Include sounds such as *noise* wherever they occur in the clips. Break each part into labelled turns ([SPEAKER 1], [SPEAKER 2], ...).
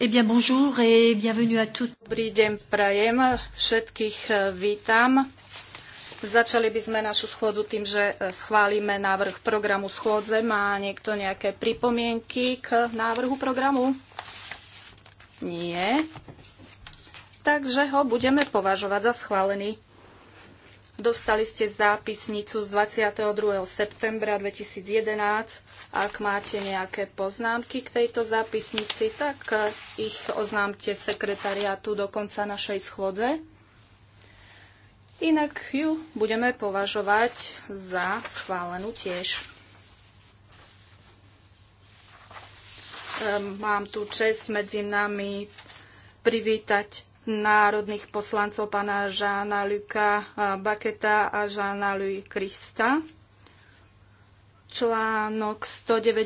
[SPEAKER 1] Eh bonjour et bienvenue à Dobrý deň prajem, všetkých eh, vítam. Začali by sme našu schôdzu tým, že eh, schválime návrh programu schôdze. Má niekto nejaké pripomienky k návrhu programu? Nie. Takže ho budeme považovať za schválený. Dostali ste zápisnicu z 22. septembra 2011. Ak máte nejaké poznámky k tejto zápisnici, tak e, ich oznámte sekretariátu do konca našej schôdze. Inak ju budeme považovať za schválenú tiež. Ehm, mám tu čest medzi nami privítať národných poslancov pána Žána Luka eh, Baketa a Žána Luj Krista. Článok 192 eh,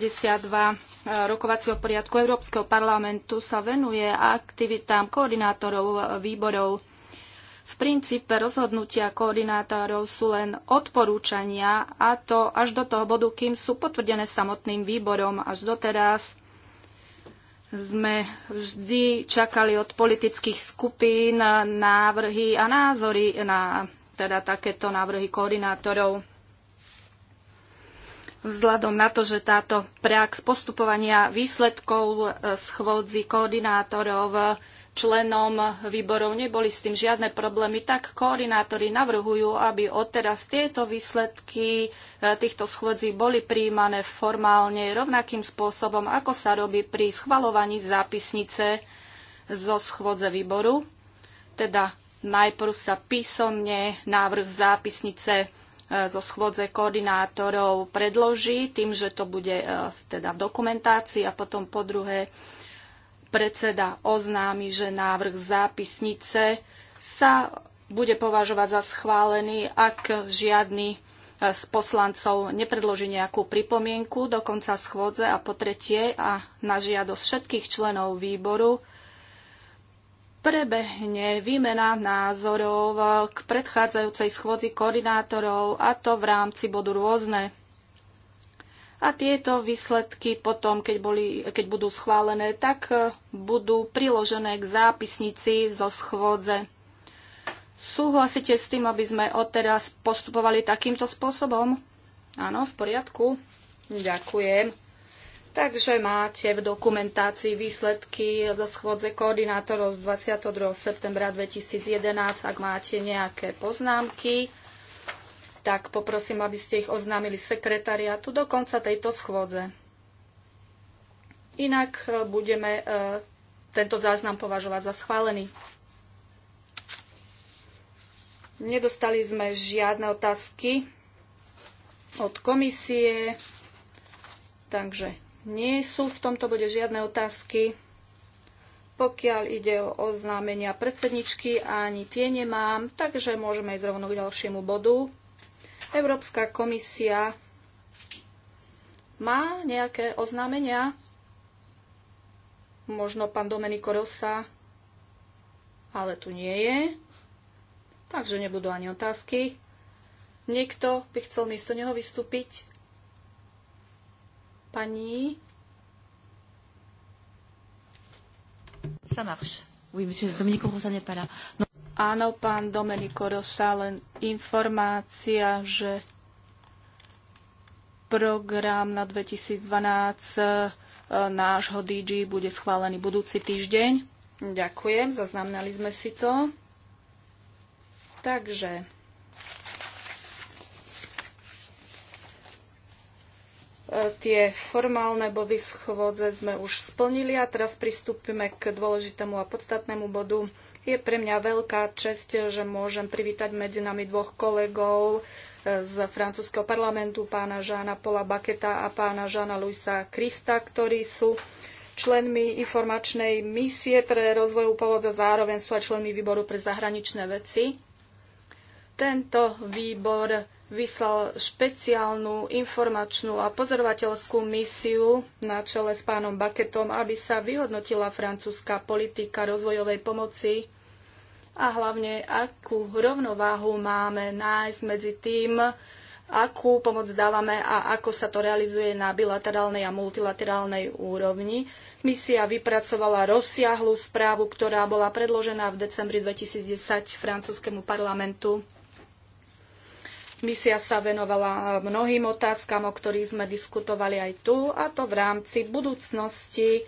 [SPEAKER 1] rokovacieho poriadku Európskeho parlamentu sa venuje aktivitám koordinátorov eh, výborov. V princípe rozhodnutia koordinátorov sú len odporúčania, a to až do toho bodu, kým sú potvrdené samotným výborom. Až doteraz sme vždy čakali od politických skupín návrhy a názory na teda takéto návrhy koordinátorov. Vzhľadom na to, že táto prax postupovania výsledkov eh, schôdzi koordinátorov členom výborov neboli s tým žiadne problémy, tak koordinátori navrhujú, aby odteraz tieto výsledky e, týchto schôdzí boli príjmané formálne rovnakým spôsobom, ako sa robí pri schvalovaní zápisnice zo schôdze výboru. Teda najprv sa písomne návrh zápisnice e, zo schôdze koordinátorov predloží tým, že to bude e, teda v dokumentácii a potom po druhé predseda oznámi, že návrh zápisnice sa bude považovať za schválený, ak žiadny e, z poslancov nepredloží nejakú pripomienku do konca schôdze a po tretie a na žiadosť všetkých členov výboru prebehne výmena názorov e, k predchádzajúcej schôdzi koordinátorov a to v rámci bodu rôzne a tieto výsledky potom, keď, boli, keď budú schválené, tak e, budú priložené k zápisnici zo schôdze. Súhlasíte s tým, aby sme odteraz postupovali takýmto spôsobom? Áno, v poriadku. Ďakujem. Takže máte v dokumentácii výsledky zo schôdze koordinátorov z 22. septembra 2011. Ak máte nejaké poznámky, tak poprosím, aby ste ich oznámili sekretariatu do konca tejto schôdze. Inak e, budeme e, tento záznam považovať za schválený. Nedostali sme žiadne otázky od komisie, takže nie sú v tomto bode žiadne otázky. Pokiaľ ide o oznámenia predsedničky, ani tie nemám, takže môžeme ísť rovno k ďalšiemu bodu. Európska komisia má nejaké oznámenia? Možno pán Domenico Rosa, ale tu nie je. Takže nebudú ani otázky. Niekto by chcel miesto neho vystúpiť? Pani? Ça marche. Oui, monsieur Dominique Rosa n'est pas là. Non. Áno, pán Domenico Rosa, len informácia, že program na 2012 e, nášho DG bude schválený budúci týždeň. Ďakujem, zaznamenali sme si to. Takže e, tie formálne body schôdze sme už splnili a teraz pristúpime k dôležitému a podstatnému bodu je pre mňa veľká čest, že môžem privítať medzi nami dvoch kolegov e, z francúzského parlamentu, pána Žána Pola Baketa a pána Žána Luisa Krista, ktorí sú členmi informačnej misie pre rozvoj a zároveň sú aj členmi výboru pre zahraničné veci. Tento výbor vyslal špeciálnu informačnú a pozorovateľskú misiu na čele s pánom Baketom, aby sa vyhodnotila francúzska politika rozvojovej pomoci a hlavne akú rovnováhu máme nájsť medzi tým, akú pomoc dávame a ako sa to realizuje na bilaterálnej a multilaterálnej úrovni. Misia vypracovala rozsiahlu správu, ktorá bola predložená v decembri 2010 francúzskému parlamentu. Misia sa venovala mnohým otázkam, o ktorých sme diskutovali aj tu, a to v rámci budúcnosti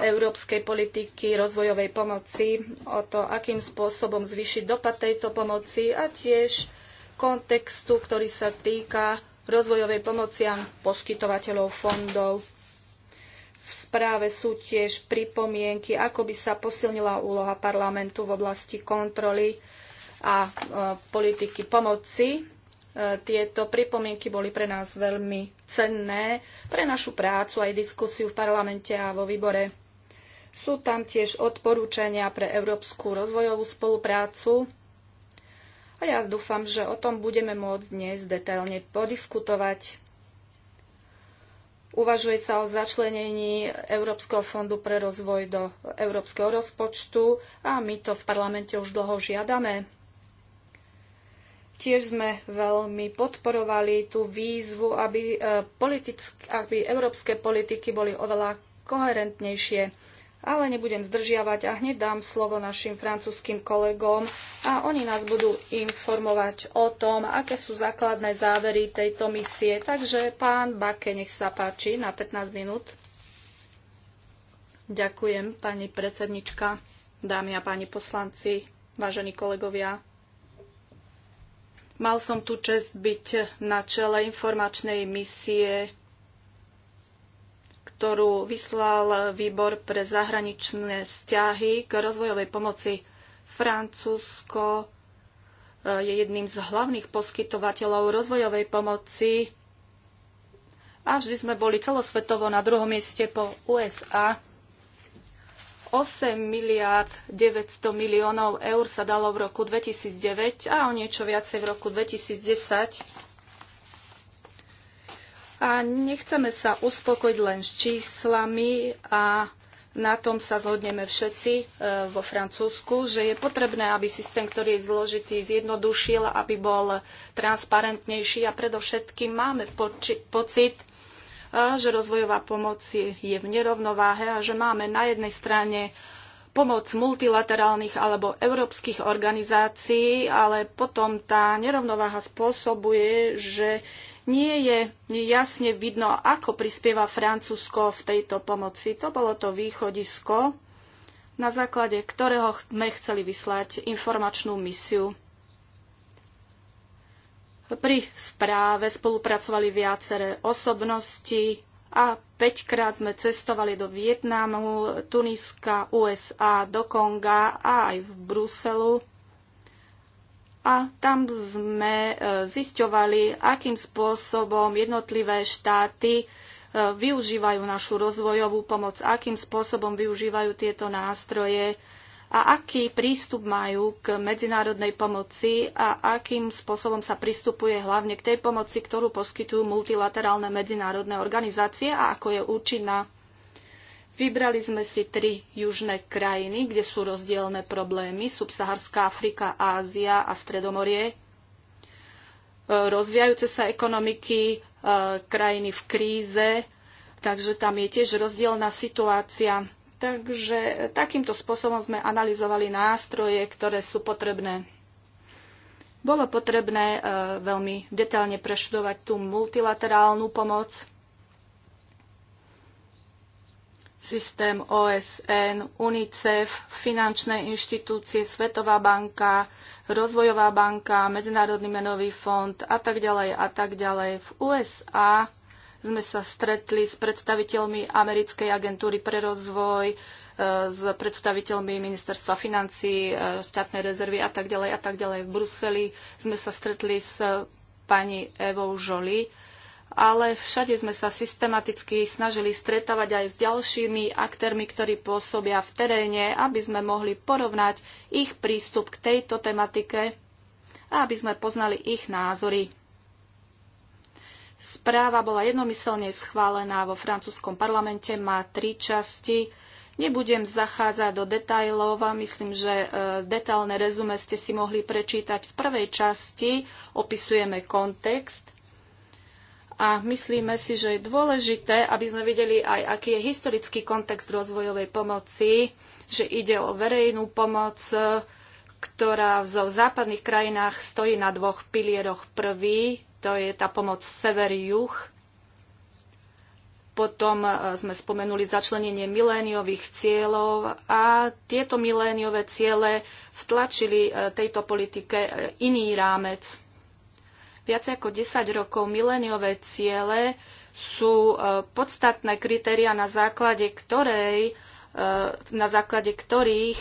[SPEAKER 1] európskej politiky rozvojovej pomoci, o to, akým spôsobom zvýšiť dopad tejto pomoci a tiež kontextu, ktorý sa týka rozvojovej pomoci a poskytovateľov fondov. V správe sú tiež pripomienky, ako by sa posilnila úloha parlamentu v oblasti kontroly a e, politiky pomoci tieto pripomienky boli pre nás veľmi cenné, pre našu prácu aj diskusiu v parlamente a vo výbore. Sú tam tiež odporúčania pre európsku rozvojovú spoluprácu a ja dúfam, že o tom budeme môcť dnes detailne podiskutovať. Uvažuje sa o začlenení Európskeho fondu pre rozvoj do európskeho rozpočtu a my to v parlamente už dlho žiadame. Tiež sme veľmi podporovali tú výzvu, aby, e, politick, aby európske politiky boli oveľa koherentnejšie. Ale nebudem zdržiavať a hneď dám slovo našim francúzským kolegom a oni nás budú informovať o tom, aké sú základné závery tejto misie. Takže pán Bake, nech sa páči na 15 minút. Ďakujem, pani predsednička, dámy a páni poslanci, vážení kolegovia. Mal som tu čest byť na čele informačnej misie, ktorú vyslal Výbor pre zahraničné vzťahy k rozvojovej pomoci. Francúzsko e, je jedným z hlavných poskytovateľov rozvojovej pomoci a vždy sme boli celosvetovo na druhom mieste po USA. 8 miliard 900 miliónov eur sa dalo v roku 2009 a o niečo viacej v roku 2010. A nechceme sa uspokojiť len s číslami a na tom sa zhodneme všetci e, vo Francúzsku, že je potrebné, aby systém, ktorý je zložitý, zjednodušil, aby bol transparentnejší a predovšetkým máme pocit, že rozvojová pomoc je v nerovnováhe a že máme na jednej strane pomoc multilaterálnych alebo európskych organizácií, ale potom tá nerovnováha spôsobuje, že nie je jasne vidno, ako prispieva Francúzsko v tejto pomoci. To bolo to východisko, na základe ktorého sme chceli vyslať informačnú misiu. Pri správe spolupracovali viaceré osobnosti a 5 krát sme cestovali do Vietnamu, Tuniska, USA, do Konga a aj v Bruselu. A tam sme e, zisťovali, akým spôsobom jednotlivé štáty e, využívajú našu rozvojovú pomoc, akým spôsobom využívajú tieto nástroje a aký prístup majú k medzinárodnej pomoci a akým spôsobom sa pristupuje hlavne k tej pomoci, ktorú poskytujú multilaterálne medzinárodné organizácie a ako je účinná. Vybrali sme si tri južné krajiny, kde sú rozdielne problémy, subsaharská Afrika, Ázia a Stredomorie. E, rozvíjajúce sa ekonomiky, e, krajiny v kríze, takže tam je tiež rozdielna situácia. Takže e, takýmto spôsobom sme analyzovali nástroje, ktoré sú potrebné. Bolo potrebné e, veľmi detailne preštudovať tú multilaterálnu pomoc, systém OSN, UNICEF, finančné inštitúcie, Svetová banka, Rozvojová banka, Medzinárodný menový fond a tak ďalej a tak ďalej. V USA sme sa stretli s predstaviteľmi Americkej agentúry pre rozvoj, e, s predstaviteľmi ministerstva financí, e, štátnej rezervy a tak ďalej a tak ďalej. V Bruseli sme sa stretli s pani Evou Žoli, ale všade sme sa systematicky snažili stretávať aj s ďalšími aktérmi, ktorí pôsobia v teréne, aby sme mohli porovnať ich prístup k tejto tematike a aby sme poznali ich názory. Správa bola jednomyselne schválená vo francúzskom parlamente, má tri časti. Nebudem zachádzať do detajlov myslím, že e, detailné rezume ste si mohli prečítať. V prvej časti opisujeme kontext a myslíme si, že je dôležité, aby sme videli aj, aký je historický kontext rozvojovej pomoci, že ide o verejnú pomoc, e, ktorá v západných krajinách stojí na dvoch pilieroch. Prvý to je tá pomoc sever-juh. Potom e, sme spomenuli začlenenie miléniových cieľov a tieto miléniové ciele vtlačili e, tejto politike e, iný rámec. Viac ako 10 rokov miléniové ciele sú podstatné kritéria, na základe, ktorej, na základe ktorých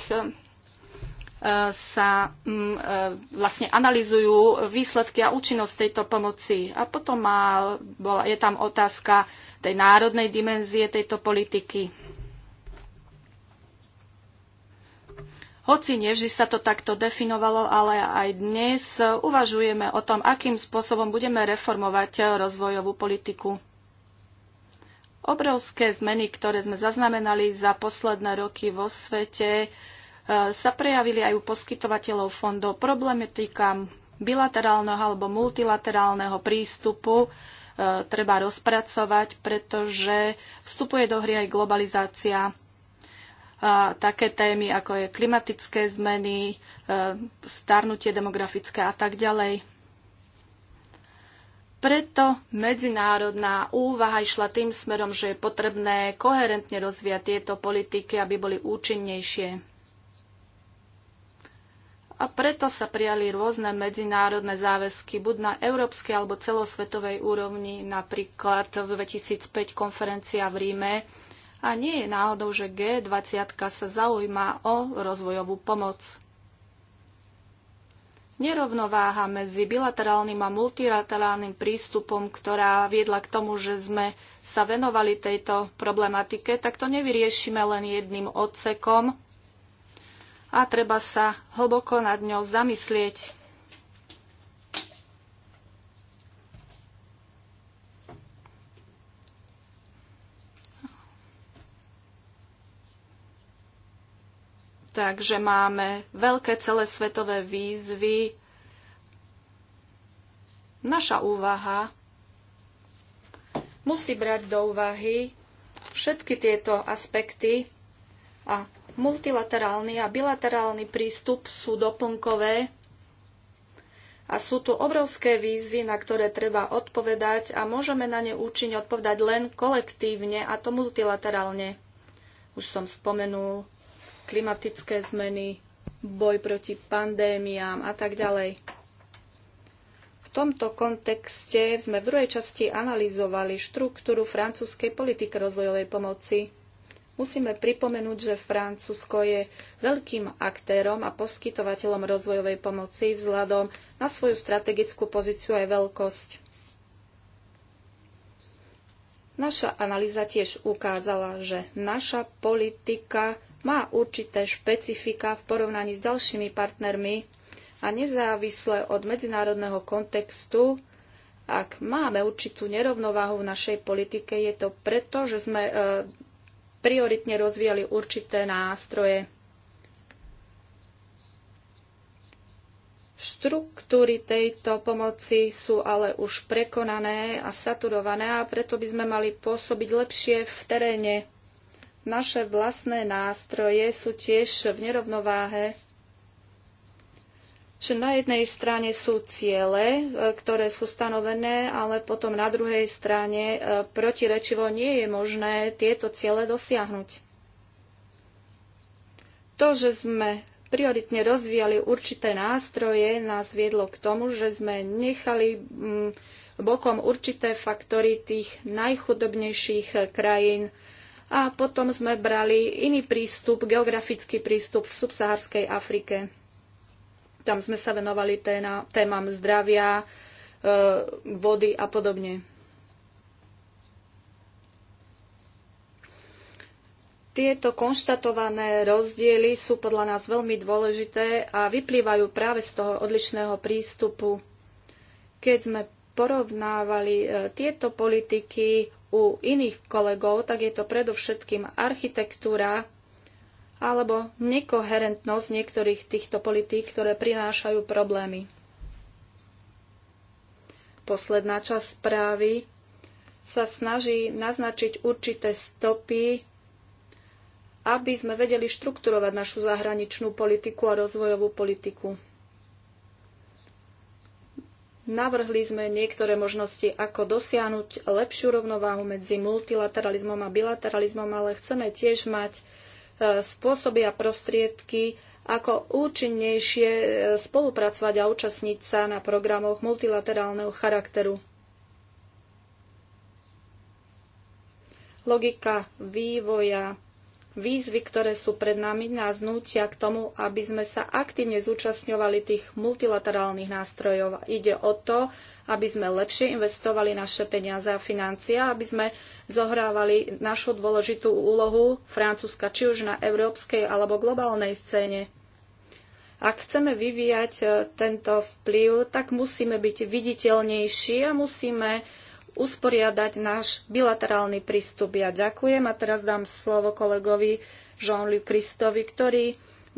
[SPEAKER 1] E, sa mm, e, vlastne analizujú výsledky a účinnosť tejto pomoci. A potom má, bola, je tam otázka tej národnej dimenzie tejto politiky. Hoci nevždy sa to takto definovalo, ale aj dnes uvažujeme o tom, akým spôsobom budeme reformovať rozvojovú politiku. Obrovské zmeny, ktoré sme zaznamenali za posledné roky vo svete, sa prejavili aj u poskytovateľov fondov problematika bilaterálneho alebo multilaterálneho prístupu e, treba rozpracovať, pretože vstupuje do hry aj globalizácia. A také témy, ako je klimatické zmeny, e, starnutie demografické a tak ďalej. Preto medzinárodná úvaha išla tým smerom, že je potrebné koherentne rozvíjať tieto politiky, aby boli účinnejšie a preto sa prijali rôzne medzinárodné záväzky, buď na európskej alebo celosvetovej úrovni, napríklad v 2005 konferencia v Ríme. A nie je náhodou, že G20 sa zaujíma o rozvojovú pomoc. Nerovnováha medzi bilaterálnym a multilaterálnym prístupom, ktorá viedla k tomu, že sme sa venovali tejto problematike, tak to nevyriešime len jedným odsekom a treba sa hlboko nad ňou zamyslieť. Takže máme veľké svetové výzvy. Naša úvaha musí brať do úvahy všetky tieto aspekty a Multilaterálny a bilaterálny prístup sú doplnkové a sú tu obrovské výzvy, na ktoré treba odpovedať a môžeme na ne účinne odpovedať len kolektívne a to multilaterálne. Už som spomenul klimatické zmeny, boj proti pandémiám a tak ďalej. V tomto kontexte sme v druhej časti analyzovali štruktúru francúzskej politiky rozvojovej pomoci Musíme pripomenúť, že Francúzsko je veľkým aktérom a poskytovateľom rozvojovej pomoci vzhľadom na svoju strategickú pozíciu aj veľkosť. Naša analýza tiež ukázala, že naša politika má určité špecifika v porovnaní s ďalšími partnermi a nezávisle od medzinárodného kontextu ak máme určitú nerovnováhu v našej politike, je to preto, že sme e, prioritne rozvíjali určité nástroje. Štruktúry tejto pomoci sú ale už prekonané a saturované a preto by sme mali pôsobiť lepšie v teréne. Naše vlastné nástroje sú tiež v nerovnováhe že na jednej strane sú ciele, e, ktoré sú stanovené, ale potom na druhej strane e, protirečivo nie je možné tieto ciele dosiahnuť. To, že sme prioritne rozvíjali určité nástroje, nás viedlo k tomu, že sme nechali mm, bokom určité faktory tých najchudobnejších e, krajín a potom sme brali iný prístup, geografický prístup v subsaharskej Afrike. Tam sme sa venovali téna, témam zdravia, e, vody a podobne. Tieto konštatované rozdiely sú podľa nás veľmi dôležité a vyplývajú práve z toho odlišného prístupu. Keď sme porovnávali e, tieto politiky u iných kolegov, tak je to predovšetkým architektúra alebo nekoherentnosť niektorých týchto politík, ktoré prinášajú problémy. Posledná časť správy sa snaží naznačiť určité stopy, aby sme vedeli štrukturovať našu zahraničnú politiku a rozvojovú politiku. Navrhli sme niektoré možnosti, ako dosiahnuť lepšiu rovnováhu medzi multilateralizmom a bilateralizmom, ale chceme tiež mať E, spôsoby a prostriedky, ako účinnejšie e, spolupracovať a účastniť sa na programoch multilaterálneho charakteru. Logika vývoja Výzvy, ktoré sú pred nami, nás nútia k tomu, aby sme sa aktívne zúčastňovali tých multilaterálnych nástrojov. Ide o to, aby sme lepšie investovali naše peniaze a financie, aby sme zohrávali našu dôležitú úlohu Francúzska, či už na európskej alebo globálnej scéne. Ak chceme vyvíjať eh, tento vplyv, tak musíme byť viditeľnejší a musíme usporiadať náš bilaterálny prístup. Ja ďakujem a teraz dám slovo kolegovi Jean-Luc Kristovi, ktorý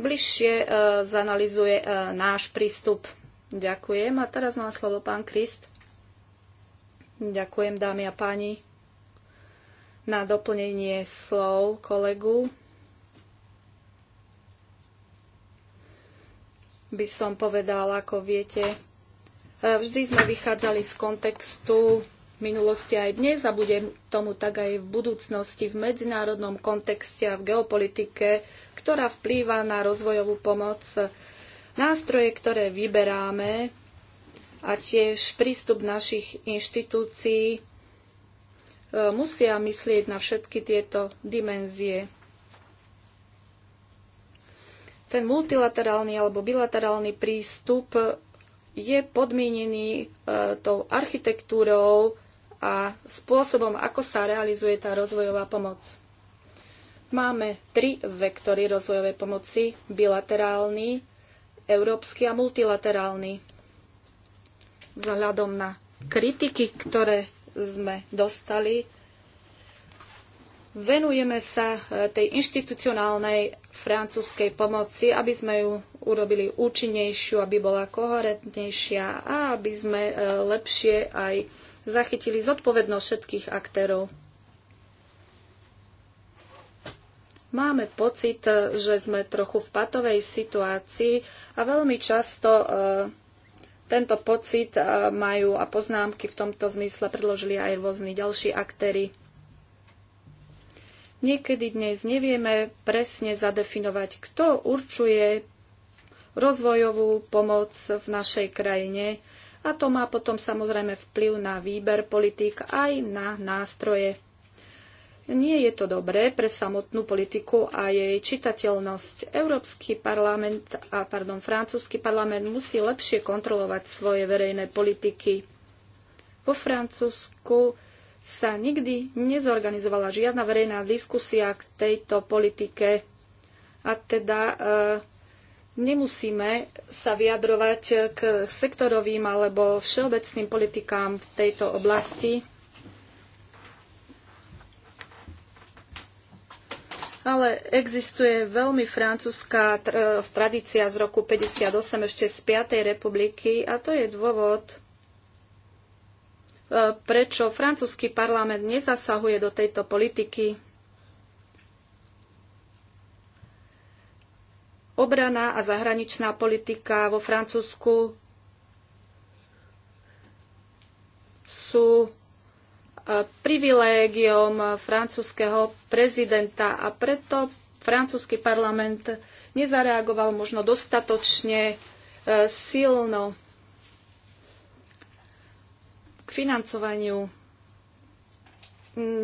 [SPEAKER 1] bližšie e, zanalizuje e, náš prístup. Ďakujem a teraz má slovo pán Krist. Ďakujem, dámy a páni, na doplnenie slov kolegu. By som povedala, ako viete, e, vždy sme vychádzali z kontextu minulosti aj dnes a budem tomu tak aj v budúcnosti v medzinárodnom kontexte a v geopolitike, ktorá vplýva na rozvojovú pomoc. Nástroje, ktoré vyberáme a tiež prístup našich inštitúcií e, musia myslieť na všetky tieto dimenzie ten multilaterálny alebo bilaterálny prístup je podmienený e, tou architektúrou a spôsobom, ako sa realizuje tá rozvojová pomoc. Máme tri vektory rozvojovej pomoci. Bilaterálny, európsky a multilaterálny. Vzhľadom na kritiky, ktoré sme dostali, venujeme sa e, tej inštitucionálnej francúzskej pomoci, aby sme ju urobili účinnejšiu, aby bola koherentnejšia a aby sme e, lepšie aj zachytili zodpovednosť všetkých aktérov. Máme pocit, že sme trochu v patovej situácii a veľmi často e, tento pocit e, majú a poznámky v tomto zmysle predložili aj rôzni ďalší aktéry. Niekedy dnes nevieme presne zadefinovať, kto určuje rozvojovú pomoc v našej krajine a to má potom samozrejme vplyv na výber politík aj na nástroje. Nie je to dobré pre samotnú politiku a jej čitateľnosť. Európsky parlament a pardon, francúzsky parlament musí lepšie kontrolovať svoje verejné politiky. Vo Francúzsku sa nikdy nezorganizovala žiadna verejná diskusia k tejto politike. A teda e, Nemusíme sa vyjadrovať k sektorovým alebo všeobecným politikám v tejto oblasti, ale existuje veľmi francúzska eh, tradícia z roku 58 ešte z 5. republiky a to je dôvod, eh, prečo francúzsky parlament nezasahuje do tejto politiky. Obrana a zahraničná politika vo Francúzsku sú e, privilégiom francúzského prezidenta a preto francúzsky parlament nezareagoval možno dostatočne e, silno k financovaniu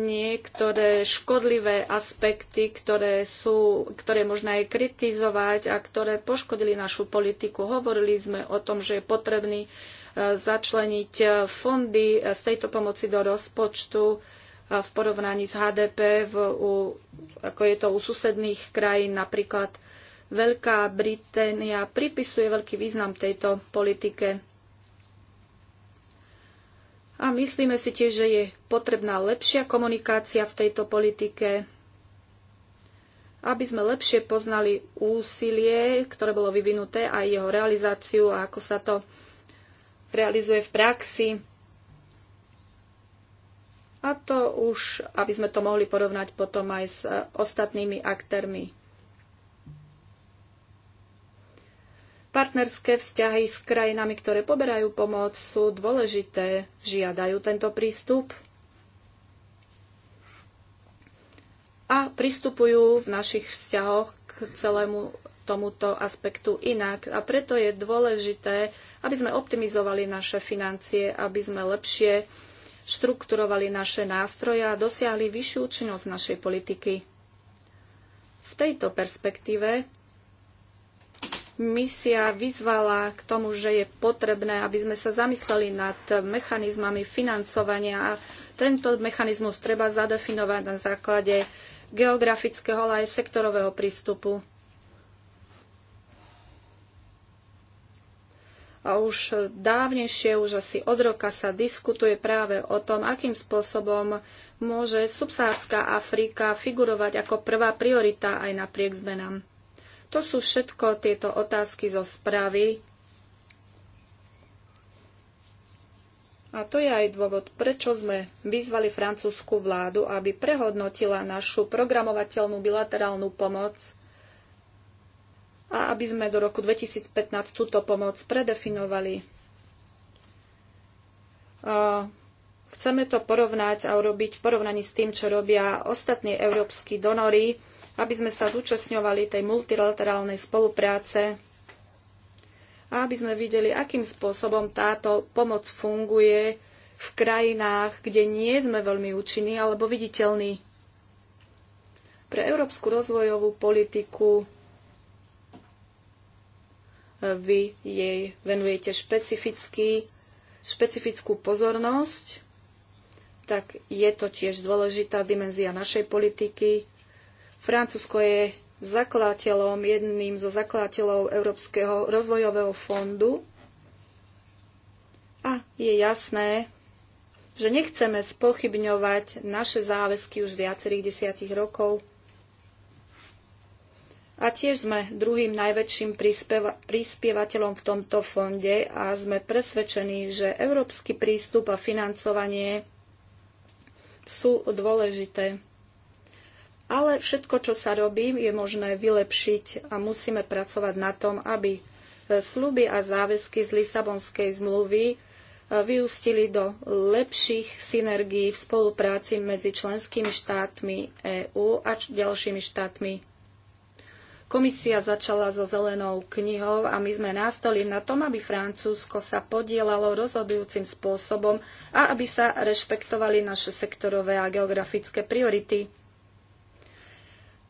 [SPEAKER 1] niektoré škodlivé aspekty, ktoré, sú, ktoré možno aj kritizovať a ktoré poškodili našu politiku. Hovorili sme o tom, že je potrebný e, začleniť e, fondy z tejto pomoci do rozpočtu e, v porovnaní s HDP, v, u, ako je to u susedných krajín. Napríklad Veľká Británia pripisuje veľký význam tejto politike a myslíme si tiež, že je potrebná lepšia komunikácia v tejto politike, aby sme lepšie poznali úsilie, ktoré bolo vyvinuté a jeho realizáciu a ako sa to realizuje v praxi. A to už, aby sme to mohli porovnať potom aj s e, ostatnými aktérmi Partnerské vzťahy s krajinami, ktoré poberajú pomoc, sú dôležité, žiadajú tento prístup a pristupujú v našich vzťahoch k celému tomuto aspektu inak. A preto je dôležité, aby sme optimizovali naše financie, aby sme lepšie štrukturovali naše nástroje a dosiahli vyššiu účinnosť našej politiky. V tejto perspektíve misia vyzvala k tomu, že je potrebné, aby sme sa zamysleli nad mechanizmami financovania a tento mechanizmus treba zadefinovať na základe geografického, ale aj sektorového prístupu. A už dávnejšie, už asi od roka sa diskutuje práve o tom, akým spôsobom môže subsárska Afrika figurovať ako prvá priorita aj napriek zmenám. To sú všetko tieto otázky zo správy. A to je aj dôvod, prečo sme vyzvali francúzsku vládu, aby prehodnotila našu programovateľnú bilaterálnu pomoc a aby sme do roku 2015 túto pomoc predefinovali. Chceme to porovnať a urobiť v porovnaní s tým, čo robia ostatní európsky donory aby sme sa zúčastňovali tej multilaterálnej spolupráce a aby sme videli, akým spôsobom táto pomoc funguje v krajinách, kde nie sme veľmi účinní alebo viditeľní. Pre európsku rozvojovú politiku vy jej venujete špecifický, špecifickú pozornosť, tak je to tiež dôležitá dimenzia našej politiky Francúzsko je zakladateľom, jedným zo zakladateľov Európskeho rozvojového fondu. A je jasné, že nechceme spochybňovať naše záväzky už z viacerých desiatich rokov. A tiež sme druhým najväčším prispievateľom v tomto fonde a sme presvedčení, že európsky prístup a financovanie sú dôležité. Ale všetko, čo sa robí, je možné vylepšiť a musíme pracovať na tom, aby e, sluby a záväzky z Lisabonskej zmluvy e, vyústili do lepších synergií v spolupráci medzi členskými štátmi EÚ a ďalšími štátmi. Komisia začala so zelenou knihou a my sme nástoli na tom, aby Francúzsko sa podielalo rozhodujúcim spôsobom a aby sa rešpektovali naše sektorové a geografické priority.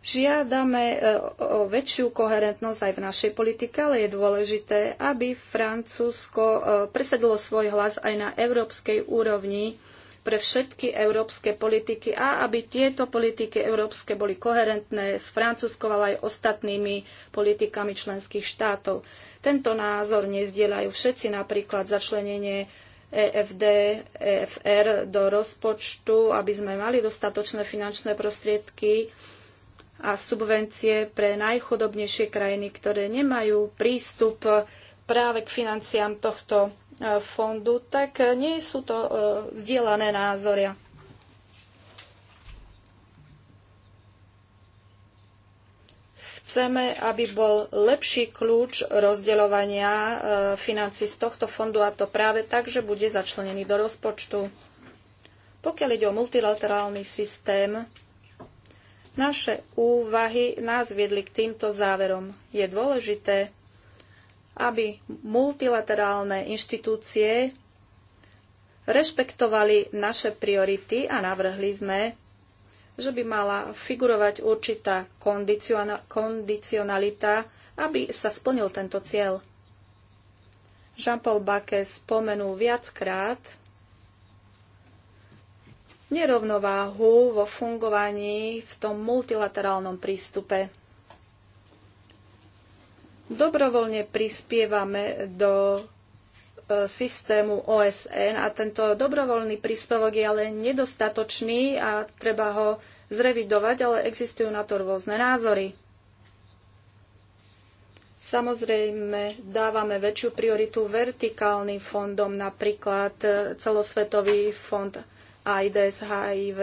[SPEAKER 1] Žiadame e, o väčšiu koherentnosť aj v našej politike, ale je dôležité, aby Francúzsko e, presadilo svoj hlas aj na európskej úrovni pre všetky európske politiky a aby tieto politiky európske boli koherentné s Francúzskou, ale aj ostatnými politikami členských štátov. Tento názor nezdieľajú všetci, napríklad začlenenie EFD, EFR do rozpočtu, aby sme mali dostatočné finančné prostriedky a subvencie pre najchudobnejšie krajiny, ktoré nemajú prístup práve k financiám tohto e, fondu, tak e, nie sú to e, zdieľané názoria. Chceme, aby bol lepší kľúč rozdeľovania financí z tohto fondu a to práve tak, že bude začlenený do rozpočtu. Pokiaľ ide o multilaterálny systém, naše úvahy nás viedli k týmto záverom. Je dôležité, aby multilaterálne inštitúcie rešpektovali naše priority a navrhli sme, že by mala figurovať určitá kondicionalita, aby sa splnil tento cieľ. Jean-Paul Bacquet spomenul viackrát, nerovnováhu vo fungovaní v tom multilaterálnom prístupe. Dobrovoľne prispievame do e, systému OSN a tento dobrovoľný príspevok je ale nedostatočný a treba ho zrevidovať, ale existujú na to rôzne názory. Samozrejme, dávame väčšiu prioritu vertikálnym fondom, napríklad e, Celosvetový fond aj HIV,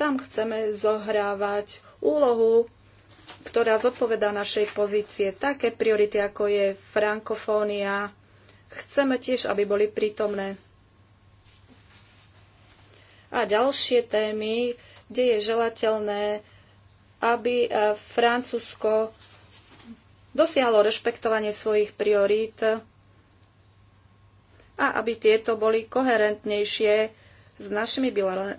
[SPEAKER 1] tam chceme zohrávať úlohu, ktorá zodpovedá našej pozície. Také priority, ako je frankofónia, chceme tiež, aby boli prítomné. A ďalšie témy, kde je želateľné, aby e, Francúzsko dosiahlo rešpektovanie svojich priorít a aby tieto boli koherentnejšie s našimi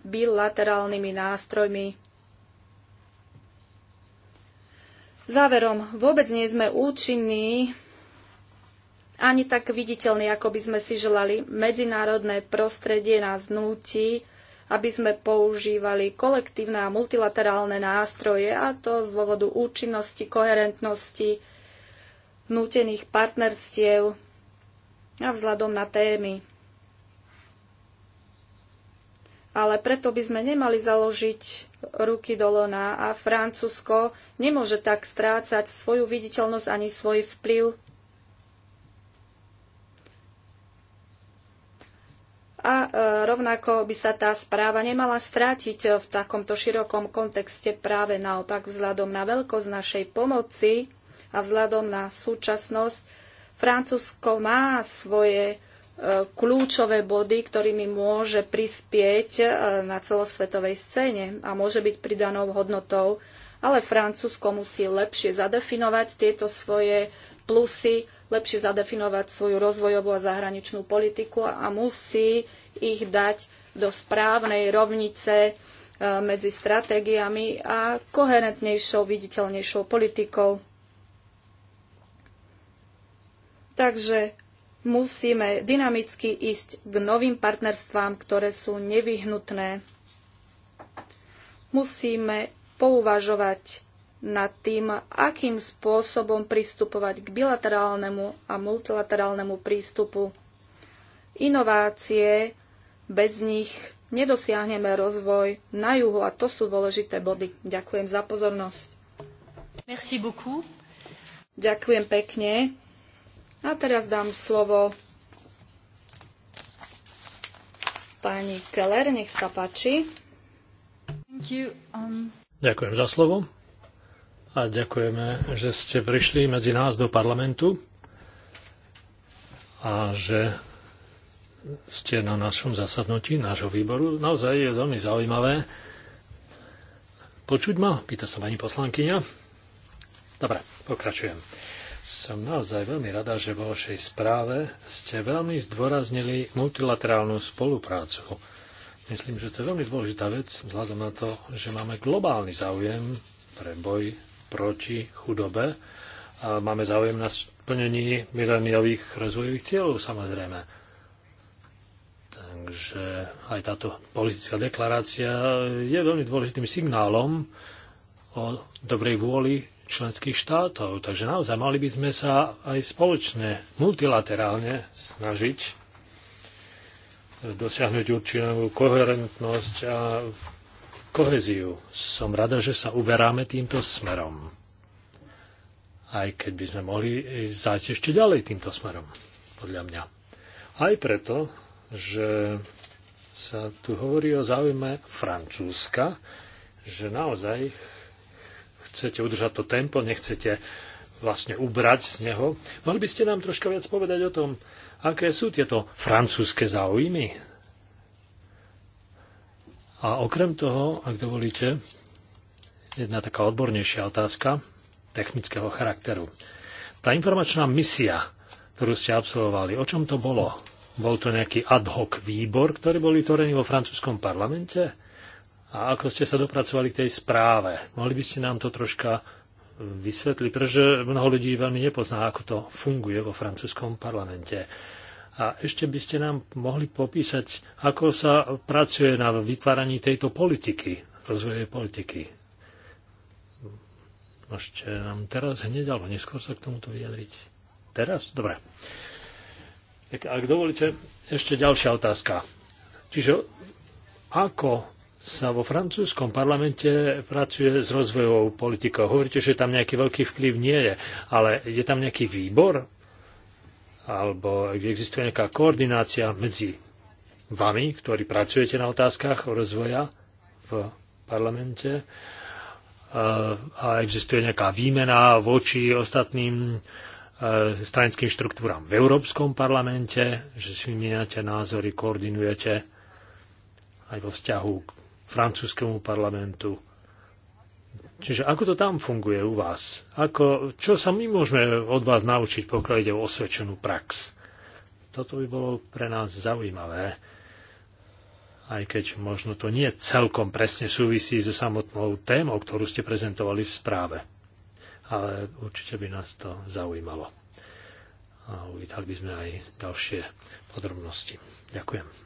[SPEAKER 1] bilaterálnymi nástrojmi. Záverom, vôbec nie sme účinní ani tak viditeľní, ako by sme si želali. Medzinárodné prostredie nás núti, aby sme používali kolektívne a multilaterálne nástroje, a to z dôvodu účinnosti, koherentnosti, nútených partnerstiev a vzhľadom na témy ale preto by sme nemali založiť ruky do lona a Francúzsko nemôže tak strácať svoju viditeľnosť ani svoj vplyv. A e, rovnako by sa tá správa nemala strátiť v takomto širokom kontexte práve naopak vzhľadom na veľkosť našej pomoci a vzhľadom na súčasnosť. Francúzsko má svoje kľúčové body, ktorými môže prispieť e, na celosvetovej scéne a môže byť pridanou hodnotou, ale Francúzsko musí lepšie zadefinovať tieto svoje plusy, lepšie zadefinovať svoju rozvojovú a zahraničnú politiku a musí ich dať do správnej rovnice e, medzi stratégiami a koherentnejšou, viditeľnejšou politikou. Takže Musíme dynamicky ísť k novým partnerstvám, ktoré sú nevyhnutné. Musíme pouvažovať nad tým, akým spôsobom pristupovať k bilaterálnemu a multilaterálnemu prístupu. Inovácie, bez nich nedosiahneme rozvoj na juhu a to sú dôležité body. Ďakujem za pozornosť. Merci beaucoup. Ďakujem pekne. A teraz dám slovo pani Keller, nech sa páči. Um...
[SPEAKER 2] Ďakujem za slovo a ďakujeme, že ste prišli medzi nás do parlamentu a že ste na našom zasadnutí nášho výboru. Naozaj je veľmi zaujímavé. Počuť ma? Pýta sa pani poslankyňa. Dobre, pokračujem. Som naozaj veľmi rada, že vo vašej správe ste veľmi zdôraznili multilaterálnu spoluprácu. Myslím, že to je veľmi dôležitá vec, vzhľadom na to, že máme globálny záujem pre boj proti chudobe a máme záujem na splnení mileniových rozvojových cieľov samozrejme. Takže aj táto politická deklarácia je veľmi dôležitým signálom o dobrej vôli členských štátov. Takže naozaj mali by sme sa aj spoločne, multilaterálne snažiť dosiahnuť určitú koherentnosť a koheziu. Som rada, že sa uberáme týmto smerom. Aj keď by sme mohli zájsť ešte ďalej týmto smerom, podľa mňa. Aj preto, že sa tu hovorí o záujme Francúzska, že naozaj chcete udržať to tempo, nechcete vlastne ubrať z neho. Mohli by ste nám troška viac povedať o tom, aké sú tieto francúzske záujmy? A okrem toho, ak dovolíte, jedna taká odbornejšia otázka technického charakteru. Tá informačná misia, ktorú ste absolvovali, o čom to bolo? Bol to nejaký ad hoc výbor, ktorý bol vytvorený vo francúzskom parlamente? a ako ste sa dopracovali k tej správe. Mohli by ste nám to troška vysvetliť, pretože mnoho ľudí veľmi nepozná, ako to funguje vo francúzskom parlamente. A ešte by ste nám mohli popísať, ako sa pracuje na vytváraní tejto politiky, rozvojovej politiky. Môžete nám teraz hneď alebo neskôr sa k tomuto vyjadriť. Teraz? Dobre. Tak ak dovolíte, ešte ďalšia otázka. Čiže ako sa vo francúzskom parlamente pracuje s rozvojovou politikou. Hovoríte, že tam nejaký veľký vplyv nie je, ale je tam nejaký výbor? Alebo existuje nejaká koordinácia medzi vami, ktorí pracujete na otázkach rozvoja v parlamente? A existuje nejaká výmena voči ostatným e, stranickým štruktúram v Európskom parlamente, že si vymieňate názory, koordinujete aj vo vzťahu k francúzskému parlamentu. Čiže ako to tam funguje u vás? Ako, čo sa my môžeme od vás naučiť, pokiaľ ide o osvedčenú prax? Toto by bolo pre nás zaujímavé, aj keď možno to nie celkom presne súvisí so samotnou témou, ktorú ste prezentovali v správe. Ale určite by nás to zaujímalo. A uvítali by sme aj ďalšie podrobnosti. Ďakujem.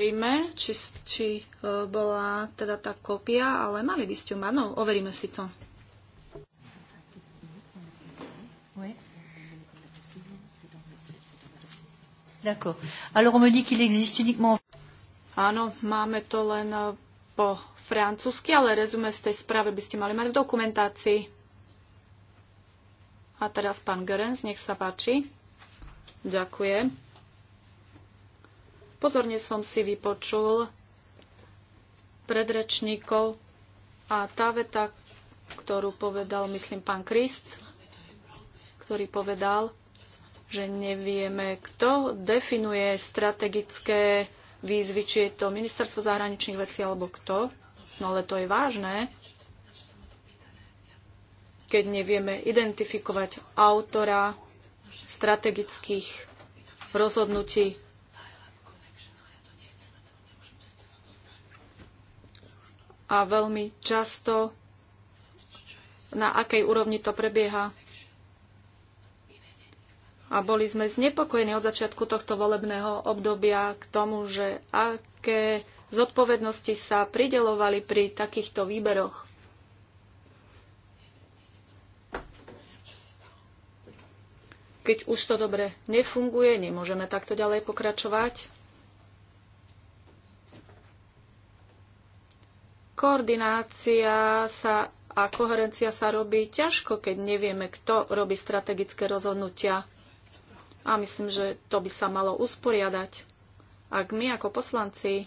[SPEAKER 1] overíme, či, či e, bola teda tá kopia, ale mali by ste ju mať. No, overíme si to. Alors on me dit qu'il
[SPEAKER 3] existe uniquement...
[SPEAKER 1] Áno, máme to len e, po francúzsky, ale rezume z tej správe by ste mali mať v dokumentácii. A teraz pán Görens, nech sa páči. Ďakujem. Pozorne som si vypočul predrečníkov a tá veta, ktorú povedal, myslím, pán Krist, ktorý povedal, že nevieme, kto definuje strategické výzvy, či je to ministerstvo zahraničných vecí alebo kto. No ale to je vážne, keď nevieme identifikovať autora strategických rozhodnutí a veľmi často na akej úrovni to prebieha. A boli sme znepokojení od začiatku tohto volebného obdobia k tomu, že aké zodpovednosti sa pridelovali pri takýchto výberoch. Keď už to dobre nefunguje, nemôžeme takto ďalej pokračovať. Koordinácia sa a koherencia sa robí ťažko, keď nevieme, kto robí strategické rozhodnutia. A myslím, že to by sa malo usporiadať. Ak my ako poslanci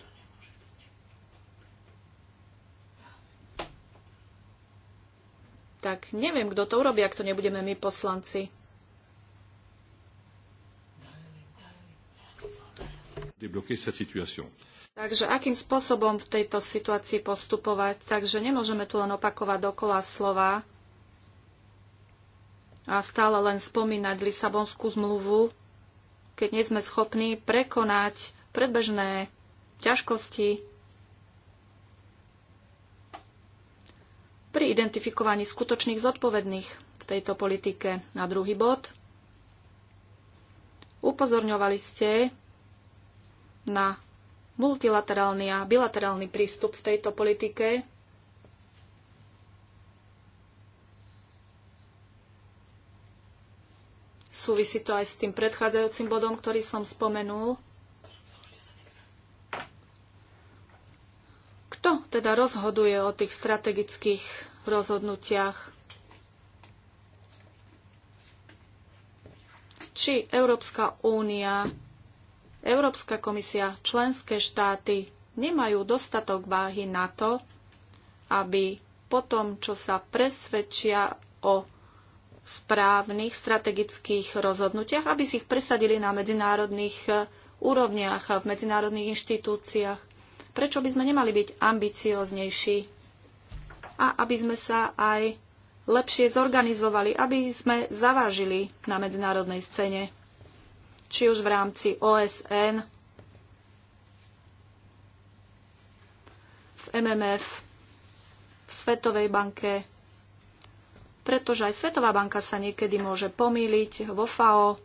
[SPEAKER 1] tak neviem, kto to urobí, ak to nebudeme my poslanci. Takže akým spôsobom v tejto situácii postupovať? Takže nemôžeme tu len opakovať dokola slova a stále len spomínať Lisabonskú zmluvu, keď nie sme schopní prekonať predbežné ťažkosti pri identifikovaní skutočných zodpovedných v tejto politike. Na druhý bod. Upozorňovali ste na multilaterálny a bilaterálny prístup v tejto politike. Súvisí to aj s tým predchádzajúcim bodom, ktorý som spomenul. Kto teda rozhoduje o tých strategických rozhodnutiach? Či Európska únia Európska komisia, členské štáty nemajú dostatok váhy na to, aby po tom, čo sa presvedčia o správnych strategických rozhodnutiach, aby si ich presadili na medzinárodných eh, úrovniach a v medzinárodných inštitúciách. Prečo by sme nemali byť ambicioznejší a aby sme sa aj lepšie zorganizovali, aby sme zavážili na medzinárodnej scéne či už v rámci OSN, v MMF, v Svetovej banke, pretože aj Svetová banka sa niekedy môže pomýliť vo FAO.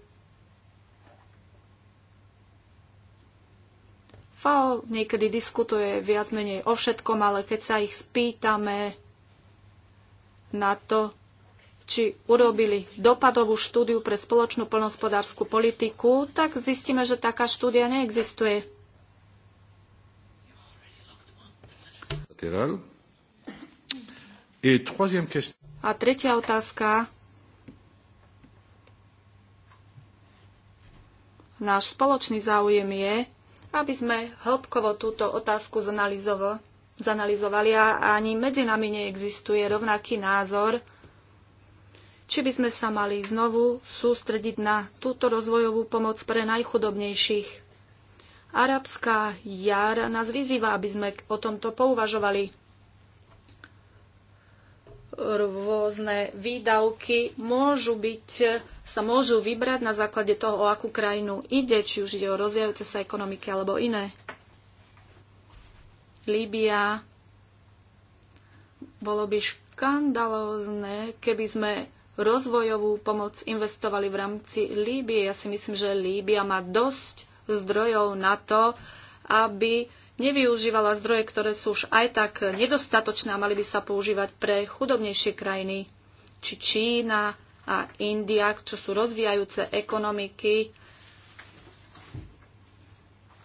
[SPEAKER 1] FAO niekedy diskutuje viac menej o všetkom, ale keď sa ich spýtame na to, či urobili dopadovú štúdiu pre spoločnú poľnohospodárskú politiku, tak zistíme, že taká štúdia neexistuje. A tretia otázka. Náš spoločný záujem je, aby sme hĺbkovo túto otázku zanalizovali a ani medzi nami neexistuje rovnaký názor, či by sme sa mali znovu sústrediť na túto rozvojovú pomoc pre najchudobnejších. Arabská jara nás vyzýva, aby sme o tomto pouvažovali. Rôzne výdavky môžu byť, sa môžu vybrať na základe toho, o akú krajinu ide, či už ide o rozvíjajúce sa ekonomiky alebo iné. Líbia. Bolo by škandalózne, keby sme rozvojovú pomoc investovali v rámci Líbie. Ja si myslím, že Líbia má dosť zdrojov na to, aby nevyužívala zdroje, ktoré sú už aj tak nedostatočné a mali by sa používať pre chudobnejšie krajiny, či Čína a India, čo sú rozvíjajúce ekonomiky,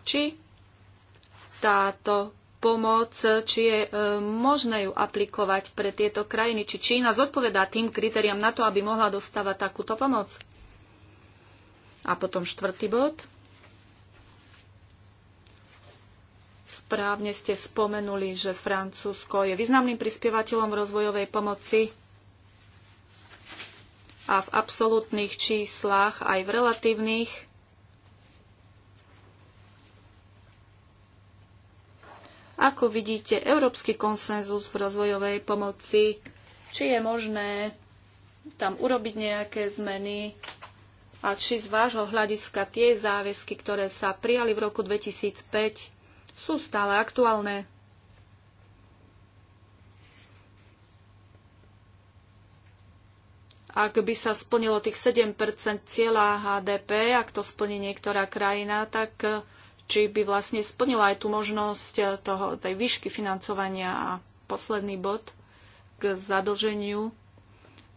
[SPEAKER 1] či táto pomoc, či je e, možné ju aplikovať pre tieto krajiny, či Čína zodpovedá tým kritériám na to, aby mohla dostávať takúto pomoc. A potom štvrtý bod. Správne ste spomenuli, že Francúzsko je významným prispievateľom rozvojovej pomoci a v absolútnych číslach aj v relatívnych Ako vidíte európsky konsenzus v rozvojovej pomoci? Či je možné tam urobiť nejaké zmeny? A či z vášho hľadiska tie záväzky, ktoré sa prijali v roku 2005, sú stále aktuálne? ak by sa splnilo tých 7 cieľa HDP, ak to splní niektorá krajina, tak či by vlastne splnila aj tú možnosť eh, toho, tej výšky financovania a posledný bod k zadlženiu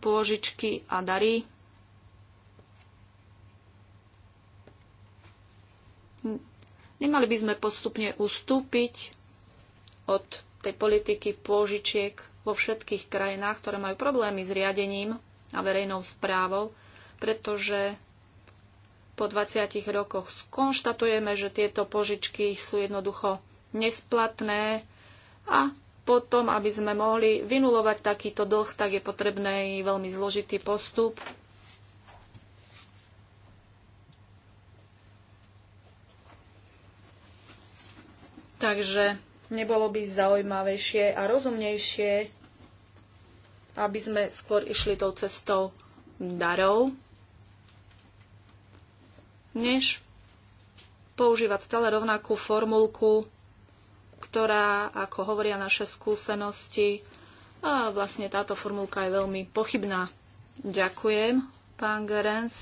[SPEAKER 1] pôžičky a dary. Nemali by sme postupne ustúpiť od tej politiky pôžičiek vo všetkých krajinách, ktoré majú problémy s riadením a verejnou správou, pretože po 20 rokoch skonštatujeme, že tieto požičky sú jednoducho nesplatné a potom, aby sme mohli vynulovať takýto dlh, tak je potrebný veľmi zložitý postup. Takže nebolo by zaujímavejšie a rozumnejšie, aby sme skôr išli tou cestou darov, než používať stále rovnakú formulku, ktorá, ako hovoria naše skúsenosti, a vlastne táto formulka je veľmi pochybná. Ďakujem, pán Gerens.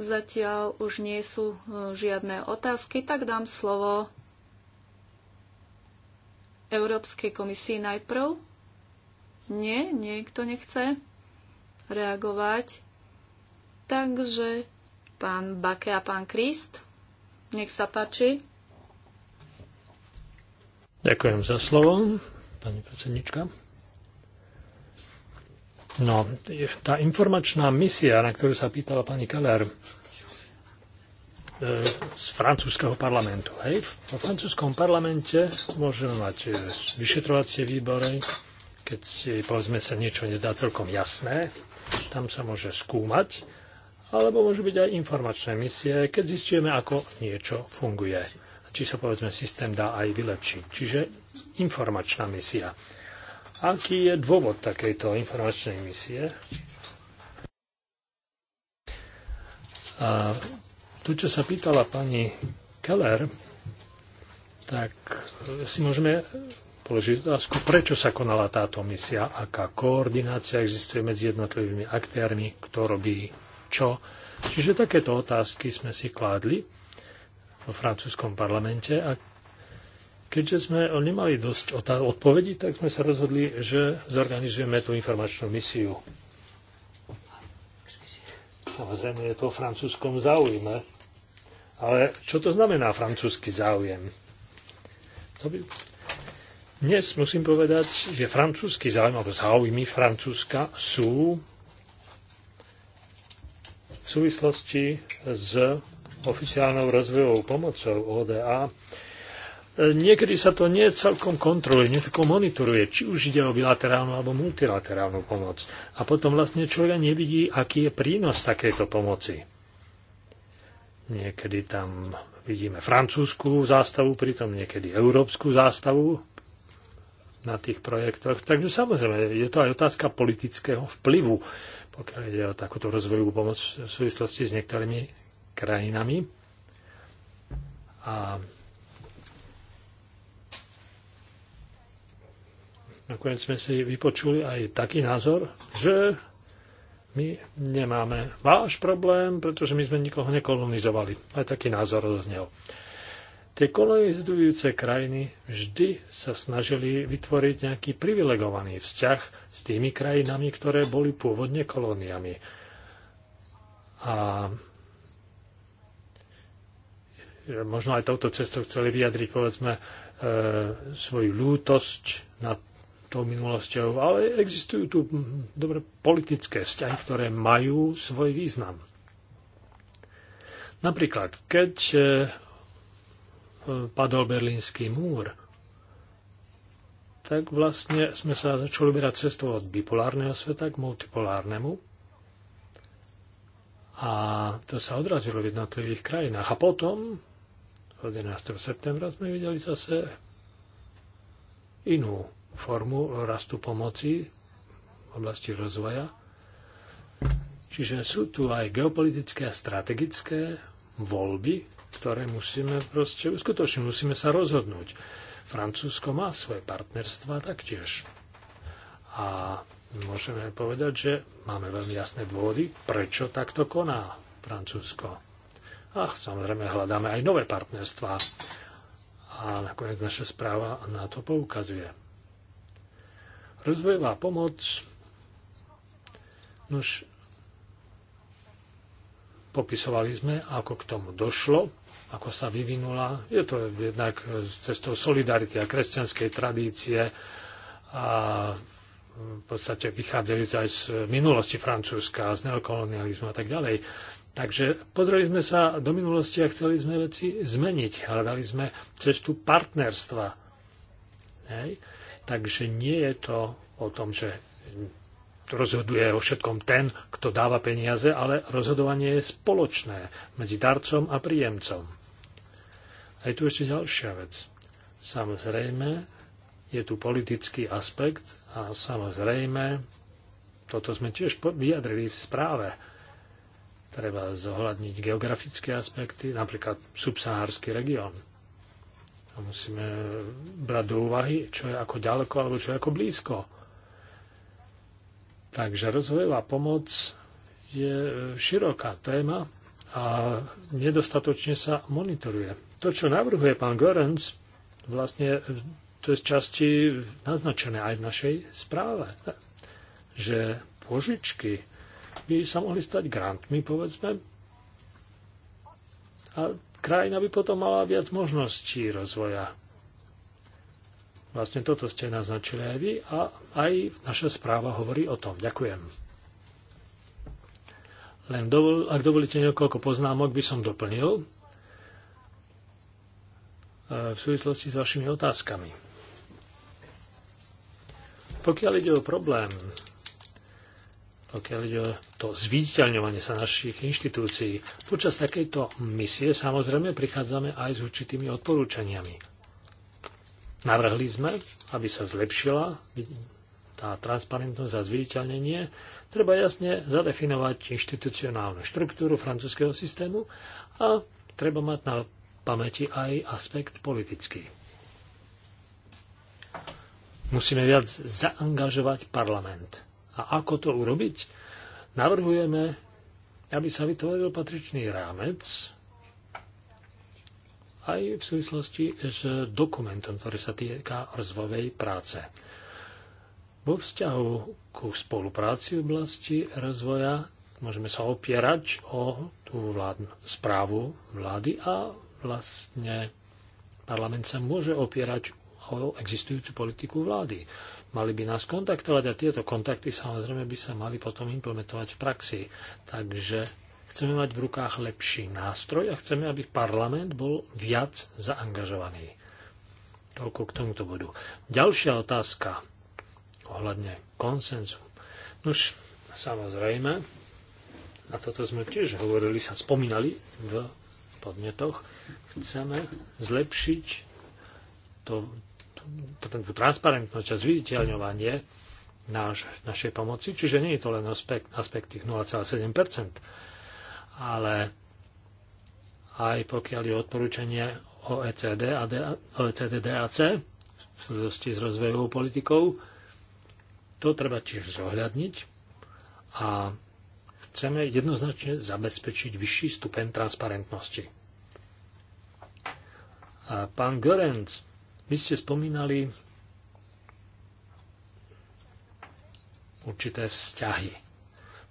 [SPEAKER 1] Zatiaľ už nie sú e, žiadne otázky, tak dám slovo Európskej komisii najprv. Nie, niekto nechce reagovať. Takže pán Bake a pán Krist, nech sa páči.
[SPEAKER 2] Ďakujem za slovo, pani predsednička. No, tá informačná misia, na ktorú sa pýtala pani Keller, e, z francúzského parlamentu. Hej? Vo francúzskom parlamente môžeme mať e, vyšetrovacie výbory, keď si povedzme sa niečo nezdá celkom jasné, tam sa môže skúmať alebo môžu byť aj informačné misie, keď zistujeme, ako niečo funguje. Či sa povedzme systém dá aj vylepšiť. Čiže informačná misia. Aký je dôvod takejto informačnej misie? A to, čo sa pýtala pani Keller, tak si môžeme položiť otázku, prečo sa konala táto misia, aká koordinácia existuje medzi jednotlivými aktérmi, kto robí čo. Čiže takéto otázky sme si kládli vo francúzskom parlamente a keďže sme nemali dosť odpovedí, tak sme sa rozhodli, že zorganizujeme tú informačnú misiu. Samozrejme je to o francúzskom záujme. Ale čo to znamená francúzsky záujem? To by... Dnes musím povedať, že francúzsky záujem alebo záujmy Francúzska sú súvislosti s oficiálnou rozvojovou pomocou ODA e, niekedy sa to nie celkom kontroluje, nie celkom monitoruje, či už ide o bilaterálnu alebo multilaterálnu pomoc. A potom vlastne človek nevidí, aký je prínos takejto pomoci. Niekedy tam vidíme francúzskú zástavu, pritom niekedy európsku zástavu na tých projektoch. Takže samozrejme, je to aj otázka politického vplyvu pokiaľ ide o takúto rozvojovú pomoc v súvislosti s niektorými krajinami. A nakoniec sme si vypočuli aj taký názor, že my nemáme váš problém, pretože my sme nikoho nekolonizovali. Aj taký názor odoznel tie kolonizujúce krajiny vždy sa snažili vytvoriť nejaký privilegovaný vzťah s tými krajinami, ktoré boli pôvodne kolóniami. A možno aj touto cestou chceli vyjadriť povedzme e, svoju lútosť nad tou minulosťou, ale existujú tu dobre politické vzťahy, ktoré majú svoj význam. Napríklad, keď e, padol berlínsky múr, tak vlastne sme sa začali vyberať cestou od bipolárneho sveta k multipolárnemu. A to sa odrazilo v jednotlivých krajinách. A potom, od 11. septembra, sme videli zase inú formu rastu pomoci v oblasti rozvoja. Čiže sú tu aj geopolitické a strategické voľby, ktoré musíme proste uskutočniť, musíme sa rozhodnúť. Francúzsko má svoje partnerstva taktiež. A môžeme povedať, že máme veľmi jasné dôvody, prečo takto koná Francúzsko. A samozrejme hľadáme aj nové partnerstva. A nakoniec naša správa na to poukazuje. Rozvojová pomoc. Nož, popisovali sme, ako k tomu došlo ako sa vyvinula. Je to jednak cestou solidarity a kresťanskej tradície a v podstate vychádzajú aj z minulosti Francúzska, z neokolonializmu a tak ďalej. Takže pozreli sme sa do minulosti a chceli sme veci zmeniť. Hľadali sme cestu partnerstva. Hej. Takže nie je to o tom, že rozhoduje o všetkom ten, kto dáva peniaze, ale rozhodovanie je spoločné medzi darcom a príjemcom. A je tu ešte ďalšia vec. Samozrejme, je tu politický aspekt a samozrejme, toto sme tiež vyjadrili v správe, treba zohľadniť geografické aspekty, napríklad subsahársky región. A musíme brať do úvahy, čo je ako ďaleko alebo čo je ako blízko. Takže rozvojová pomoc je široká téma a nedostatočne sa monitoruje. To, čo navrhuje pán Görens, vlastne to je z časti naznačené aj v našej správe, že požičky by sa mohli stať grantmi, povedzme, a krajina by potom mala viac možností rozvoja. Vlastne toto ste naznačili aj vy a aj naša správa hovorí o tom. Ďakujem. Len dovol, ak dovolíte niekoľko poznámok, by som doplnil v súvislosti s vašimi otázkami. Pokiaľ ide o problém, pokiaľ ide o to zviditeľňovanie sa našich inštitúcií, počas takejto misie samozrejme prichádzame aj s určitými odporúčaniami. Navrhli sme, aby sa zlepšila tá transparentnosť a zviditeľnenie, treba jasne zadefinovať inštitucionálnu štruktúru francúzského systému a treba mať na pamäti aj aspekt politický. Musíme viac zaangažovať parlament. A ako to urobiť? Navrhujeme, aby sa vytvoril patričný rámec aj v súvislosti s dokumentom, ktorý sa týka rozvojovej práce. Vo vzťahu ku spolupráci v oblasti rozvoja môžeme sa opierať o tú vládnu, správu vlády a vlastne parlament sa môže opierať o existujúcu politiku vlády. Mali by nás kontaktovať a tieto kontakty samozrejme by sa mali potom implementovať v praxi. Takže chceme mať v rukách lepší nástroj a chceme, aby parlament bol viac zaangažovaný. Toľko k tomuto bodu. Ďalšia otázka ohľadne konsenzu. Nož, samozrejme, na toto sme tiež hovorili, sa spomínali v podnetoch, Chceme zlepšiť to, to, to transparentnosť a zviditeľňovanie náš, našej pomoci, čiže nie je to len aspekt, aspekt tých 0,7%, ale aj pokiaľ je odporúčanie OECD a OECD DAC v súvislosti s rozvojovou politikou, to treba tiež zohľadniť a chceme jednoznačne zabezpečiť vyšší stupeň transparentnosti. A pán Görenc, vy ste spomínali určité vzťahy.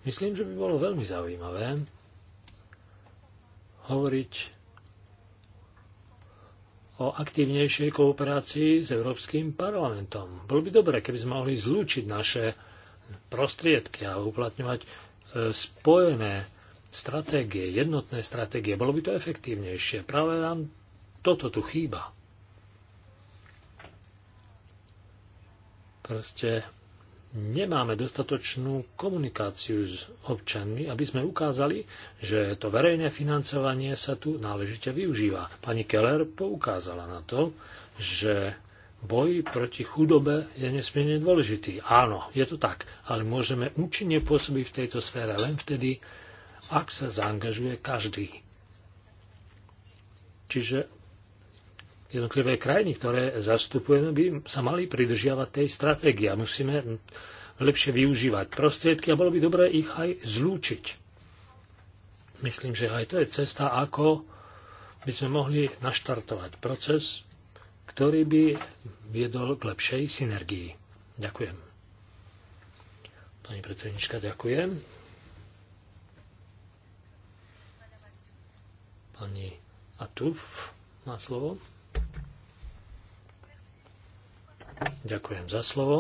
[SPEAKER 2] Myslím, že by bolo veľmi zaujímavé hovoriť o aktívnejšej kooperácii s Európskym parlamentom. Bolo by dobré, keby sme mohli zlúčiť naše prostriedky a uplatňovať e, spojené stratégie, jednotné stratégie. Bolo by to efektívnejšie práve nám toto tu chýba. Proste nemáme dostatočnú komunikáciu s občanmi, aby sme ukázali, že to verejné financovanie sa tu náležite využíva. Pani Keller poukázala na to, že boj proti chudobe je nesmierne dôležitý. Áno, je to tak, ale môžeme účinne pôsobiť v tejto sfére len vtedy, ak sa zaangažuje každý. Čiže jednotlivé krajiny, ktoré zastupujeme, by sa mali pridržiavať tej stratégie a musíme lepšie využívať prostriedky a bolo by dobré ich aj zlúčiť. Myslím, že aj to je cesta, ako by sme mohli naštartovať proces, ktorý by viedol k lepšej synergii. Ďakujem. Pani predsednička, ďakujem. Pani Atuf má slovo. Ďakujem za slovo.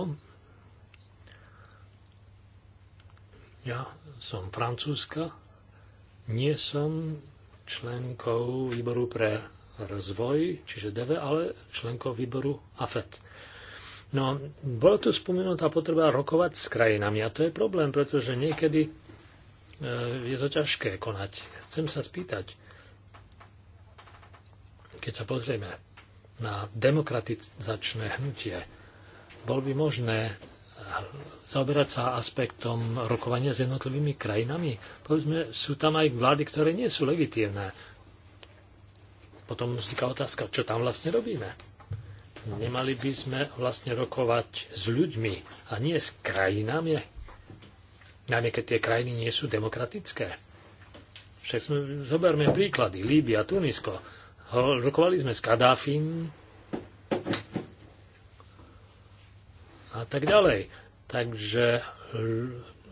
[SPEAKER 2] Ja som francúzska, nie som členkou výboru pre rozvoj, čiže DV, ale členkou výboru AFET. No, bola tu spomenutá potreba rokovať s krajinami a to je problém, pretože niekedy e, je to ťažké konať. Chcem sa spýtať, keď sa pozrieme na demokratizačné hnutie, bol by možné eh, zaoberať sa aspektom rokovania s jednotlivými krajinami. Povedzme, sú tam aj vlády, ktoré nie sú legitívne. Potom vzniká otázka, čo tam vlastne robíme. Nemali by sme vlastne rokovať s ľuďmi a nie s krajinami, najmä keď tie krajiny nie sú demokratické. Však sme, zoberme príklady. Líbia, Tunisko rokovali sme s Kadáfim a tak ďalej. Takže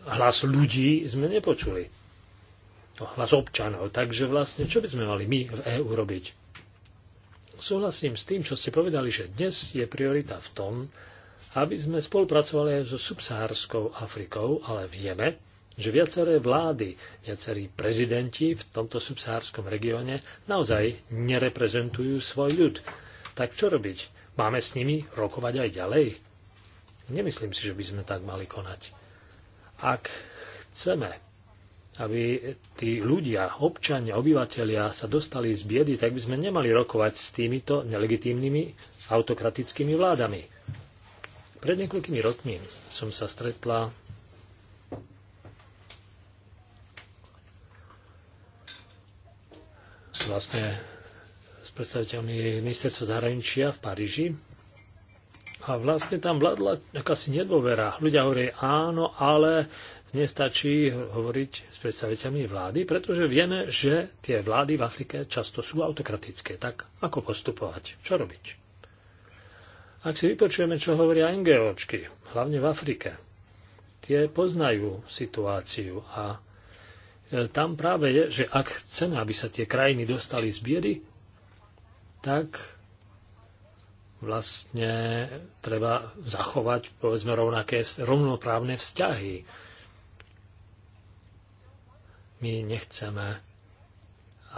[SPEAKER 2] hlas ľudí sme nepočuli. Hlas občanov. Takže vlastne, čo by sme mali my v EÚ robiť? Súhlasím s tým, čo ste povedali, že dnes je priorita v tom, aby sme spolupracovali aj so subsahárskou Afrikou, ale vieme, že viaceré vlády, viacerí prezidenti v tomto subsahárskom regióne naozaj nereprezentujú svoj ľud. Tak čo robiť? Máme s nimi rokovať aj ďalej? Nemyslím si, že by sme tak mali konať. Ak chceme, aby tí ľudia, občania, obyvateľia sa dostali z biedy, tak by sme nemali rokovať s týmito nelegitímnymi autokratickými vládami. Pred niekoľkými rokmi som sa stretla vlastne s predstaviteľmi ministerstva zahraničia v Paríži. A vlastne tam vládla akási nedôvera. Ľudia hovorí áno, ale nestačí hovoriť s predstaviteľmi vlády, pretože vieme, že tie vlády v Afrike často sú autokratické. Tak ako postupovať? Čo robiť? Ak si vypočujeme, čo hovoria NGOčky, hlavne v Afrike, tie poznajú situáciu a tam práve je, že ak chceme, aby sa tie krajiny dostali z biedy, tak vlastne treba zachovať povedzme rovnaké rovnoprávne vzťahy. My nechceme,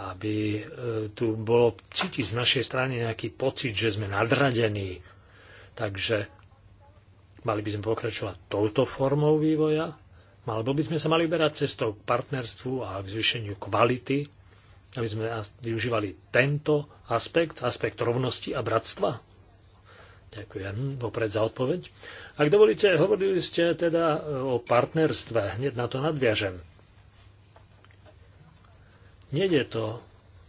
[SPEAKER 2] aby e, tu bolo cítiť z našej strany nejaký pocit, že sme nadradení. Takže mali by sme pokračovať touto formou vývoja alebo by sme sa mali berať cestou k partnerstvu a k zvýšeniu kvality, aby sme využívali tento aspekt, aspekt rovnosti a bratstva? Ďakujem vopred za odpoveď. Ak dovolíte, hovorili ste teda e, o partnerstve. Hneď na to nadviažem. Nede to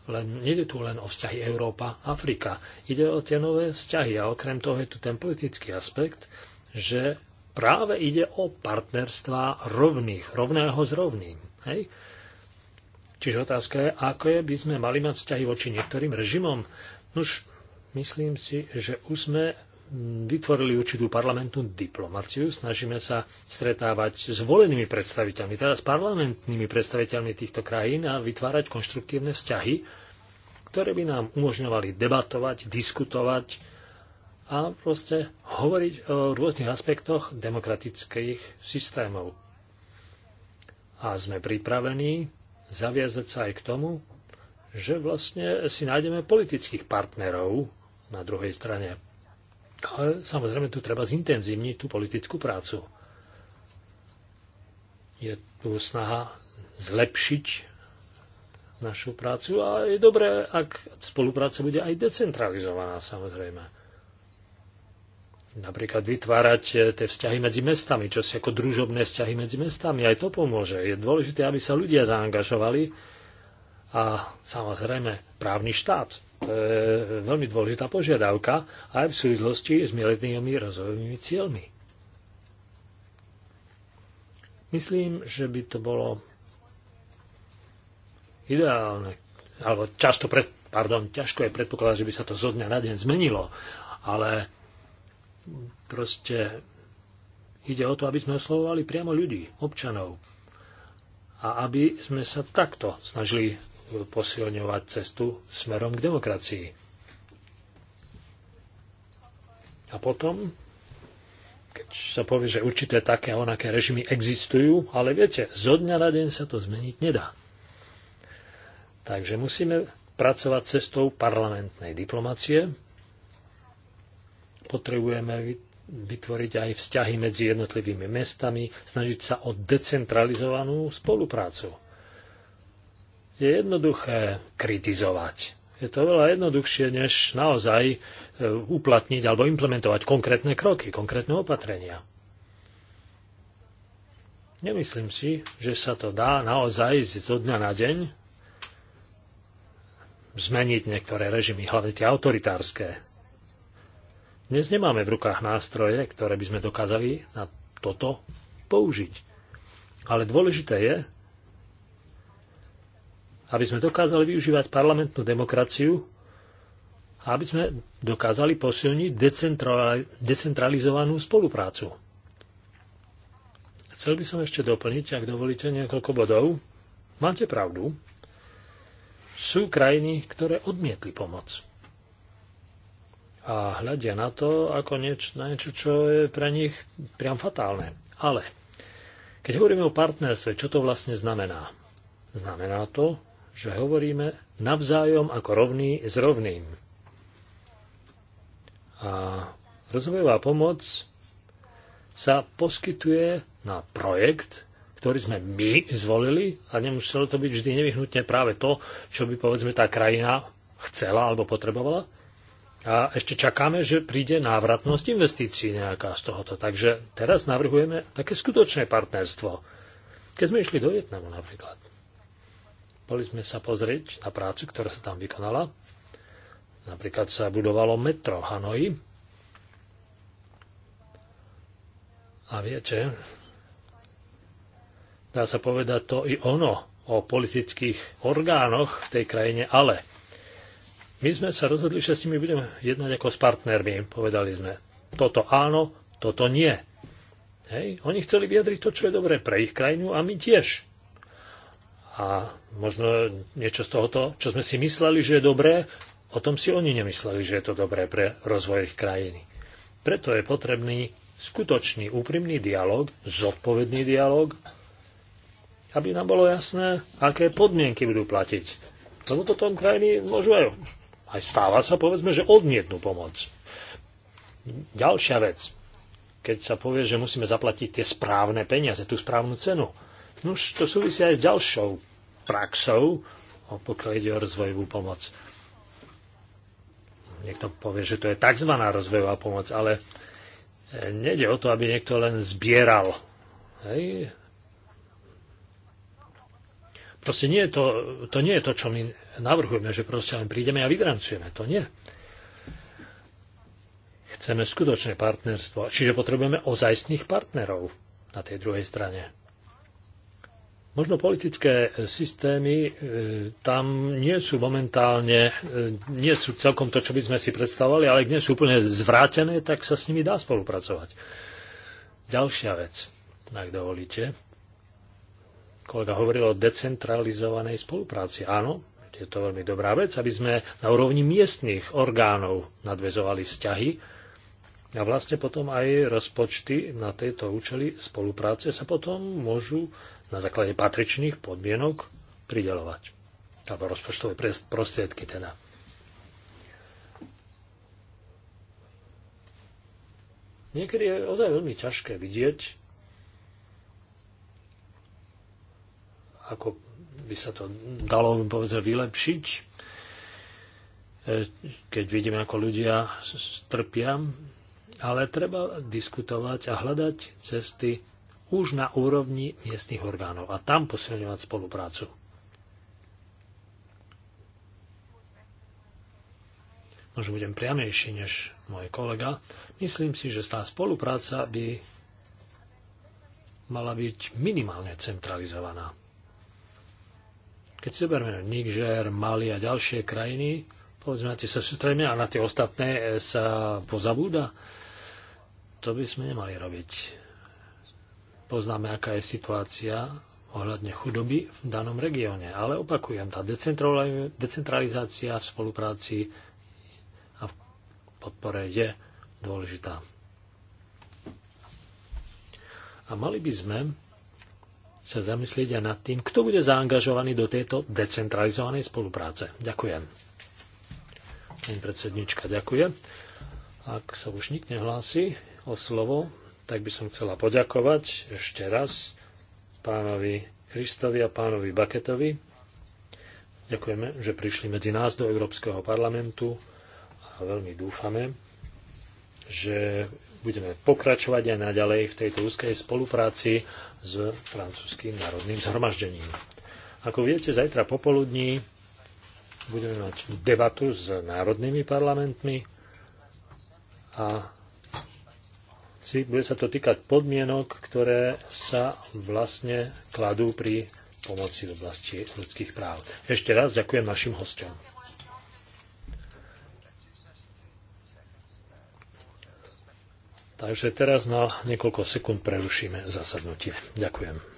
[SPEAKER 2] len, nede tu len o vzťahy Európa-Afrika. Ide o tie nové vzťahy a okrem toho je tu ten politický aspekt, že práve ide o partnerstva rovných, rovného s rovným. Hej? Čiže otázka je, ako je, by sme mali mať vzťahy voči niektorým režimom. Nuž, myslím si, že už sme vytvorili určitú parlamentnú diplomáciu, snažíme sa stretávať s volenými predstaviteľmi, teda s parlamentnými predstaviteľmi týchto krajín a vytvárať konštruktívne vzťahy, ktoré by nám umožňovali debatovať, diskutovať, a proste hovoriť o rôznych aspektoch demokratických systémov. A sme pripravení zaviazať sa aj k tomu, že vlastne si nájdeme politických partnerov na druhej strane. Ale samozrejme tu treba zintenzívniť tú politickú prácu. Je tu snaha zlepšiť našu prácu a je dobré, ak spolupráca bude aj decentralizovaná samozrejme napríklad vytvárať e, tie vzťahy medzi mestami, čo si ako družobné vzťahy medzi mestami, aj to pomôže. Je dôležité, aby sa ľudia zaangažovali a samozrejme právny štát. To je veľmi dôležitá požiadavka aj v súvislosti s miletnými rozvojovými cieľmi. Myslím, že by to bolo ideálne, alebo často pred, pardon, ťažko je predpokladať, že by sa to zo dňa na deň zmenilo, ale Proste ide o to, aby sme oslovovali priamo ľudí, občanov. A aby sme sa takto snažili posilňovať cestu smerom k demokracii. A potom, keď sa povie, že určité také a onaké režimy existujú, ale viete, zo dňa na deň sa to zmeniť nedá. Takže musíme pracovať cestou parlamentnej diplomacie, potrebujeme vytvoriť aj vzťahy medzi jednotlivými mestami, snažiť sa o decentralizovanú spoluprácu. Je jednoduché kritizovať. Je to veľa jednoduchšie, než naozaj e, uplatniť alebo implementovať konkrétne kroky, konkrétne opatrenia. Nemyslím si, že sa to dá naozaj zo dňa na deň zmeniť niektoré režimy, hlavne tie autoritárske, dnes nemáme v rukách nástroje, ktoré by sme dokázali na toto použiť. Ale dôležité je, aby sme dokázali využívať parlamentnú demokraciu a aby sme dokázali posilniť decentralizovanú spoluprácu. Chcel by som ešte doplniť, ak dovolíte, niekoľko bodov. Máte pravdu. Sú krajiny, ktoré odmietli pomoc a hľadia na to ako nieč, na niečo, čo je pre nich priam fatálne. Ale keď hovoríme o partnerstve, čo to vlastne znamená? Znamená to, že hovoríme navzájom ako rovný s rovným. A rozvojová pomoc sa poskytuje na projekt, ktorý sme my zvolili a nemuselo to byť vždy nevyhnutne práve to, čo by povedzme tá krajina chcela alebo potrebovala, a ešte čakáme, že príde návratnosť investícií nejaká z tohoto. Takže teraz navrhujeme také skutočné partnerstvo. Keď sme išli do Vietnamu napríklad, boli sme sa pozrieť na prácu, ktorá sa tam vykonala. Napríklad sa budovalo metro v A viete, dá sa povedať to i ono o politických orgánoch v tej krajine, ale my sme sa rozhodli, že s nimi budeme jednať ako s partnermi. Povedali sme, toto áno, toto nie. Hej? Oni chceli vyjadriť to, čo je dobré pre ich krajinu a my tiež. A možno niečo z tohoto, čo sme si mysleli, že je dobré, o tom si oni nemysleli, že je to dobré pre rozvoj ich krajiny. Preto je potrebný skutočný, úprimný dialog, zodpovedný dialog, aby nám bolo jasné, aké podmienky budú platiť. Lebo potom krajiny môžu aj aj stáva sa, povedzme, že odmietnú pomoc. Ďalšia vec. Keď sa povie, že musíme zaplatiť tie správne peniaze, tú správnu cenu. No už to súvisí aj s ďalšou praxou, pokiaľ ide o rozvojovú pomoc. Niekto povie, že to je tzv. rozvojová pomoc, ale e, nejde o to, aby niekto len zbieral. Hej? Proste nie je to, to nie je to, čo my navrhujeme, že proste len prídeme a vydrancujeme. To nie. Chceme skutočné partnerstvo, čiže potrebujeme ozajstných partnerov na tej druhej strane. Možno politické systémy e, tam nie sú momentálne, e, nie sú celkom to, čo by sme si predstavovali, ale nie sú úplne zvrátené, tak sa s nimi dá spolupracovať. Ďalšia vec, ak dovolíte Kolega hovoril o decentralizovanej spolupráci. Áno, je to veľmi dobrá vec, aby sme na úrovni miestnych orgánov nadvezovali vzťahy a vlastne potom aj rozpočty na tejto účely spolupráce sa potom môžu na základe patričných podmienok pridelovať. Alebo rozpočtové prostriedky teda. Niekedy je ozaj veľmi ťažké vidieť, ako by sa to dalo, povedzme, vylepšiť, e, keď vidíme, ako ľudia trpia, ale treba diskutovať a hľadať cesty už na úrovni miestnych orgánov a tam posilňovať spoluprácu. Možno budem priamejší než môj kolega. Myslím si, že tá spolupráca by mala byť minimálne centralizovaná. Keď si zoberieme Niger, Mali a ďalšie krajiny, povedzme, tie sa sústredíme a na tie ostatné e, sa pozabúda, to by sme nemali robiť. Poznáme, aká je situácia ohľadne chudoby v danom regióne. Ale opakujem, tá decentralizácia v spolupráci a v podpore je dôležitá. A mali by sme sa zamyslieť aj nad tým, kto bude zaangažovaný do tejto decentralizovanej spolupráce. Ďakujem. Pani predsednička, ďakujem. Ak sa už nik nehlási o slovo, tak by som chcela poďakovať ešte raz pánovi Kristovi a pánovi Baketovi. Ďakujeme, že prišli medzi nás do Európskeho parlamentu a veľmi dúfame, že budeme pokračovať aj naďalej v tejto úzkej spolupráci s francúzským národným zhromaždením. Ako viete, zajtra popoludní budeme mať debatu s národnými parlamentmi a bude sa to týkať podmienok, ktoré sa vlastne kladú pri pomoci v oblasti ľudských práv. Ešte raz ďakujem našim hostom. Takže teraz na niekoľko sekúnd prerušíme zasadnutie. Ďakujem.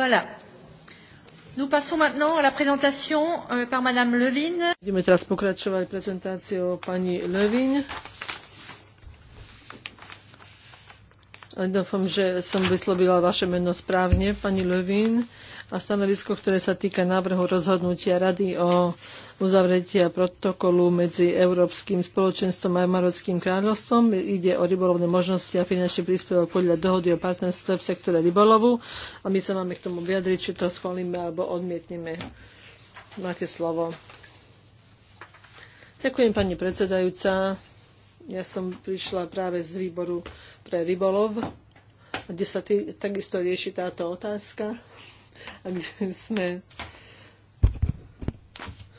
[SPEAKER 1] Voilà. Nous passons maintenant à la présentation euh, par Madame Levin.
[SPEAKER 4] Budeme teraz pokračovať prezentáciou pani Levin. Dúfam, že som vyslovila vaše meno správne, pani Levín, a stanovisko, ktoré sa týka návrhu rozhodnutia Rady o uzavretia protokolu medzi Európskym spoločenstvom a Marockým kráľovstvom. Ide o rybolovné možnosti a finančný príspevok podľa dohody o partnerstve v sektore rybolovu. A my sa máme k tomu vyjadriť, či to schválime alebo odmietneme. Máte slovo. Ďakujem, pani predsedajúca. Ja som prišla práve z výboru pre rybolov, kde sa tý, takisto rieši táto otázka. A kde *laughs* sme...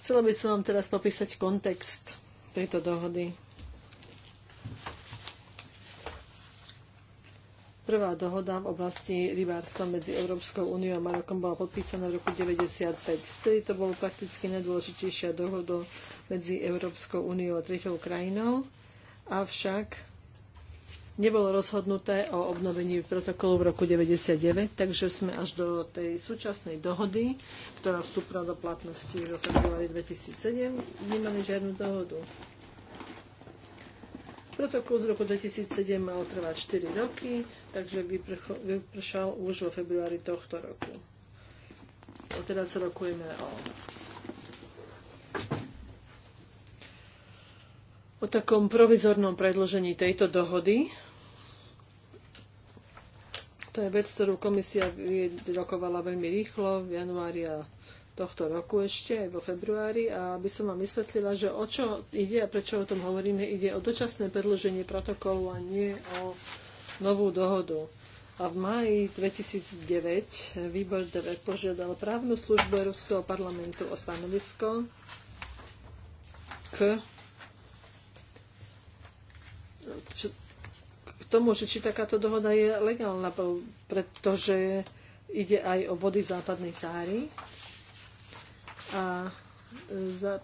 [SPEAKER 4] Chcela by som vám teraz popísať kontext tejto dohody. Prvá dohoda v oblasti rybárstva medzi Európskou úniou a Marokom bola podpísaná v roku 1995. Vtedy to bolo prakticky najdôležitejšia dohoda medzi Európskou úniou a tretou krajinou avšak nebolo rozhodnuté o obnovení protokolu v roku 1999, takže sme až do tej súčasnej dohody, ktorá vstúpila do platnosti v roku 2007, nemali žiadnu dohodu. Protokol z roku 2007 mal trvať 4 roky, takže vypršal už vo februári tohto roku. A teraz rokujeme o o takom provizornom predložení tejto dohody. To je vec, ktorú komisia rokovala veľmi rýchlo v januári a tohto roku ešte, aj vo februári, a aby som vám vysvetlila, že o čo ide a prečo o tom hovoríme, ide o dočasné predloženie protokolu a nie o novú dohodu. A v máji 2009 výbor DV požiadal právnu službu Európskeho parlamentu o stanovisko k k tomu, že či takáto dohoda je legálna, pretože ide aj o vody západnej Sáry. A e, za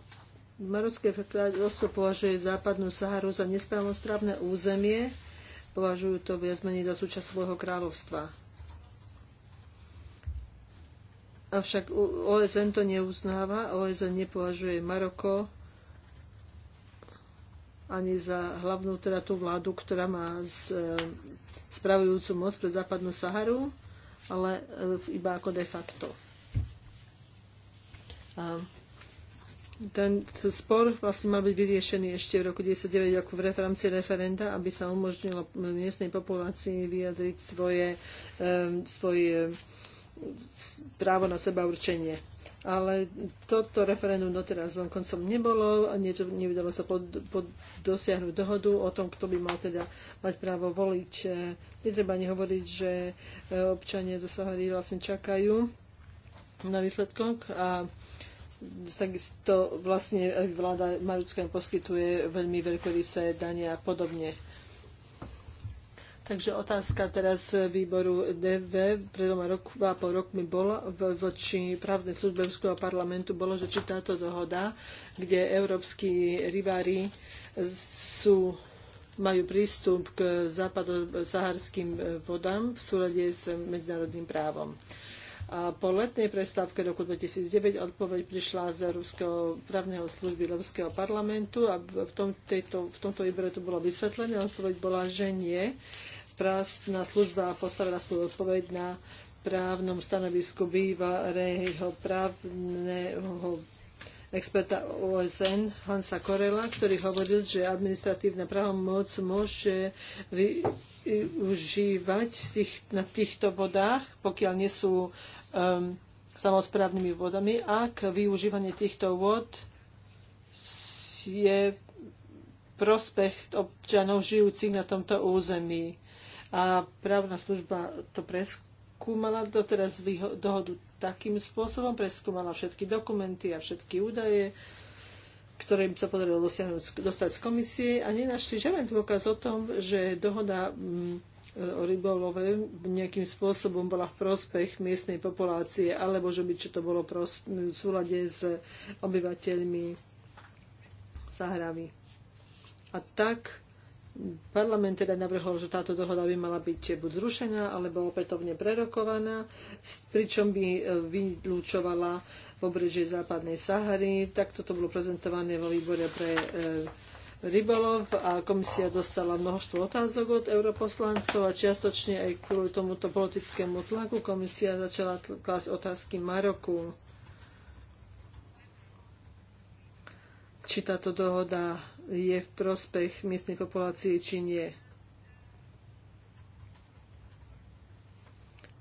[SPEAKER 4] Marocké kráľovstvo považuje západnú Saharu za nesprávnosprávne územie, považujú to viac menej za súčasť svojho kráľovstva. Avšak OSN to neuznáva, OSN nepovažuje Maroko ani za hlavnú teda tú vládu, ktorá má z, e, spravujúcu moc pre západnú Saharu, ale e, iba ako de facto. A ten spor vlastne mal byť vyriešený ešte v roku 1999 v rámci referenda, aby sa umožnilo miestnej populácii vyjadriť svoje, e, svoje právo na seba určenie ale toto referendum doteraz len koncom nebolo, nevedalo sa pod, pod dosiahnuť dohodu o tom, kto by mal teda mať právo voliť. Netreba ani hovoriť, že e, občania do Sahary vlastne čakajú na výsledkoch a takisto vlastne vláda Marucka poskytuje veľmi veľkorysé dania a podobne. Takže otázka teraz výboru DV pred dvoma roku a pol rokmi bola voči právnej službe Európskeho parlamentu bolo, že či táto dohoda, kde európsky rybári sú majú prístup k západo-saharským e, vodám v súlade s medzinárodným právom. A po letnej prestávke roku 2009 odpoveď prišla z Európskeho právneho služby Európskeho parlamentu a v, tom, tejto, v tomto výbere to bolo vysvetlené. Odpoveď bola, že nie, správna služba postavila svoju odpoveď na právnom stanovisku bývalého právneho experta OSN Hansa Korela, ktorý hovoril, že administratívna právomoc môže využívať tých, na týchto vodách, pokiaľ nie sú um, samozprávnymi vodami, ak využívanie týchto vod je prospech občanov žijúcich na tomto území a právna služba to preskúmala, doteraz dohodu takým spôsobom, preskúmala všetky dokumenty a všetky údaje, ktoré im sa podarilo dosiahnuť, dostať z komisie a nenašli žiaden dôkaz o tom, že dohoda mm, o rybolove nejakým spôsobom bola v prospech miestnej populácie, alebo že by čo to bolo v súlade s obyvateľmi Sahravy. A tak Parlament teda navrhol, že táto dohoda by mala byť buď zrušená, alebo opätovne prerokovaná, pričom by e, vylúčovala pobrežie západnej Sahary. Tak toto bolo prezentované vo výbore pre e, rybolov a komisia dostala množstvo otázok od europoslancov a čiastočne aj kvôli tomuto politickému tlaku komisia začala klásť otázky Maroku. Či táto dohoda je v prospech miestnej populácie či nie.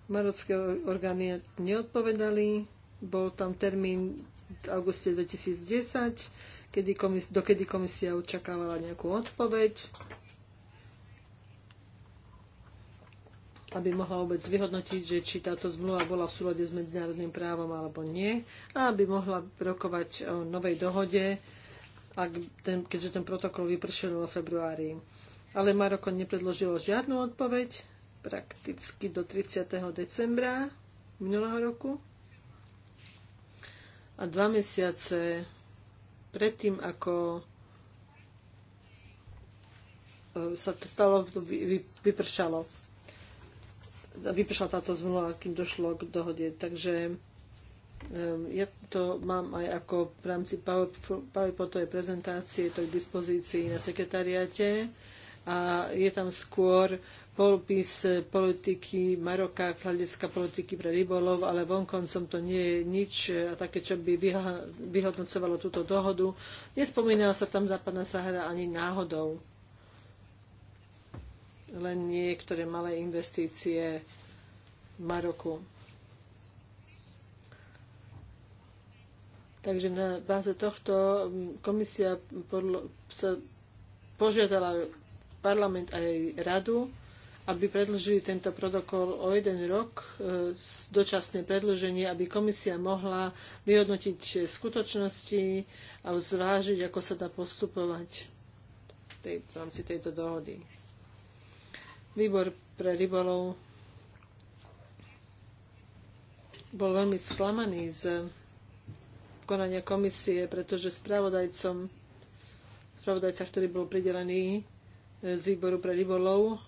[SPEAKER 4] Marocké orgány neodpovedali, bol tam termín v auguste 2010, kedy komis- dokedy komisia očakávala nejakú odpoveď, aby mohla vôbec vyhodnotiť, že či táto zmluva bola v súlade s medzinárodným právom alebo nie, a aby mohla rokovať o novej dohode, ak ten, keďže ten protokol vypršiel vo februári. Ale Maroko nepredložilo žiadnu odpoveď prakticky do 30. decembra minulého roku. A dva mesiace predtým, ako e, sa to stalo, vypršalo. Vypršala táto zmluva, kým došlo k dohode. Takže Ehm, ja to mám aj ako v rámci PowerPointovej prezentácie, to je k dispozícii na sekretariate a je tam skôr polpis politiky Maroka, kladecká politiky pre rybolov, ale vonkoncom to nie je nič e, A také, čo by vyhodnocovalo túto dohodu. Nespomínala sa tam západná Sahara ani náhodou. Len niektoré malé investície v Maroku. Takže na báze tohto komisia podlo, sa požiadala parlament aj radu, aby predlžili tento protokol o jeden rok, e, dočasné predlženie, aby komisia mohla vyhodnotiť skutočnosti a zvážiť, ako sa dá postupovať tej, v rámci tejto dohody. Výbor pre rybolov bol veľmi sklamaný z konania komisie, pretože spravodajcom, spravodajca, ktorý bol pridelený e, z výboru pre rybolov,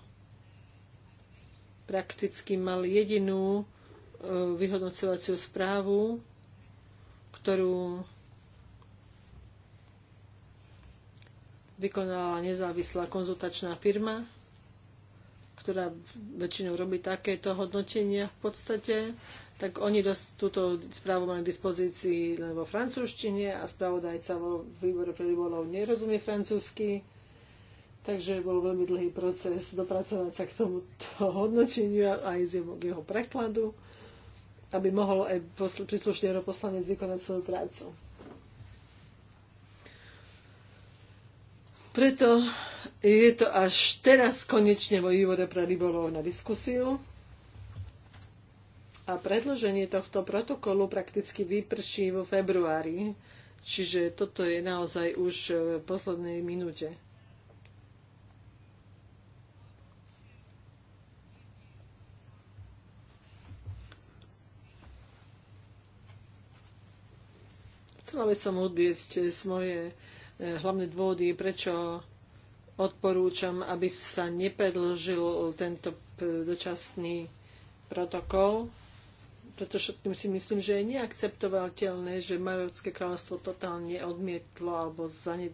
[SPEAKER 4] prakticky mal jedinú e, vyhodnocovaciu správu, ktorú vykonala nezávislá konzultačná firma, ktorá väčšinou robí takéto hodnotenia v podstate tak oni dos- túto správu mali k dispozícii len vo francúzštine a spravodajca vo výbore pre rybolov nerozumie francúzsky. Takže bol veľmi dlhý proces dopracovať sa k tomuto hodnoteniu aj z jeho, k jeho prekladu, aby mohol aj posl- príslušný europoslanec vykonať svoju prácu. Preto je to až teraz konečne vo výbore pre rybolov na diskusiu a predloženie tohto protokolu prakticky vyprší vo februári, čiže toto je naozaj už e, v poslednej minúte. Chcela by som odviesť z e, moje e, hlavné dôvody, prečo odporúčam, aby sa nepredložil tento dočasný protokol preto všetkým si myslím, že je neakceptovateľné, že Marocké kráľovstvo totálne odmietlo alebo zane,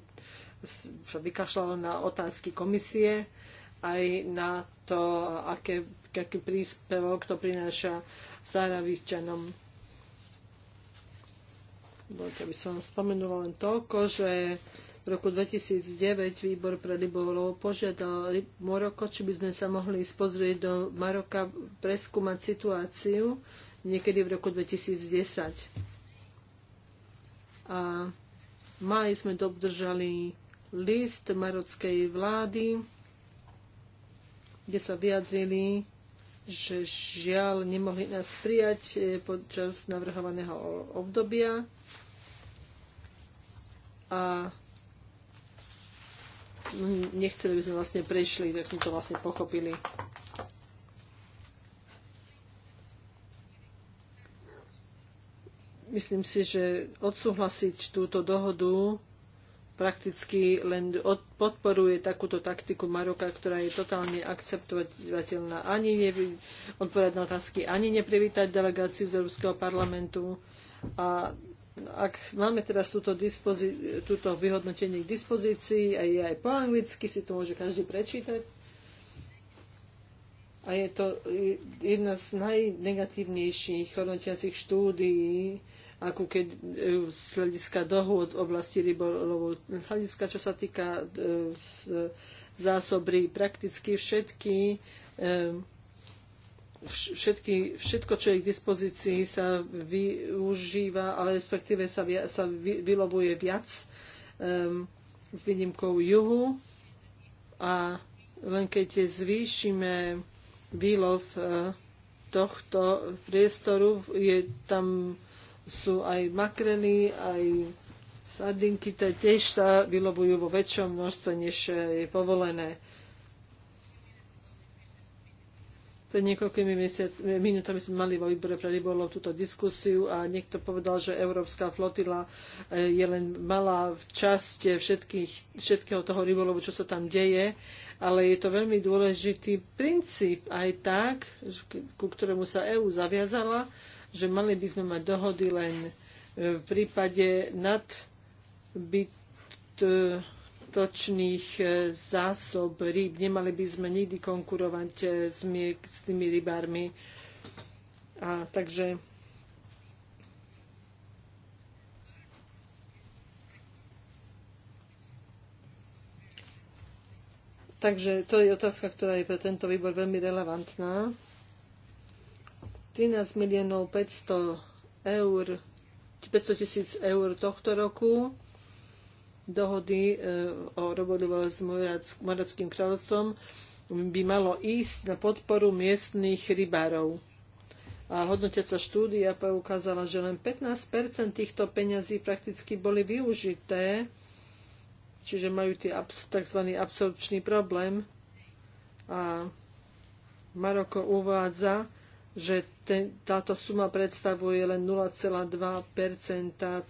[SPEAKER 4] sa vykašľalo na otázky komisie, aj na to, aké, aký príspevok to prináša Saravičanom. Dovolte, aby som spomenula len toľko, že v roku 2009 výbor pre rybolov požiadal Moroko, či by sme sa mohli spozrieť do Maroka, preskúmať situáciu niekedy v roku 2010. A v sme dobdržali list marockej vlády, kde sa vyjadrili, že žiaľ nemohli nás prijať e, počas navrhovaného obdobia. A nechceli by sme vlastne prešli, tak sme to vlastne pochopili. Myslím si, že odsúhlasiť túto dohodu prakticky len podporuje takúto taktiku Maroka, ktorá je totálne akceptovateľná. Ani nevy, odpovedať na otázky, ani neprivítať delegáciu z Európskeho parlamentu. A ak máme teraz túto, dispozí- túto vyhodnotenie k dispozícii, a je aj po anglicky, si to môže každý prečítať. A je to jedna z najnegatívnejších hodnotiacich štúdií, ako keď e, z hľadiska dohôd v oblasti rybolovu. hľadiska, čo sa týka e, zásobry, prakticky všetky e, všetky, všetko, čo je k dispozícii, sa využíva, ale respektíve sa, sa vy, vylovuje viac um, s výnimkou juhu. A len keď zvýšime výlov tohto priestoru, je tam sú aj makreny, aj sardinky, to tiež sa vylobujú vo väčšom množstve, než je povolené. Pred niekoľkými mesiac, minútami sme mali vo výbore pre rybolov túto diskusiu a niekto povedal, že európska flotila e, je len malá časť všetkých, všetkého toho rybolovu, čo sa tam deje, ale je to veľmi dôležitý princíp aj tak, ku ktorému sa EÚ zaviazala, že mali by sme mať dohody len e, v prípade nadbytočných e, zásob rýb. Nemali by sme nikdy konkurovať e, s, s tými rybármi. A takže Takže to je otázka, ktorá je pre tento výbor veľmi relevantná. 13 miliónov 500 eur, 500 tisíc eur tohto roku dohody e, o robodobole s moradským kráľovstvom by malo ísť na podporu miestných rybárov. A hodnotiaca štúdia poukázala, že len 15 týchto peňazí prakticky boli využité, čiže majú tzv. absorpčný problém. A Maroko uvádza, že ten, táto suma predstavuje len 0,2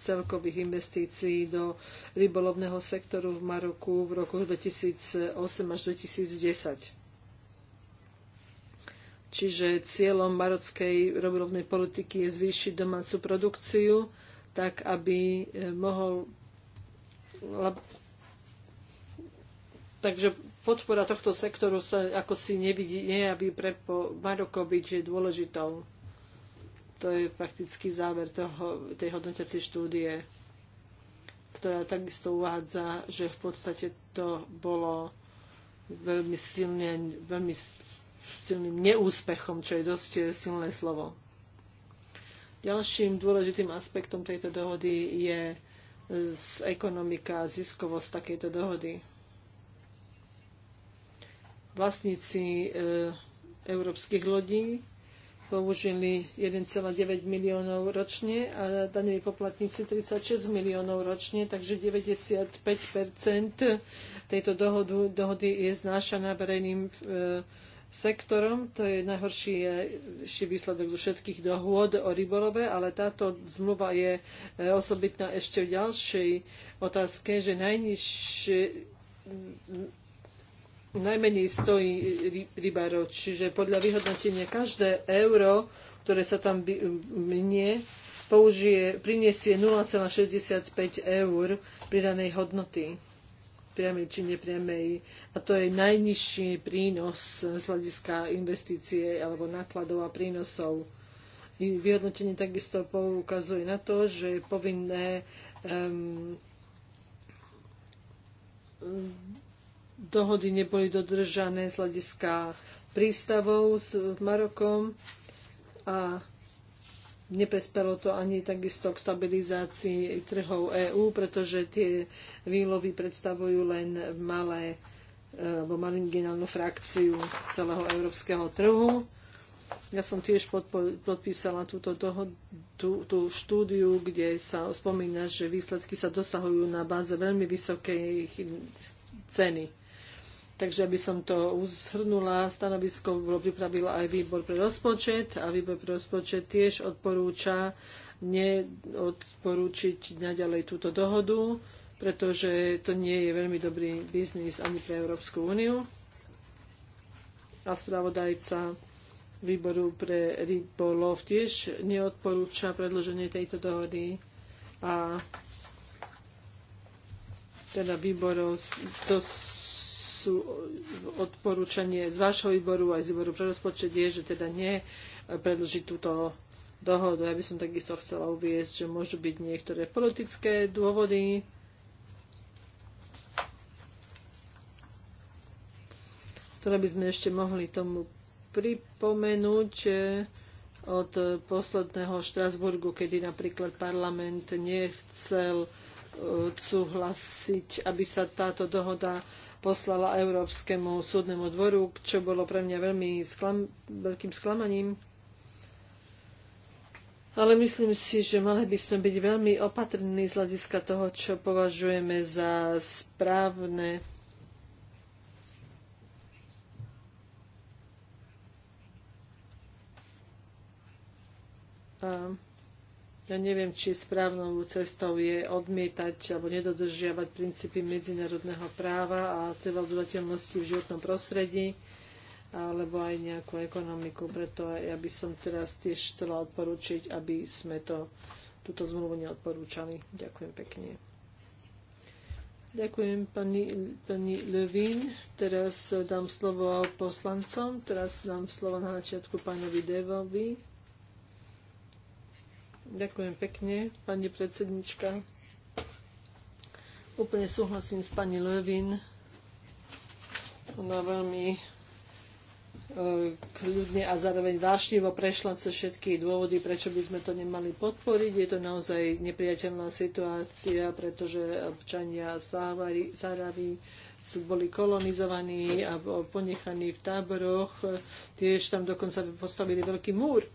[SPEAKER 4] celkových investícií do rybolovného sektoru v Maroku v roku 2008 až 2010. Čiže cieľom marockej rybolovnej politiky je zvýšiť domácu produkciu, tak aby eh, mohol. Takže podpora tohto sektoru sa ako si nevidí, aby pre Maroko byť dôležitou. To je prakticky záver toho, tej hodnotiacej štúdie, ktorá takisto uvádza, že v podstate to bolo veľmi, silne, veľmi silným neúspechom, čo je dosť silné slovo. Ďalším dôležitým aspektom tejto dohody je ekonomika a ziskovosť takejto dohody vlastníci e, európskych lodí použili 1,9 miliónov ročne a daňoví poplatníci 36 miliónov ročne, takže 95 tejto dohodu, dohody je znášaná verejným e, sektorom. To je najhorší je výsledok zo všetkých dohôd o rybolove, ale táto zmluva je e, osobitná ešte v ďalšej otázke, že najnižšie najmenej stojí rybárov. Čiže podľa vyhodnotenia každé euro, ktoré sa tam minie, použije, priniesie 0,65 eur pridanej hodnoty priamej či nepriamej. A to je najnižší prínos z hľadiska investície alebo nákladov a prínosov. Vyhodnotenie takisto poukazuje na to, že je povinné um, dohody neboli dodržané z hľadiska prístavov s Marokom a neprespelo to ani takisto k stabilizácii trhov EÚ, pretože tie výlovy predstavujú len malé e, alebo marginálnu frakciu celého európskeho trhu. Ja som tiež podpísala túto toho, tú, tú štúdiu, kde sa spomína, že výsledky sa dosahujú na báze veľmi vysokej ceny Takže aby som to uzhrnula, stanovisko pripravila aj výbor pre rozpočet a výbor pre rozpočet tiež odporúča neodporúčiť naďalej túto dohodu, pretože to nie je veľmi dobrý biznis ani pre Európsku úniu. A spravodajca výboru pre rybolov tiež neodporúča predloženie tejto dohody a teda výborov to sú odporúčanie z vášho výboru aj z výboru pre rozpočet je, že teda nie e, predlžiť túto dohodu. Ja by som takisto chcela uviezť, že môžu byť niektoré politické dôvody, ktoré by sme ešte mohli tomu pripomenúť e, od posledného Štrasburgu, kedy napríklad parlament nechcel e, súhlasiť, aby sa táto dohoda poslala Európskemu súdnemu dvoru, čo bolo pre mňa veľmi sklam, veľkým sklamaním. Ale myslím si, že mali by sme byť veľmi opatrní z hľadiska toho, čo považujeme za správne. Um. Ja neviem, či správnou cestou je odmietať alebo nedodržiavať princípy medzinárodného práva a teda udržateľnosti v životnom prostredí alebo aj nejakú ekonomiku. Preto ja by som teraz tiež chcela odporúčiť, aby sme to, túto zmluvu neodporúčali. Ďakujem pekne. Ďakujem pani, pani Levín. Teraz dám slovo poslancom. Teraz dám slovo na začiatku pánovi Devovi. Ďakujem pekne, pani predsednička. Úplne súhlasím s pani Levin. Ona veľmi e, kľudne a zároveň vášnivo prešla cez všetky dôvody, prečo by sme to nemali podporiť. Je to naozaj nepriateľná situácia, pretože občania Sáravy sú, boli kolonizovaní a ponechaní v táboroch. Tiež tam dokonca postavili veľký múr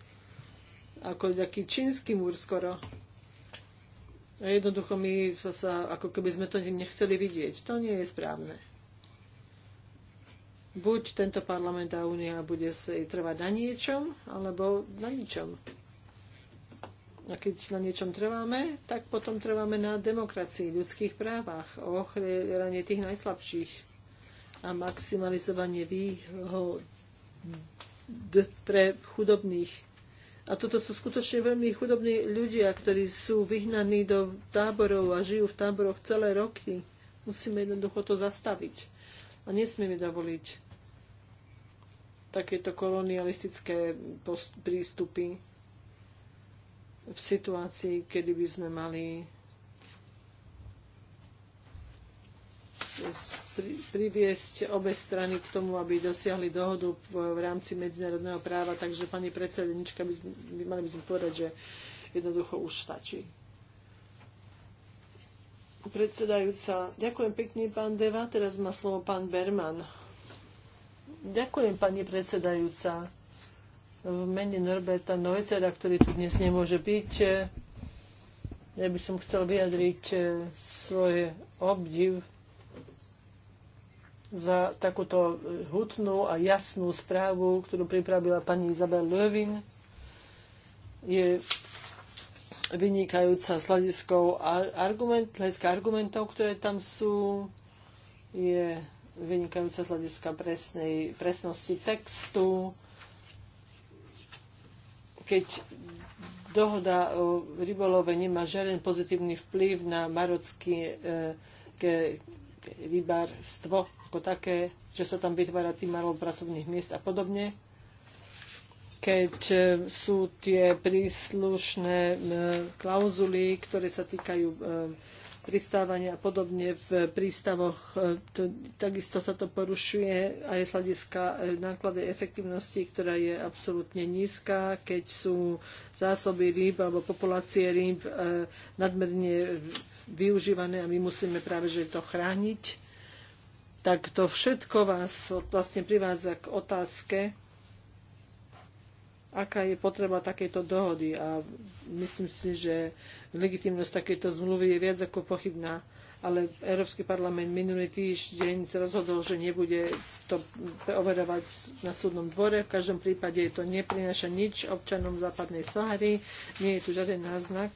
[SPEAKER 4] ako taký čínsky múr skoro. A jednoducho my sa, ako keby sme to nechceli vidieť. To nie je správne. Buď tento parlament a únia bude sa trvať na niečom, alebo na ničom. A keď na niečom trváme, tak potom trváme na demokracii, ľudských právach, o ochrane tých najslabších a maximalizovanie výhod pre chudobných. A toto sú skutočne veľmi chudobní ľudia, ktorí sú vyhnaní do táborov a žijú v táboroch celé roky. Musíme jednoducho to zastaviť. A nesmieme dovoliť takéto kolonialistické prístupy v situácii, kedy by sme mali priviesť obe strany k tomu, aby dosiahli dohodu v, rámci medzinárodného práva. Takže, pani predsednička, by, by mali by sme povedať, že jednoducho už stačí. Predsedajúca, ďakujem pekne, pán Deva. Teraz má slovo pán Berman. Ďakujem, pani predsedajúca. V mene Norberta Neuzera, ktorý tu dnes nemôže byť, ja by som chcel vyjadriť eh, svoje obdiv za takúto e, hutnú a jasnú správu, ktorú pripravila pani Izabel Lövin. Je vynikajúca s hľadiskou argument, argumentov, ktoré tam sú, je vynikajúca z hľadiska presnej, presnosti textu. Keď dohoda o rybolove nemá žiaden pozitívny vplyv na marocké e, rybárstvo, ako také, že sa tam vytvára tým malo pracovných miest a podobne. Keď e, sú tie príslušné e, klauzuly, ktoré sa týkajú e, pristávania a podobne v prístavoch. To, takisto sa to porušuje aj z hľadiska nákladnej efektivnosti, ktorá je absolútne nízka, keď sú zásoby rýb alebo populácie rýb nadmerne využívané a my musíme práve že to chrániť tak to všetko vás vlastne privádza k otázke, aká je potreba takejto dohody. A myslím si, že legitimnosť takejto zmluvy je viac ako pochybná. Ale Európsky parlament minulý týždeň sa rozhodol, že nebude to overovať na súdnom dvore. V každom prípade to neprináša nič občanom západnej Sahary. Nie je tu žiaden náznak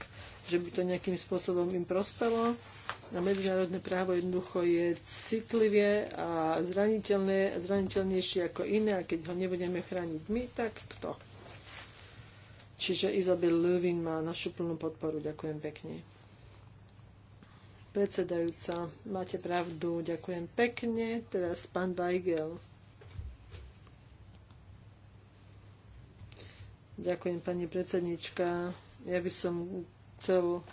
[SPEAKER 4] že by to nejakým spôsobom im prospelo. A medzinárodné právo jednoducho je citlivé a zraniteľné, zraniteľnejšie ako iné a keď ho nebudeme chrániť my, tak kto? Čiže Izabel Lövin má našu plnú podporu. Ďakujem pekne. Predsedajúca, máte pravdu. Ďakujem pekne. Teraz pán Weigel. Ďakujem, pani predsednička. Ja by som chcel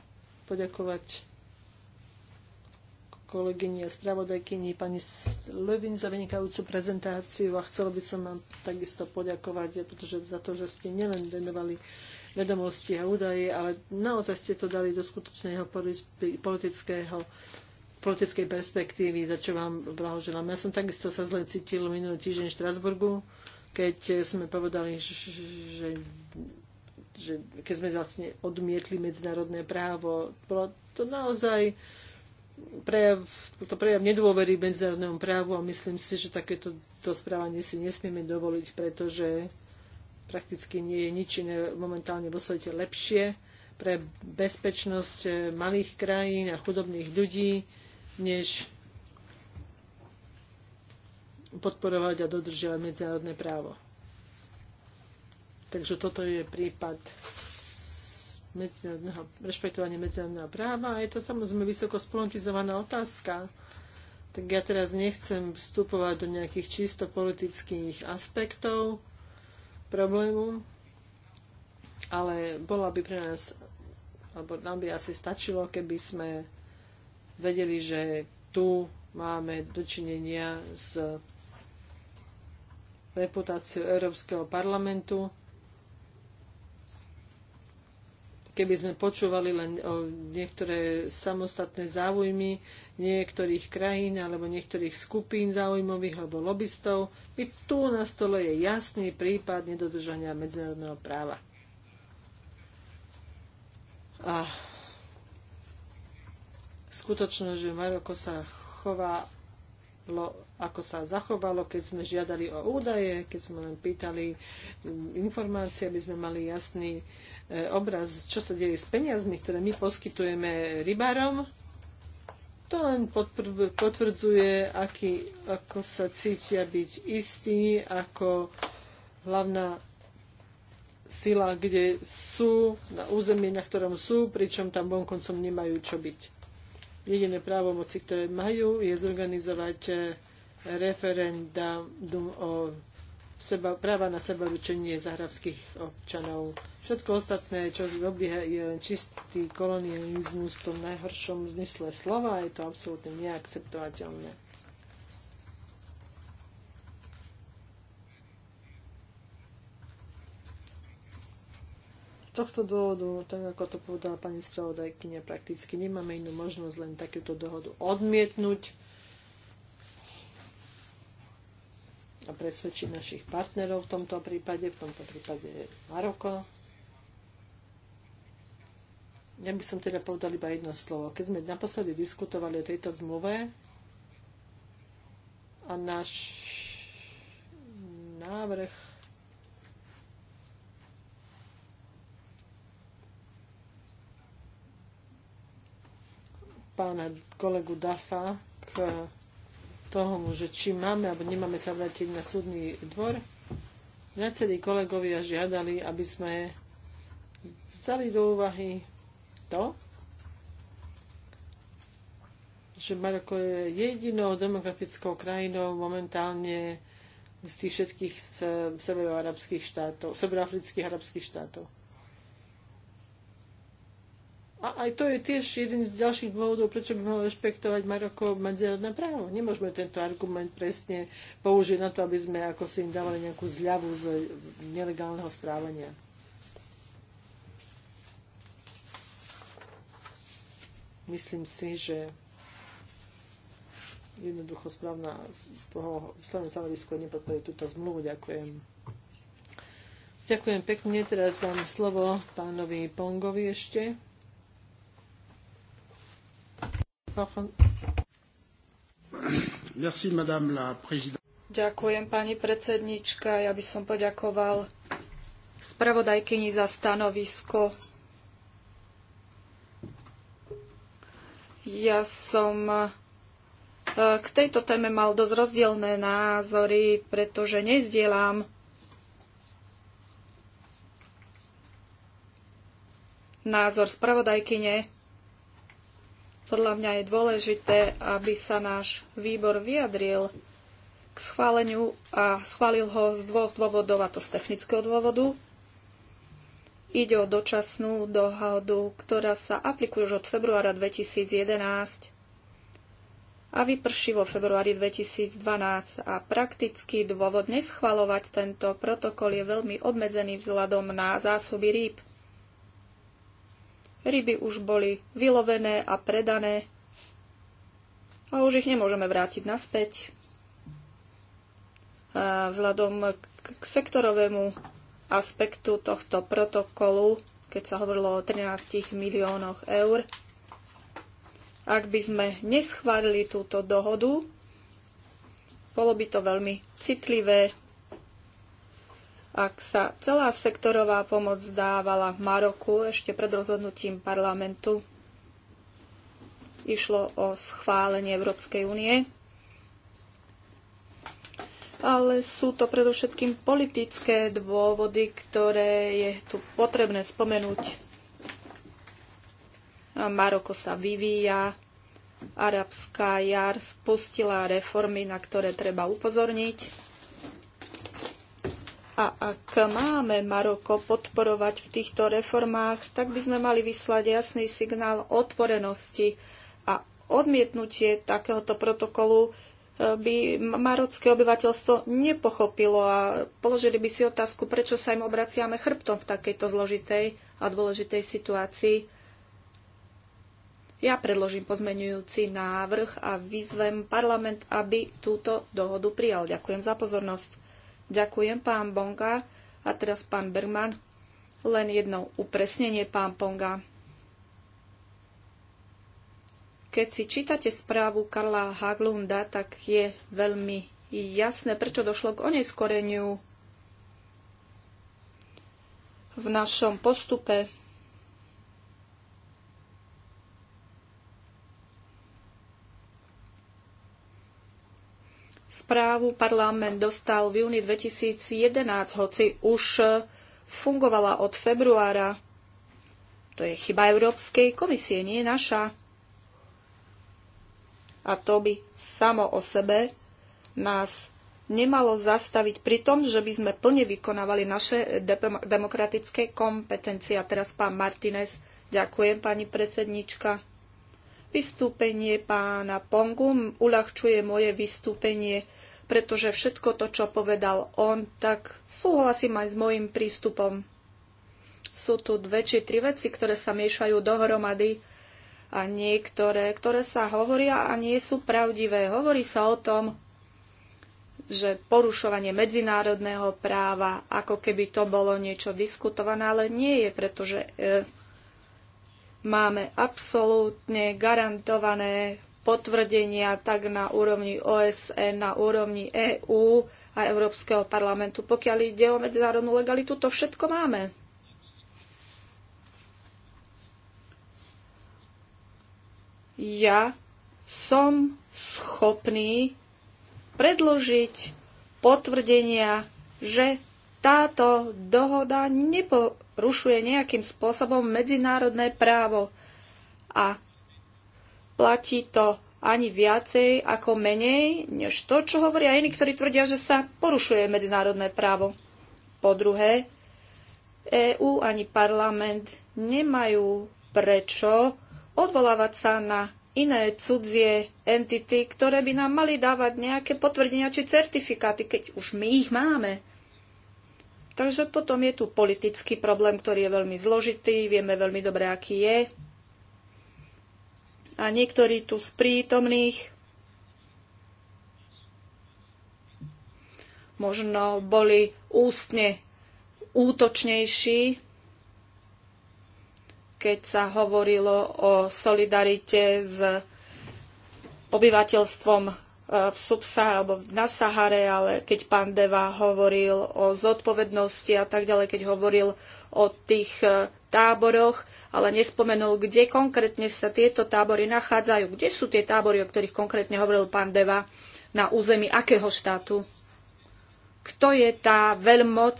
[SPEAKER 4] poďakovať kolegyni a spravodajkyni pani Levin za vynikajúcu prezentáciu a chcel by som vám takisto poďakovať, pretože za to, že ste nielen venovali vedomosti a údaje, ale naozaj ste to dali do skutočného politického politickej perspektívy, za čo vám blahoželám. Ja som takisto sa zle cítil minulý týždeň v Štrasburgu, keď sme povedali, že že keď sme vlastne odmietli medzinárodné právo, bolo to naozaj prejav, to prejav nedôvery medzinárodnému právu a myslím si, že takéto to správanie si nesmieme dovoliť, pretože prakticky nie je nič iné momentálne vo svete lepšie pre bezpečnosť eh, malých krajín a chudobných ľudí, než podporovať a dodržiavať medzinárodné právo. Takže toto je prípad medzinárodného, rešpektovania medzinárodného práva a je to samozrejme vysoko spolitizovaná otázka. Tak ja teraz nechcem vstupovať do nejakých čisto politických aspektov problému, ale bola by pre nás, alebo nám by asi stačilo, keby sme vedeli, že tu máme dočinenia s reputáciou Európskeho parlamentu, keby sme počúvali len o niektoré samostatné záujmy niektorých krajín alebo niektorých skupín záujmových alebo lobbystov. I tu na stole je jasný prípad nedodržania medzinárodného práva. A skutočnosť, že Maroko sa chová ako sa zachovalo, keď sme žiadali o údaje, keď sme len pýtali informácie, aby sme mali jasný E, obraz, čo sa deje s peniazmi, ktoré my poskytujeme rybárom, to len potvrdzuje, aký, ako sa cítia byť istí, ako hlavná sila, kde sú, na území, na ktorom sú, pričom tam vonkoncom nemajú čo byť. Jediné právomoci, ktoré majú, je zorganizovať e, referendum o seba, práva na seba určenie zahrabských občanov. Všetko ostatné, čo obieha, je čistý kolonializmus v tom najhoršom zmysle slova, je to absolútne neakceptovateľné. Z tohto dôvodu, tak ako to povedala pani spravodajkynia, prakticky nemáme inú možnosť len takúto dohodu odmietnúť a presvedčiť našich partnerov v tomto prípade, v tomto prípade Maroko. Ja by som teda povedal iba jedno slovo. Keď sme naposledy diskutovali o tejto zmluve a náš návrh pána kolegu Dafa k toho, že či máme alebo nemáme sa vrátiť na súdny dvor, viacerí kolegovia žiadali, aby sme vzali do úvahy to, že Maroko je jedinou demokratickou krajinou momentálne z tých všetkých severoarabských štátov, severoafrických arabských štátov. A aj to je tiež jeden z ďalších dôvodov, prečo by malo rešpektovať Maroko medzinárodné právo. Nemôžeme tento argument presne použiť na to, aby sme ako si im dávali nejakú zľavu z nelegálneho správania. Myslím si, že jednoducho správna správne stanovisko nepodporí túto zmluvu. Ďakujem. Ďakujem pekne. Teraz dám slovo pánovi Pongovi ešte.
[SPEAKER 1] Ďakujem, pani predsednička. Ja by som poďakoval spravodajkyni za stanovisko. Ja som e, k tejto téme mal dosť rozdielne názory, pretože nezdielam názor spravodajkyne podľa mňa je dôležité, aby sa náš výbor vyjadril k schváleniu a schválil ho z dvoch dôvodov, a to z technického dôvodu. Ide o dočasnú dohodu, ktorá sa aplikuje už od februára 2011 a vyprší vo februári 2012 a praktický dôvod neschvalovať tento protokol je veľmi obmedzený vzhľadom na zásoby rýb – Ryby už boli vylovené a predané a už ich nemôžeme vrátiť naspäť. A vzhľadom k sektorovému aspektu tohto protokolu, keď sa hovorilo o 13 miliónoch eur, ak by sme neschválili túto dohodu, bolo by to veľmi citlivé ak sa celá sektorová pomoc dávala v Maroku ešte pred rozhodnutím parlamentu, išlo o schválenie Európskej únie, ale sú to predovšetkým politické dôvody, ktoré je tu potrebné spomenúť. Maroko sa vyvíja, arabská jar spustila reformy, na ktoré treba upozorniť a ak máme Maroko podporovať v týchto reformách, tak by sme mali vyslať jasný signál otvorenosti a odmietnutie takéhoto protokolu e, by marocké obyvateľstvo nepochopilo a položili by si otázku, prečo sa im obraciame chrbtom v takejto zložitej a dôležitej situácii. Ja predložím pozmenujúci návrh a vyzvem parlament, aby túto dohodu prijal. Ďakujem za pozornosť. Ďakujem, pán Bonga. A teraz pán Bergman. Len jedno upresnenie, pán Bonga. Keď si čítate správu Karla Haglunda, tak je veľmi jasné, prečo došlo k oneskoreniu v našom postupe Správu parlament dostal v júni 2011, hoci už e, fungovala od februára. To je chyba Európskej komisie, nie naša. A to by samo o sebe nás nemalo zastaviť pri tom, že by sme plne vykonávali naše demokratické kompetencie. A teraz pán Martinez, ďakujem pani predsednička. Vystúpenie pána Pongu uľahčuje moje vystúpenie, pretože všetko to, čo povedal on, tak súhlasím aj s mojim prístupom. Sú tu dve či tri veci, ktoré sa miešajú dohromady a niektoré, ktoré sa hovoria a nie sú pravdivé. Hovorí sa o tom, že porušovanie medzinárodného práva, ako keby to bolo niečo diskutované, ale nie je, pretože e, Máme absolútne garantované potvrdenia tak na úrovni OSN, na úrovni EÚ a Európskeho parlamentu. Pokiaľ ide o medzinárodnú legalitu, to všetko máme. Ja som schopný predložiť potvrdenia, že táto dohoda nepo, rušuje nejakým spôsobom medzinárodné právo a platí to ani viacej ako menej, než to, čo hovoria iní, ktorí tvrdia, že sa porušuje medzinárodné právo. Po druhé, EÚ ani parlament nemajú prečo odvolávať sa na iné cudzie entity, ktoré by nám mali dávať nejaké potvrdenia či certifikáty, keď už my ich máme. Takže potom je tu politický problém, ktorý je veľmi zložitý, vieme veľmi dobre, aký je. A niektorí tu z prítomných možno boli ústne útočnejší, keď sa hovorilo o solidarite s obyvateľstvom v Subsahare alebo na Sahare, ale keď pán Deva hovoril o zodpovednosti a tak ďalej, keď hovoril o tých e, táboroch, ale nespomenul, kde konkrétne sa tieto tábory nachádzajú. Kde sú tie tábory, o ktorých konkrétne hovoril pán Deva, na území akého štátu? Kto je tá veľmoc,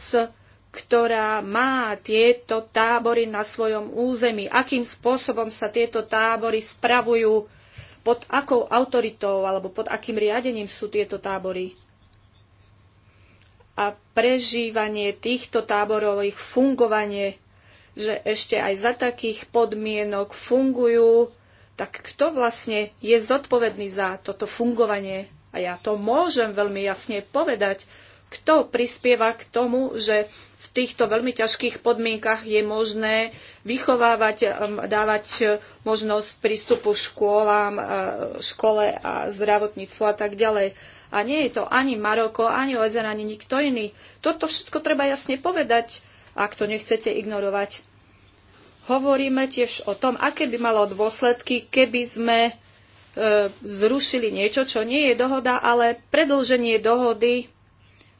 [SPEAKER 1] ktorá má tieto tábory na svojom území? Akým spôsobom sa tieto tábory spravujú? Pod akou autoritou alebo pod akým riadením sú tieto tábory? A prežívanie týchto táborov, ich fungovanie, že ešte aj za takých podmienok fungujú, tak kto vlastne je zodpovedný za toto fungovanie? A ja to môžem veľmi jasne povedať. Kto prispieva k tomu, že týchto veľmi ťažkých podmienkach je možné vychovávať, um, dávať uh, možnosť prístupu škôlám, uh, škole a zdravotníctvu a tak ďalej. A nie je to ani Maroko, ani OSN, ani nikto iný. Toto všetko treba jasne povedať, ak to nechcete ignorovať. Hovoríme tiež o tom, aké by malo dôsledky, keby sme e, zrušili niečo, čo nie je dohoda, ale predlženie dohody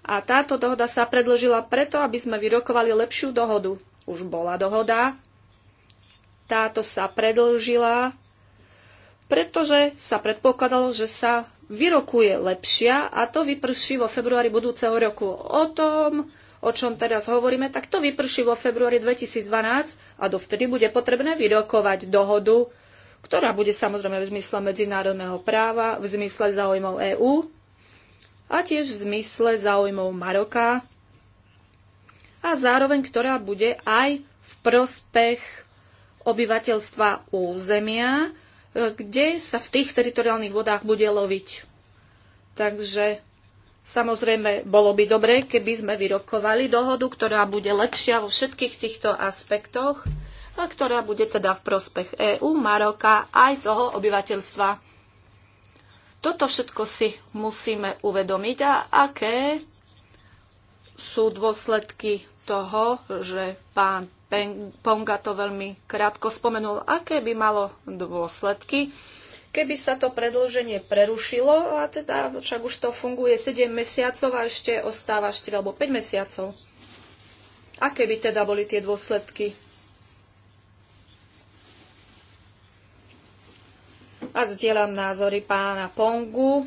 [SPEAKER 1] a táto dohoda sa predložila preto, aby sme vyrokovali lepšiu dohodu. Už bola dohoda, táto sa predložila, pretože sa predpokladalo, že sa vyrokuje lepšia a to vyprší vo februári budúceho roku. O tom, o čom teraz hovoríme, tak to vyprší vo februári 2012 a dovtedy bude potrebné vyrokovať dohodu, ktorá bude samozrejme v zmysle medzinárodného práva, v zmysle záujmov EÚ a tiež v zmysle záujmov Maroka a zároveň ktorá bude aj v prospech obyvateľstva územia, e, kde sa v tých teritoriálnych vodách bude loviť. Takže samozrejme bolo by dobre, keby sme vyrokovali dohodu, ktorá bude lepšia vo všetkých týchto aspektoch a ktorá bude teda v prospech EÚ, Maroka aj toho obyvateľstva toto všetko si musíme uvedomiť a aké sú dôsledky toho, že pán Ponga to veľmi krátko spomenul, aké by malo dôsledky, keby sa to predlženie prerušilo, a teda však už to funguje 7 mesiacov a ešte ostáva 4 alebo 5 mesiacov. Aké by teda boli tie dôsledky? a zdieľam názory pána Pongu.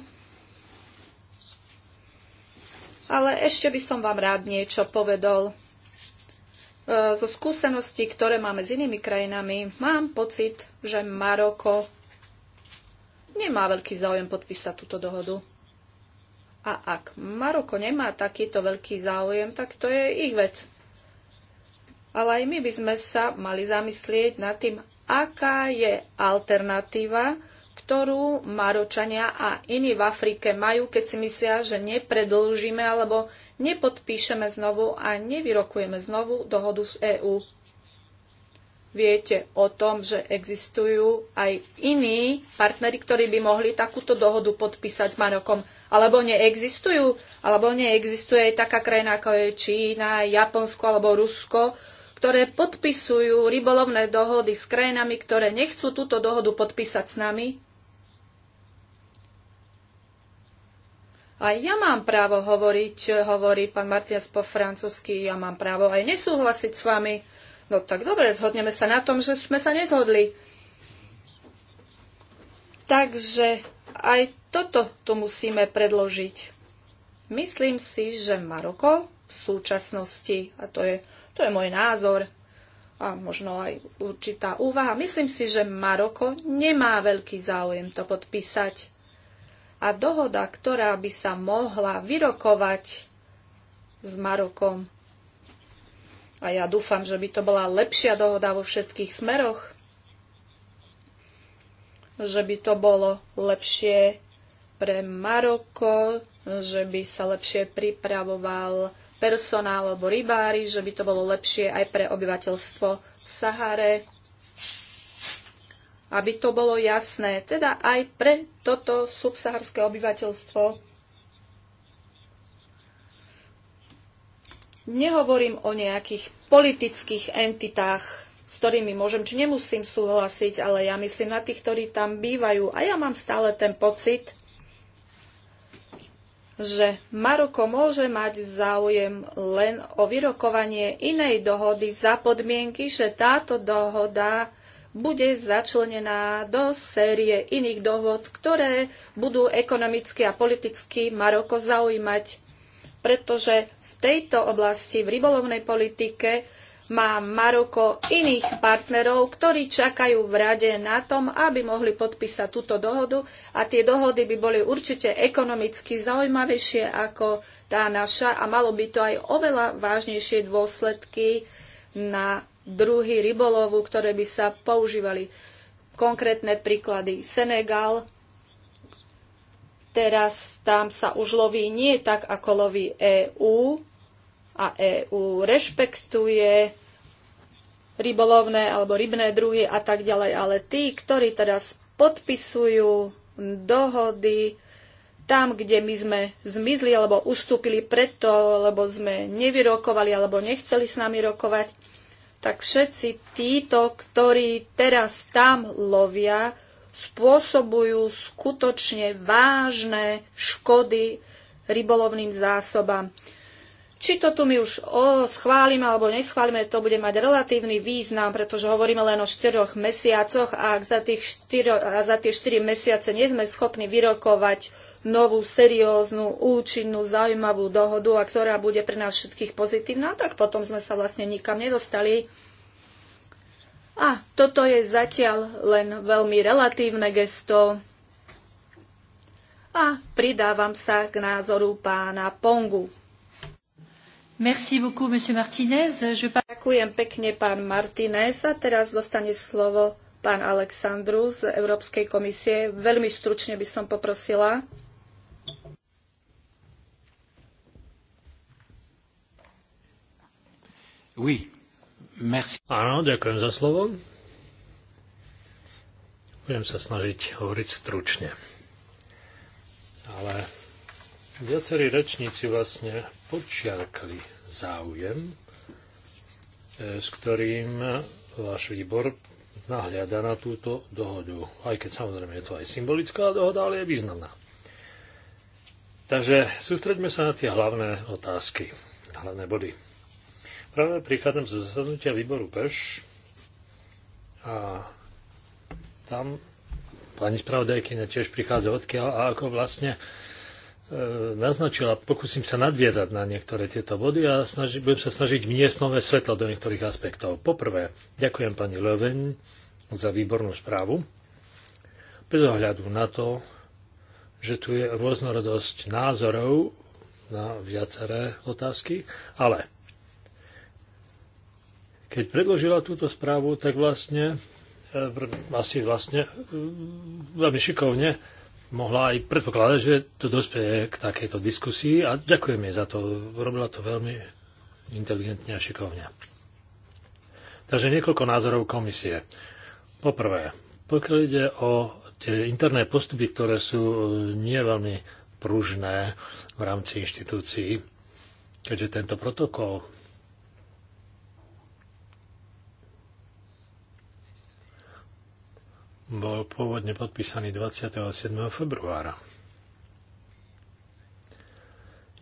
[SPEAKER 1] Ale ešte by som vám rád niečo povedal. E, zo skúseností, ktoré máme s inými krajinami, mám pocit, že Maroko nemá veľký záujem podpísať túto dohodu. A ak Maroko nemá takýto veľký záujem, tak to je ich vec. Ale aj my by sme sa mali zamyslieť nad tým, aká je alternatíva ktorú Maročania a iní v Afrike majú, keď si myslia, že nepredlžíme alebo nepodpíšeme znovu a nevyrokujeme znovu dohodu z EÚ. Viete o tom, že existujú aj iní partnery, ktorí by mohli takúto dohodu podpísať s Marokom. Alebo neexistujú, alebo neexistuje aj taká krajina ako je Čína, Japonsko alebo Rusko, ktoré podpisujú rybolovné dohody s krajinami, ktoré nechcú túto dohodu podpísať s nami Aj ja mám právo hovoriť, hovorí pán Martias po francúzsky, ja mám právo aj nesúhlasiť s vami. No tak dobre, zhodneme sa na tom, že sme sa nezhodli. Takže aj toto tu musíme predložiť. Myslím si, že Maroko v súčasnosti, a to je, to je môj názor, a možno aj určitá úvaha. Myslím si, že Maroko nemá veľký záujem to podpísať a dohoda, ktorá by sa mohla vyrokovať s Marokom. A ja dúfam, že by to bola lepšia dohoda vo všetkých smeroch, že by to bolo lepšie pre Maroko, že by sa lepšie pripravoval personál alebo rybári, že by to bolo lepšie aj pre obyvateľstvo v Sahare, aby to bolo jasné, teda aj pre toto subsaharské obyvateľstvo. Nehovorím o nejakých politických entitách, s ktorými môžem či nemusím súhlasiť, ale ja myslím na tých, ktorí tam bývajú. A ja mám stále ten pocit, že Maroko môže mať záujem len o vyrokovanie inej dohody za podmienky, že táto dohoda bude začlenená do série iných dohod, ktoré budú ekonomicky a politicky Maroko zaujímať, pretože v tejto oblasti, v rybolovnej politike, má Maroko iných partnerov, ktorí čakajú v rade na tom, aby mohli podpísať túto dohodu a tie dohody by boli určite ekonomicky zaujímavejšie ako tá naša a malo by to aj oveľa vážnejšie dôsledky na druhy rybolovu, ktoré by sa používali. Konkrétne príklady. Senegal, teraz tam sa už loví nie tak, ako loví EÚ a EÚ rešpektuje rybolovné alebo rybné druhy a tak ďalej, ale tí, ktorí teraz podpisujú dohody tam, kde my sme zmizli alebo ustúpili preto, lebo sme nevyrokovali alebo nechceli s nami rokovať, tak všetci títo, ktorí teraz tam lovia, spôsobujú skutočne vážne škody rybolovným zásobám. Či to tu my už o, schválime alebo neschválime, to bude mať relatívny význam, pretože hovoríme len o 4 mesiacoch a ak za, tých 4, a za tie 4 mesiace nie sme schopní vyrokovať novú, serióznu, účinnú, zaujímavú dohodu a ktorá bude pre nás všetkých pozitívna, tak potom sme sa vlastne nikam nedostali. A toto je zatiaľ len veľmi relatívne gesto. A pridávam sa k názoru pána Pongu. Merci beaucoup, monsieur Martinez. Je... Ďakujem pekne, pán Martinez. A teraz dostane slovo pán Alexandru z Európskej komisie. Veľmi stručne by som poprosila.
[SPEAKER 2] Oui. Merci. Áno, ďakujem za slovo. Budem sa snažiť hovoriť stručne. Ale viacerí rečníci vlastne počiarkali záujem, e, s ktorým váš výbor nahliada na túto dohodu. Aj keď samozrejme je to aj symbolická dohoda, ale je významná. Takže sústreďme sa na tie hlavné otázky, hlavné body. Práve prichádzam zo zasadnutia výboru PEŠ a tam pani spravodajkyňa tiež prichádza odkiaľ a ako vlastne e, naznačila, pokúsim sa nadviezať na niektoré tieto body a snaži, budem sa snažiť vniesť nové svetlo do niektorých aspektov. Poprvé, ďakujem pani Löwen za výbornú správu. Bez ohľadu na to, že tu je rôznorodosť názorov na viaceré otázky, ale keď predložila túto správu, tak vlastne e, asi vlastne e, veľmi šikovne mohla aj predpokladať, že to dospeje k takejto diskusii a ďakujem jej za to. Robila to veľmi inteligentne a šikovne. Takže niekoľko názorov komisie. Poprvé, pokiaľ ide o tie interné postupy, ktoré sú e, nie veľmi pružné v rámci inštitúcií, keďže tento protokol bol pôvodne podpísaný 27. februára.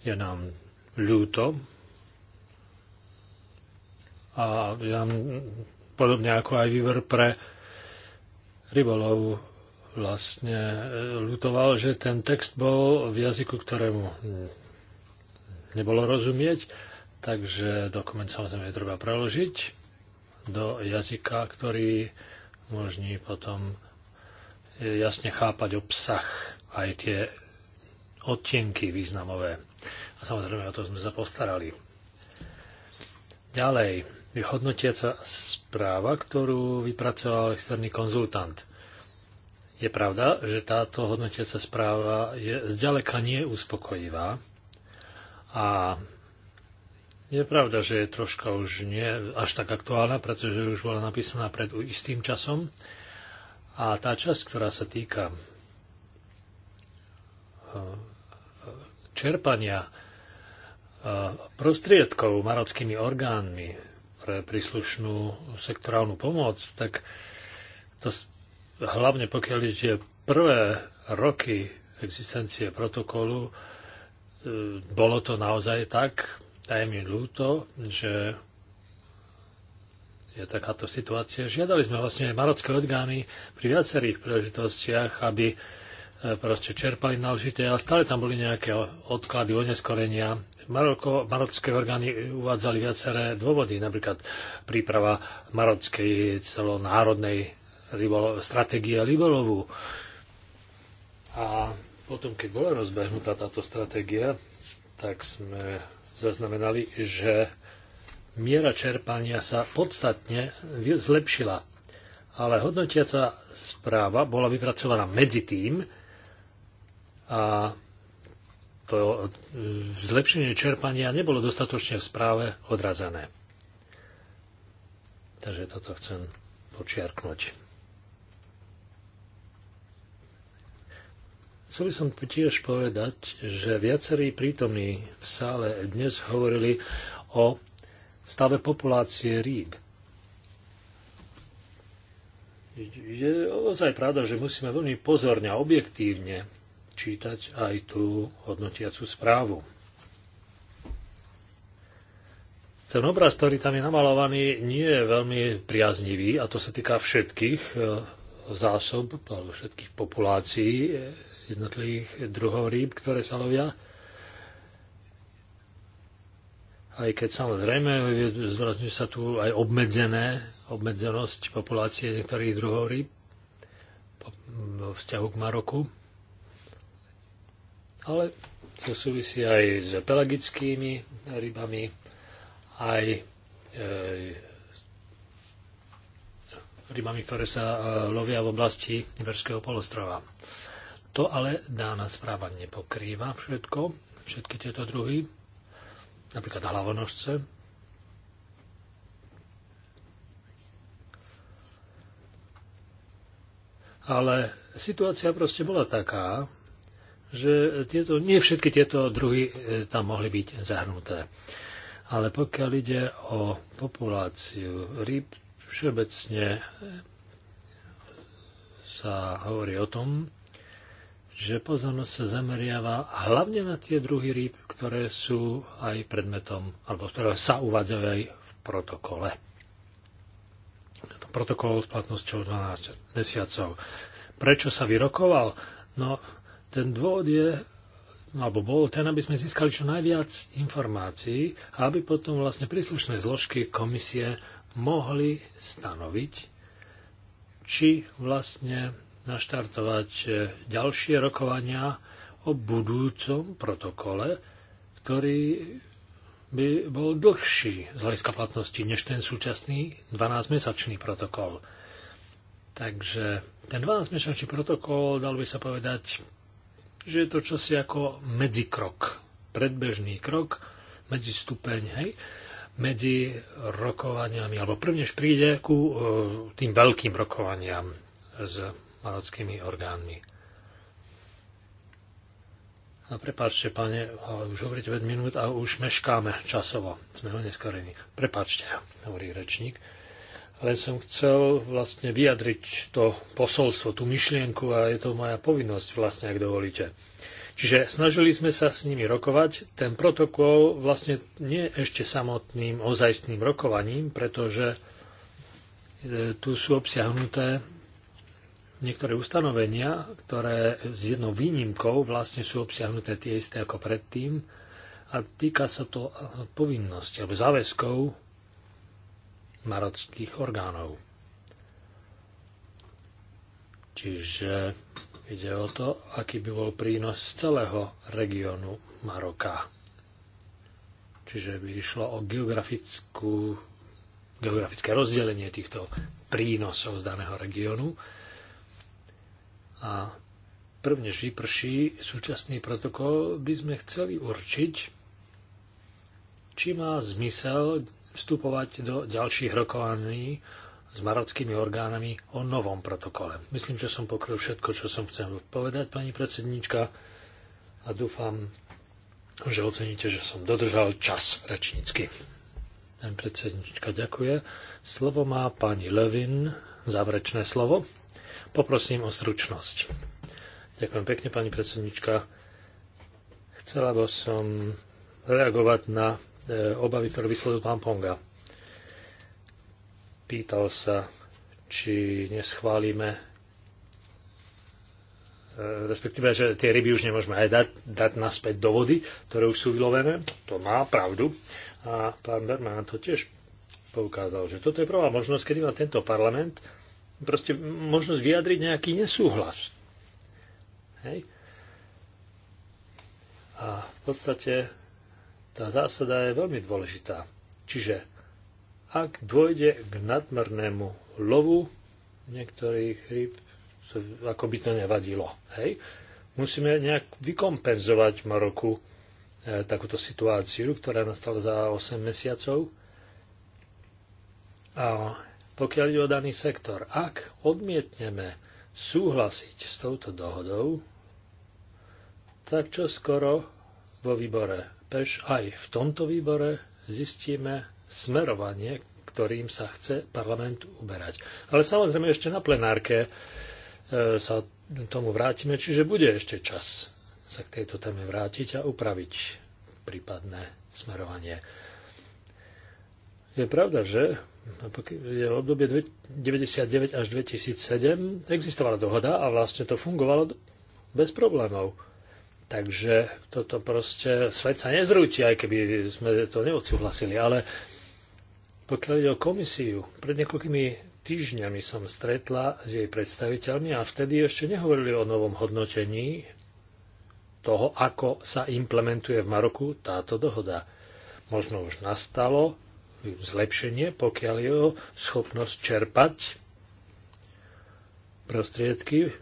[SPEAKER 2] Je nám ľúto a je nám podobne ako aj výver pre rybolov vlastne e, ľutoval, že ten text bol v jazyku, ktorému nebolo rozumieť, takže dokument samozrejme treba preložiť do jazyka, ktorý umožní potom e, jasne chápať obsah aj tie odtienky významové. A samozrejme o to sme sa postarali. Ďalej, vyhodnotiaca správa, ktorú vypracoval externý konzultant. Je pravda, že táto hodnotiaca správa je zďaleka nie uspokojivá a je pravda, že je troška už nie až tak aktuálna, pretože už bola napísaná pred istým časom. A tá časť, ktorá sa týka e, e, čerpania e, prostriedkov marockými orgánmi pre príslušnú sektorálnu pomoc, tak to hlavne pokiaľ ide prvé roky existencie protokolu, bolo to naozaj tak, a je mi ľúto, že je takáto situácia. Žiadali sme vlastne marocké orgány pri viacerých príležitostiach, aby e, proste čerpali náležite, a stále tam boli nejaké odklady, oneskorenia. Maroko, marocké orgány uvádzali viaceré dôvody, napríklad príprava marockej celonárodnej rybolo- stratégie rybolovu. A potom, keď bola rozbehnutá táto stratégia, tak sme zaznamenali, že miera čerpania sa podstatne zlepšila. Ale hodnotiaca správa bola vypracovaná medzi tým a to zlepšenie čerpania nebolo dostatočne v správe odrazené. Takže toto chcem počiarknúť. Chcel by som tiež povedať, že viacerí prítomní v sále dnes hovorili o stave populácie rýb. Je ozaj pravda, že musíme veľmi pozorne a objektívne čítať aj tú hodnotiacu správu. Ten obraz, ktorý tam je namalovaný, nie je veľmi priaznivý a to sa týka všetkých e, zásob, všetkých populácií jednotlivých druhov rýb, ktoré sa lovia. Aj keď samozrejme zdôrazňuje sa tu aj obmedzené, obmedzenosť populácie niektorých druhov rýb vo vzťahu k Maroku. Ale to súvisí aj s pelagickými rybami, aj e, rybami, ktoré sa e, lovia v oblasti Iberského polostrova. To ale dána správa nepokrýva všetko, všetky tieto druhy, napríklad hlavonožce. Ale situácia proste bola taká, že tieto, nie všetky tieto druhy e, tam mohli byť zahrnuté. Ale pokiaľ ide o populáciu rýb, všeobecne sa hovorí o tom, že pozornosť sa zameriava hlavne na tie druhy rýb, ktoré sú aj predmetom, alebo ktoré sa uvádzajú aj v protokole. Protokol s platnosťou 12 mesiacov. Prečo sa vyrokoval? No, ten dôvod je, alebo bol ten, aby sme získali čo najviac informácií aby potom vlastne príslušné zložky komisie mohli stanoviť, či vlastne naštartovať e, ďalšie rokovania o budúcom protokole, ktorý by bol dlhší z hľadiska platnosti než ten súčasný 12-mesačný protokol. Takže ten 12-mesačný protokol, dal by sa povedať, že je to čosi ako medzikrok, predbežný krok, medzistupeň, hej, medzi rokovaniami, alebo prvnež príde ku e, tým veľkým rokovaniam s marockými orgánmi. A prepáčte, pane, už hovoríte 5 minút a už meškáme časovo. Sme ho neskorení. Prepáčte, hovorí rečník. Len som chcel vlastne vyjadriť to posolstvo, tú myšlienku a je to moja povinnosť vlastne, ak dovolíte. Čiže snažili sme sa s nimi rokovať. Ten protokol vlastne nie ešte samotným ozajstným rokovaním, pretože e, tu sú obsiahnuté niektoré ustanovenia, ktoré s jednou výnimkou vlastne sú obsiahnuté tie isté ako predtým a týka sa to povinnosti alebo záväzkov marockých orgánov. Čiže ide o to, aký by bol prínos celého regiónu Maroka. Čiže by išlo o geografickú,
[SPEAKER 1] geografické rozdelenie
[SPEAKER 2] týchto prínosov z daného regiónu a prvne vyprší súčasný protokol, by sme chceli určiť, či má zmysel vstupovať do ďalších rokovaní s marockými orgánami o novom protokole. Myslím, že som pokryl všetko, čo som chcel povedať, pani predsednička, a dúfam, že oceníte, že som dodržal čas rečnícky. Pani predsednička, ďakuje. Slovo má pani Levin, záverečné slovo. Poprosím o stručnosť. Ďakujem pekne, pani predsednička. Chcela by som reagovať na e, obavy, ktoré vyslovil pán Ponga. Pýtal sa, či neschválime, e, respektíve, že tie ryby už nemôžeme aj dať, dať naspäť do vody, ktoré už sú vylovené. To má pravdu. A pán Berman to tiež poukázal, že toto je prvá možnosť, kedy má tento parlament proste možnosť vyjadriť nejaký nesúhlas. Hej? A v podstate tá zásada je veľmi dôležitá. Čiže ak dôjde k nadmernému lovu niektorých rýb, ako by to nevadilo. Hej? Musíme nejak vykompenzovať Maroku e, takúto situáciu, ktorá nastala za 8 mesiacov. A pokiaľ ide o daný sektor. Ak odmietneme súhlasiť s touto dohodou, tak čo skoro vo výbore PEŠ aj v tomto výbore zistíme smerovanie, ktorým sa chce parlament uberať. Ale samozrejme ešte na plenárke e, sa tomu vrátime, čiže bude ešte čas sa k tejto téme vrátiť a upraviť prípadné smerovanie. Je pravda, že je obdobie 99 až 2007 existovala dohoda a vlastne to fungovalo bez problémov. Takže toto proste, svet sa nezrúti, aj keby sme to neodsúhlasili, ale pokiaľ ide o komisiu, pred niekoľkými týždňami som stretla s jej predstaviteľmi a vtedy ešte nehovorili o novom hodnotení toho, ako sa implementuje v Maroku táto dohoda. Možno už nastalo, zlepšenie, pokiaľ je o schopnosť čerpať prostriedky. E,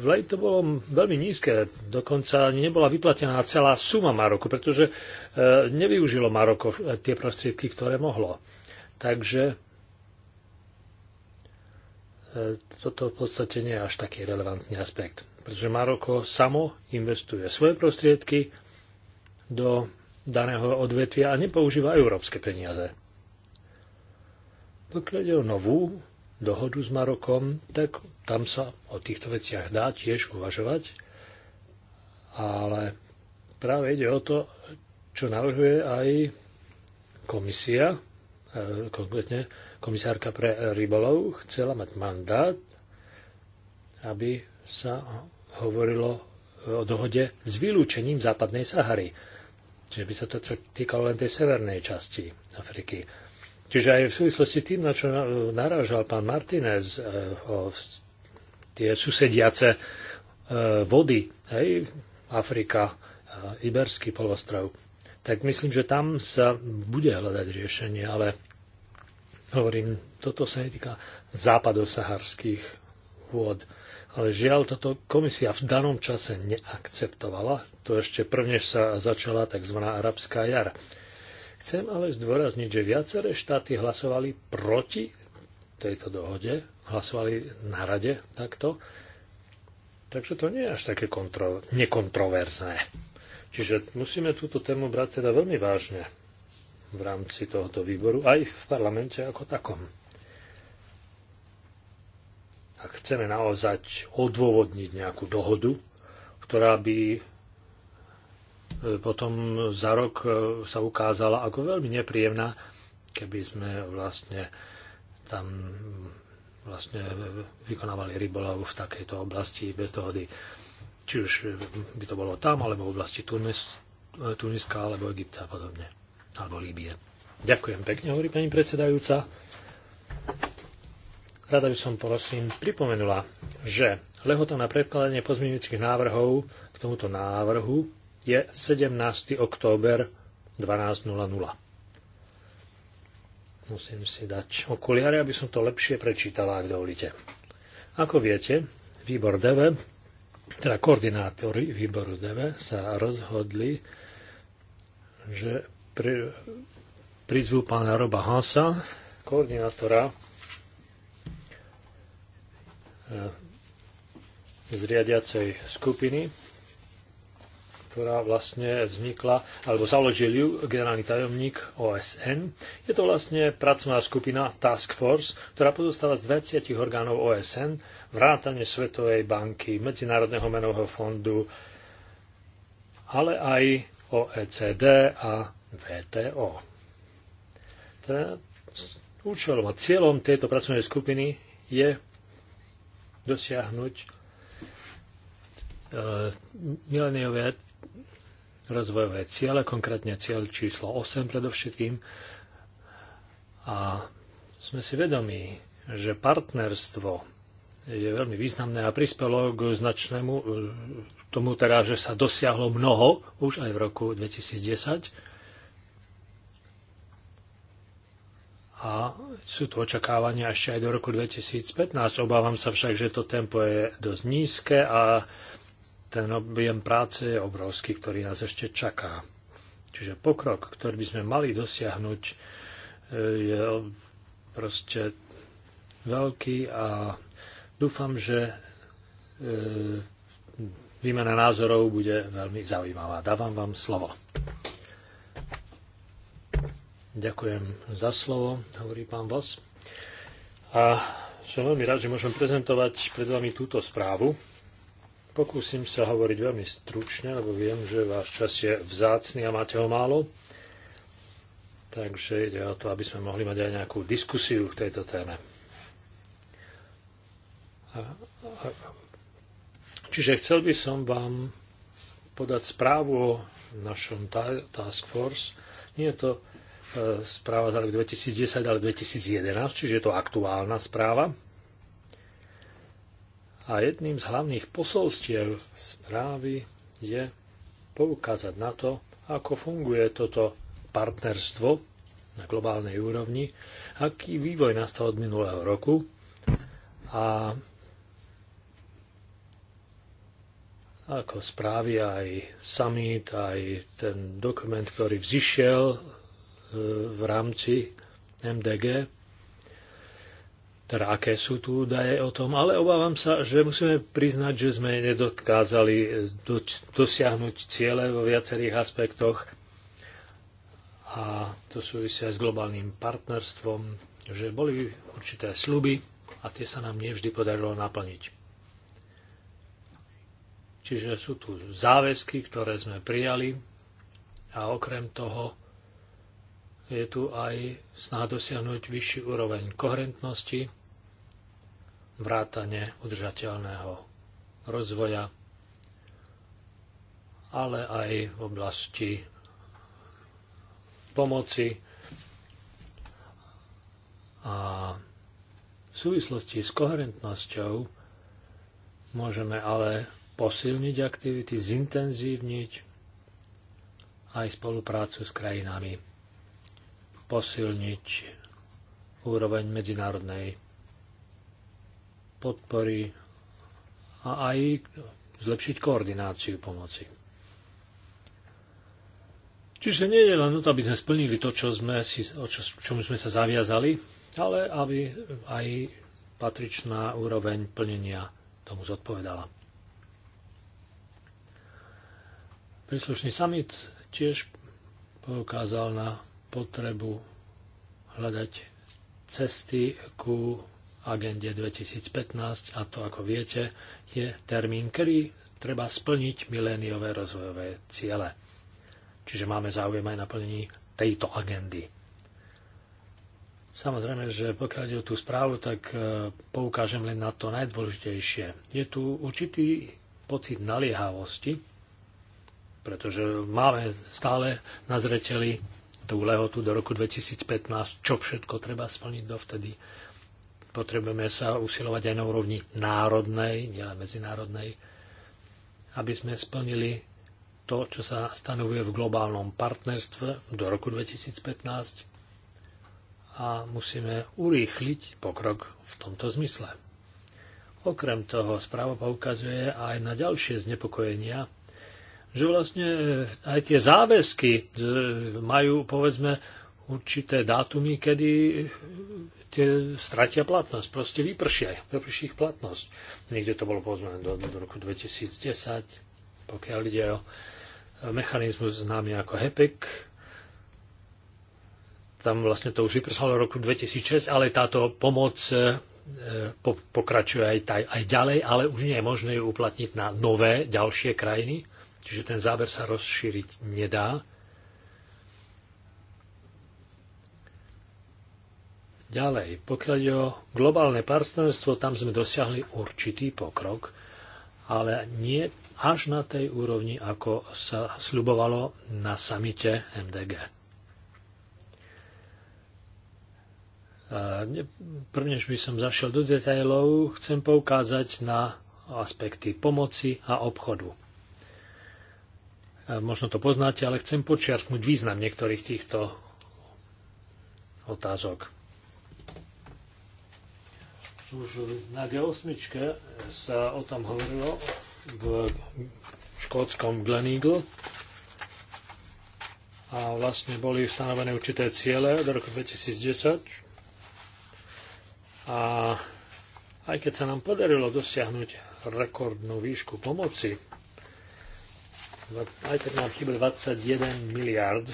[SPEAKER 2] v Lej to bolo veľmi nízke, dokonca nebola vyplatená celá suma Maroku, pretože e, nevyužilo Maroko e, tie prostriedky, ktoré mohlo. Takže toto v podstate nie je až taký relevantný aspekt, pretože Maroko samo investuje svoje prostriedky do daného odvetvia a nepoužíva európske peniaze. Pokiaľ ide o novú dohodu s Marokom, tak tam sa o týchto veciach dá tiež uvažovať, ale práve ide o to, čo navrhuje aj komisia, e, konkrétne komisárka pre rybolov, chcela mať mandát, aby sa hovorilo o dohode s vylúčením západnej Sahary. Čiže by sa to týkalo len tej severnej časti Afriky. Čiže aj v súvislosti tým, na čo narážal pán Martinez, e, o tie susediace e, vody, hej, Afrika, e, Iberský polostrov, tak myslím, že tam sa bude hľadať riešenie, ale hovorím, toto sa netýka západosaharských vôd ale žiaľ toto komisia v danom čase neakceptovala, to ešte prvne sa začala tzv. arabská jar. Chcem ale zdôrazniť, že viaceré štáty hlasovali proti tejto dohode, hlasovali na rade takto, takže to nie je až také kontro- nekontroverzné. Čiže musíme túto tému brať teda veľmi vážne v rámci tohoto výboru, aj v parlamente ako takom ak chceme naozaj odôvodniť nejakú dohodu, ktorá by e, potom za rok e, sa ukázala ako veľmi nepríjemná, keby sme vlastne tam vlastne vykonávali rybolavu v takejto oblasti bez dohody. Či už by to bolo tam, alebo v oblasti Tunis, e, Tuniska, alebo Egypta a podobne. Alebo Líbie. Ďakujem pekne, hovorí pani predsedajúca. Rada by som prosím pripomenula, že lehota na predkladanie pozmeňujúcich návrhov k tomuto návrhu je 17. október 12.00. Musím si dať okuliare, aby som to lepšie prečítala, ak dovolíte. Ako viete, výbor DV, teda koordinátori výboru DV sa rozhodli, že pri, prizvú pána Roba Hansa, koordinátora E, z riadiacej skupiny, ktorá vlastne vznikla, alebo založil ju generálny tajomník OSN. Je to vlastne pracovná skupina Task Force, ktorá pozostáva z 20 orgánov OSN, vrátane Svetovej banky, Medzinárodného menového fondu, ale aj OECD a VTO. Teda účelom a cieľom tejto pracovnej skupiny je dosiahnuť e, mileniové rozvojové ciele, konkrétne cieľ číslo 8 predovšetkým. A sme si vedomí, že partnerstvo je veľmi významné a prispelo k značnému e, tomu teda, že sa dosiahlo mnoho už aj v roku 2010 a sú tu očakávania ešte aj do roku 2015. Obávam sa však, že to tempo je dosť nízke a ten objem práce je obrovský, ktorý nás ešte čaká. Čiže pokrok, ktorý by sme mali dosiahnuť, e, je proste veľký a dúfam, že e, výmena názorov bude veľmi zaujímavá. Dávam vám slovo. Ďakujem za slovo, hovorí pán Vos. A som veľmi rád, že môžem prezentovať pred vami túto správu. Pokúsim sa hovoriť veľmi stručne, lebo viem, že váš čas je vzácný a máte ho málo. Takže ide o to, aby sme mohli mať aj nejakú diskusiu v tejto téme. Čiže chcel by som vám podať správu o našom task force. Nie je to E, správa za rok 2010, ale 2011, čiže je to aktuálna správa. A jedným z hlavných posolstiev správy je poukázať na to, ako funguje toto partnerstvo na globálnej úrovni, aký vývoj nastal od minulého roku a ako správy aj summit, aj ten dokument, ktorý vzýšiel v rámci MDG, teda aké sú tu údaje o tom, ale obávam sa, že musíme priznať, že sme nedokázali dosiahnuť ciele vo viacerých aspektoch a to súvisia s globálnym partnerstvom, že boli určité sluby a tie sa nám nevždy podarilo naplniť. Čiže sú tu záväzky, ktoré sme prijali a okrem toho je tu aj snaha dosiahnuť vyšší úroveň koherentnosti, vrátane udržateľného rozvoja, ale aj v oblasti pomoci a v súvislosti s koherentnosťou môžeme ale posilniť aktivity, zintenzívniť aj spoluprácu s krajinami posilniť úroveň medzinárodnej podpory a aj zlepšiť koordináciu pomoci. Čiže nie je len to, aby sme splnili to, čo sme si, o čo, čomu sme sa zaviazali, ale aby aj patričná úroveň plnenia tomu zodpovedala. Príslušný summit tiež poukázal na potrebu hľadať cesty ku agende 2015 a to, ako viete, je termín, ktorý treba splniť miléniové rozvojové ciele. Čiže máme záujem aj na plnení tejto agendy. Samozrejme, že pokiaľ ide o tú správu, tak e, poukážem len na to najdôležitejšie. Je tu určitý pocit naliehavosti, pretože máme stále na zreteli tú lehotu do roku 2015, čo všetko treba splniť dovtedy. Potrebujeme sa usilovať aj na úrovni národnej, nielen medzinárodnej, aby sme splnili to, čo sa stanovuje v globálnom partnerstve do roku 2015 a musíme urýchliť pokrok v tomto zmysle. Okrem toho správa poukazuje aj na ďalšie znepokojenia, že vlastne eh, aj tie záväzky eh, majú, povedzme, určité dátumy, kedy eh, tie stratia platnosť, proste vypršia, vyprší ich platnosť. Niekde to bolo povedzme do, do roku 2010, pokiaľ ide o mechanizmus známy ako HEPEC. Tam vlastne to už vypršalo v roku 2006, ale táto pomoc pokračuje aj, taj, aj ďalej, ale už nie je možné ju uplatniť na nové ďalšie krajiny. Čiže ten záber sa rozšíriť nedá. Ďalej, pokiaľ ide o globálne partnerstvo, tam sme dosiahli určitý pokrok, ale nie až na tej úrovni, ako sa slubovalo na samite MDG. Prvnež by som zašiel do detailov, chcem poukázať na aspekty pomoci a obchodu. Možno to poznáte, ale chcem počiarknúť význam niektorých týchto otázok. Už na G8 sa o tom hovorilo v škótskom Eagle a vlastne boli stanovené určité ciele do roku 2010 a aj keď sa nám podarilo dosiahnuť rekordnú výšku pomoci aj keď nám chýba 21 miliard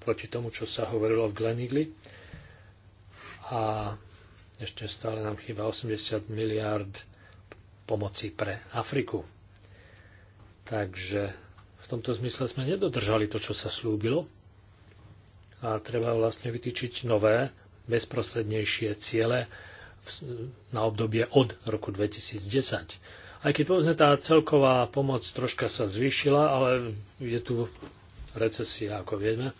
[SPEAKER 2] proti tomu, čo sa hovorilo v Glenigli. A ešte stále nám chýba 80 miliard pomoci pre Afriku. Takže v tomto zmysle sme nedodržali to, čo sa slúbilo a treba vlastne vytýčiť nové, bezprostrednejšie ciele na obdobie od roku 2010 aj keď povedzme tá celková pomoc troška sa zvýšila, ale je tu recesia, ako vieme.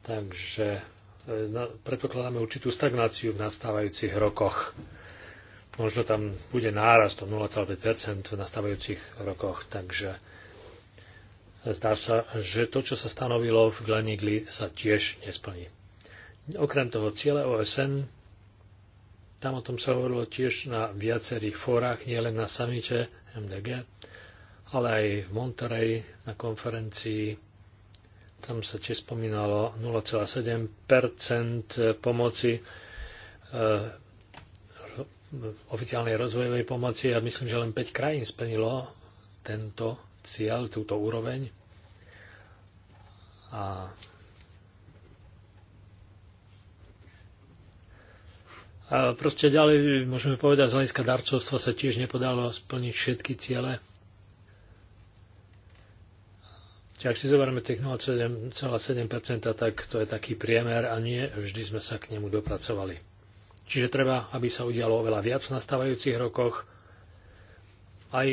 [SPEAKER 2] Takže e, predpokladáme určitú stagnáciu v nastávajúcich rokoch. Možno tam bude nárast o 0,5 v nastávajúcich rokoch, takže e, zdá sa, že to, čo sa stanovilo v Glenigli, sa tiež nesplní. Okrem toho cieľe OSN tam o tom sa hovorilo tiež na viacerých fórach, nielen na samite MDG, ale aj v Monterey na konferencii. Tam sa tiež spomínalo 0,7 pomoci eh, oficiálnej rozvojovej pomoci a myslím, že len 5 krajín splnilo tento cieľ, túto úroveň. A A proste ďalej môžeme povedať, z hľadiska darcovstva sa tiež nepodalo splniť všetky ciele. Čiže ak si zoberieme tých 0,7%, tak to je taký priemer a nie vždy sme sa k nemu dopracovali. Čiže treba, aby sa udialo oveľa viac v nastávajúcich rokoch, aj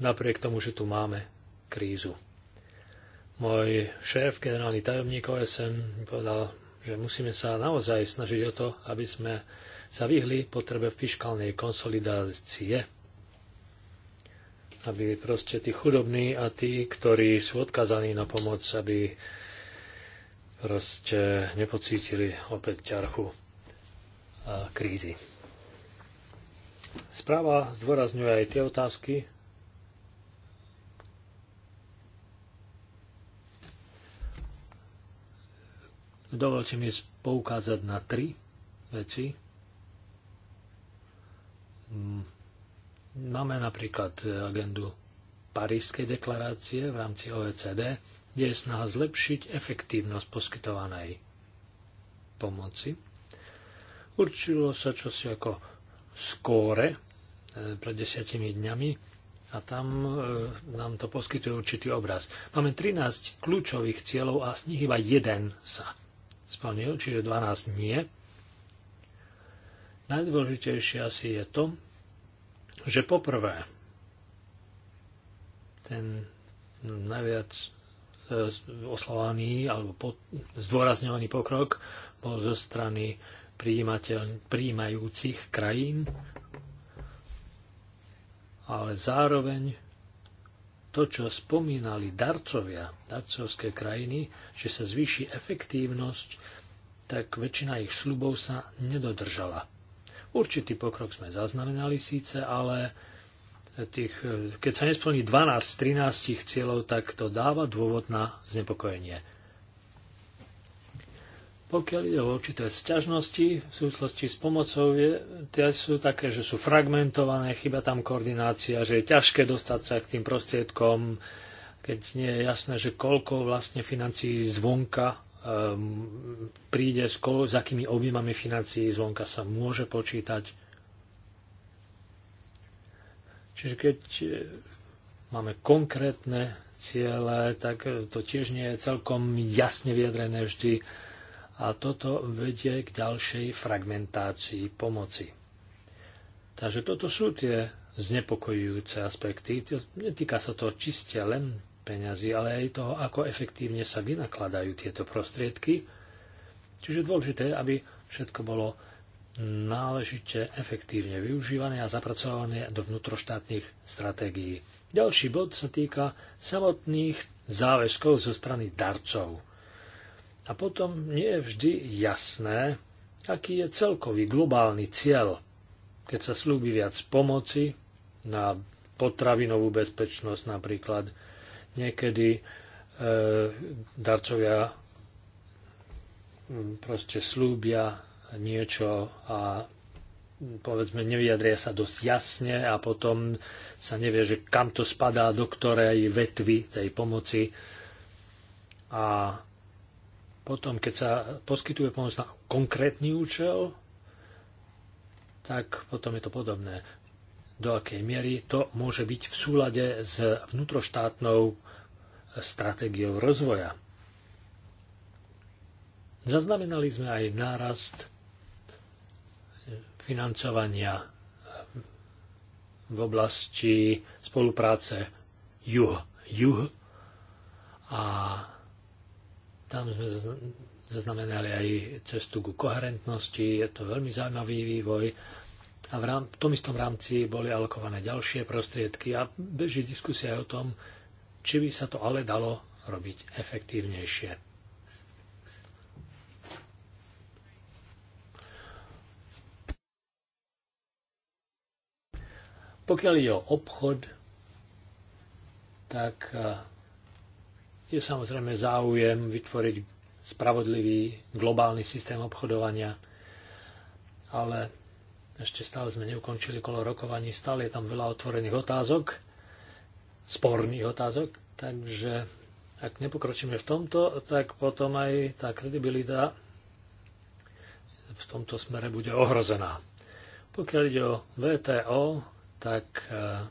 [SPEAKER 2] napriek tomu, že tu máme krízu môj šéf, generálny tajomník OSN, povedal, že musíme sa naozaj snažiť o to, aby sme sa vyhli potrebe fiskálnej konsolidácie, aby proste tí chudobní a tí, ktorí sú odkazaní na pomoc, aby proste nepocítili opäť ťarchu a krízy. Správa zdôrazňuje aj tie otázky, Dovolte mi poukázať na tri veci. Mm. Máme napríklad e, agendu Parískej deklarácie v rámci OECD, kde je snaha zlepšiť efektívnosť poskytovanej pomoci. Určilo sa čosi ako skóre e, pred desiatimi dňami a tam e, nám to poskytuje určitý obraz. Máme 13 kľúčových cieľov a z nich iba jeden sa splnil, čiže 12 nie. Najdôležitejšie asi je to, že poprvé ten najviac eh, oslavaný alebo pod, zdôrazňovaný pokrok bol zo strany príjmajúcich krajín, ale zároveň to, čo spomínali darcovia, darcovské krajiny, že sa zvýši efektívnosť, tak väčšina ich slubov sa nedodržala. Určitý pokrok sme zaznamenali síce, ale tých, keď sa nesplní 12 z 13 cieľov, tak to dáva dôvod na znepokojenie. Pokiaľ ide o určité sťažnosti v súvislosti s pomocou, je, tie sú také, že sú fragmentované, chyba tam koordinácia, že je ťažké dostať sa k tým prostriedkom, keď nie je jasné, že koľko vlastne financií zvonka Ehm, príde, s, ko, s akými objemami financií zvonka sa môže počítať. Čiže keď e, máme konkrétne ciele, tak e, to tiež nie je celkom jasne vyjadrené vždy a toto vedie k ďalšej fragmentácii pomoci. Takže toto sú tie znepokojujúce aspekty. Netýka sa to čiste len peňazí, ale aj toho, ako efektívne sa vynakladajú tieto prostriedky. Čiže je dôležité, aby všetko bolo náležite efektívne využívané a zapracované do vnútroštátnych stratégií. Ďalší bod sa týka samotných záväzkov zo strany darcov. A potom nie je vždy jasné, aký je celkový globálny cieľ, keď sa slúbi viac pomoci na potravinovú bezpečnosť napríklad, Niekedy e, darcovia mm, proste slúbia niečo a mm, povedzme nevyjadria sa dosť jasne a potom sa nevie, že kam to spadá, do ktorej vetvy tej pomoci. A potom, keď sa poskytuje pomoc na konkrétny účel, tak potom je to podobné do akej miery to môže byť v súlade s vnútroštátnou stratégiou rozvoja. Zaznamenali sme aj nárast financovania v oblasti spolupráce juh-juh a tam sme zaznamenali aj cestu ku koherentnosti. Je to veľmi zaujímavý vývoj a v, rám, v tom istom rámci boli alokované ďalšie prostriedky a beží diskusia aj o tom, či by sa to ale dalo robiť efektívnejšie. Pokiaľ ide o obchod, tak e, je samozrejme záujem vytvoriť spravodlivý globálny systém obchodovania, ale ešte stále sme neukončili kolo rokovaní, stále je tam veľa otvorených otázok, sporných otázok, takže ak nepokročíme v tomto, tak potom aj tá kredibilita v tomto smere bude ohrozená. Pokiaľ ide o VTO, tak eh,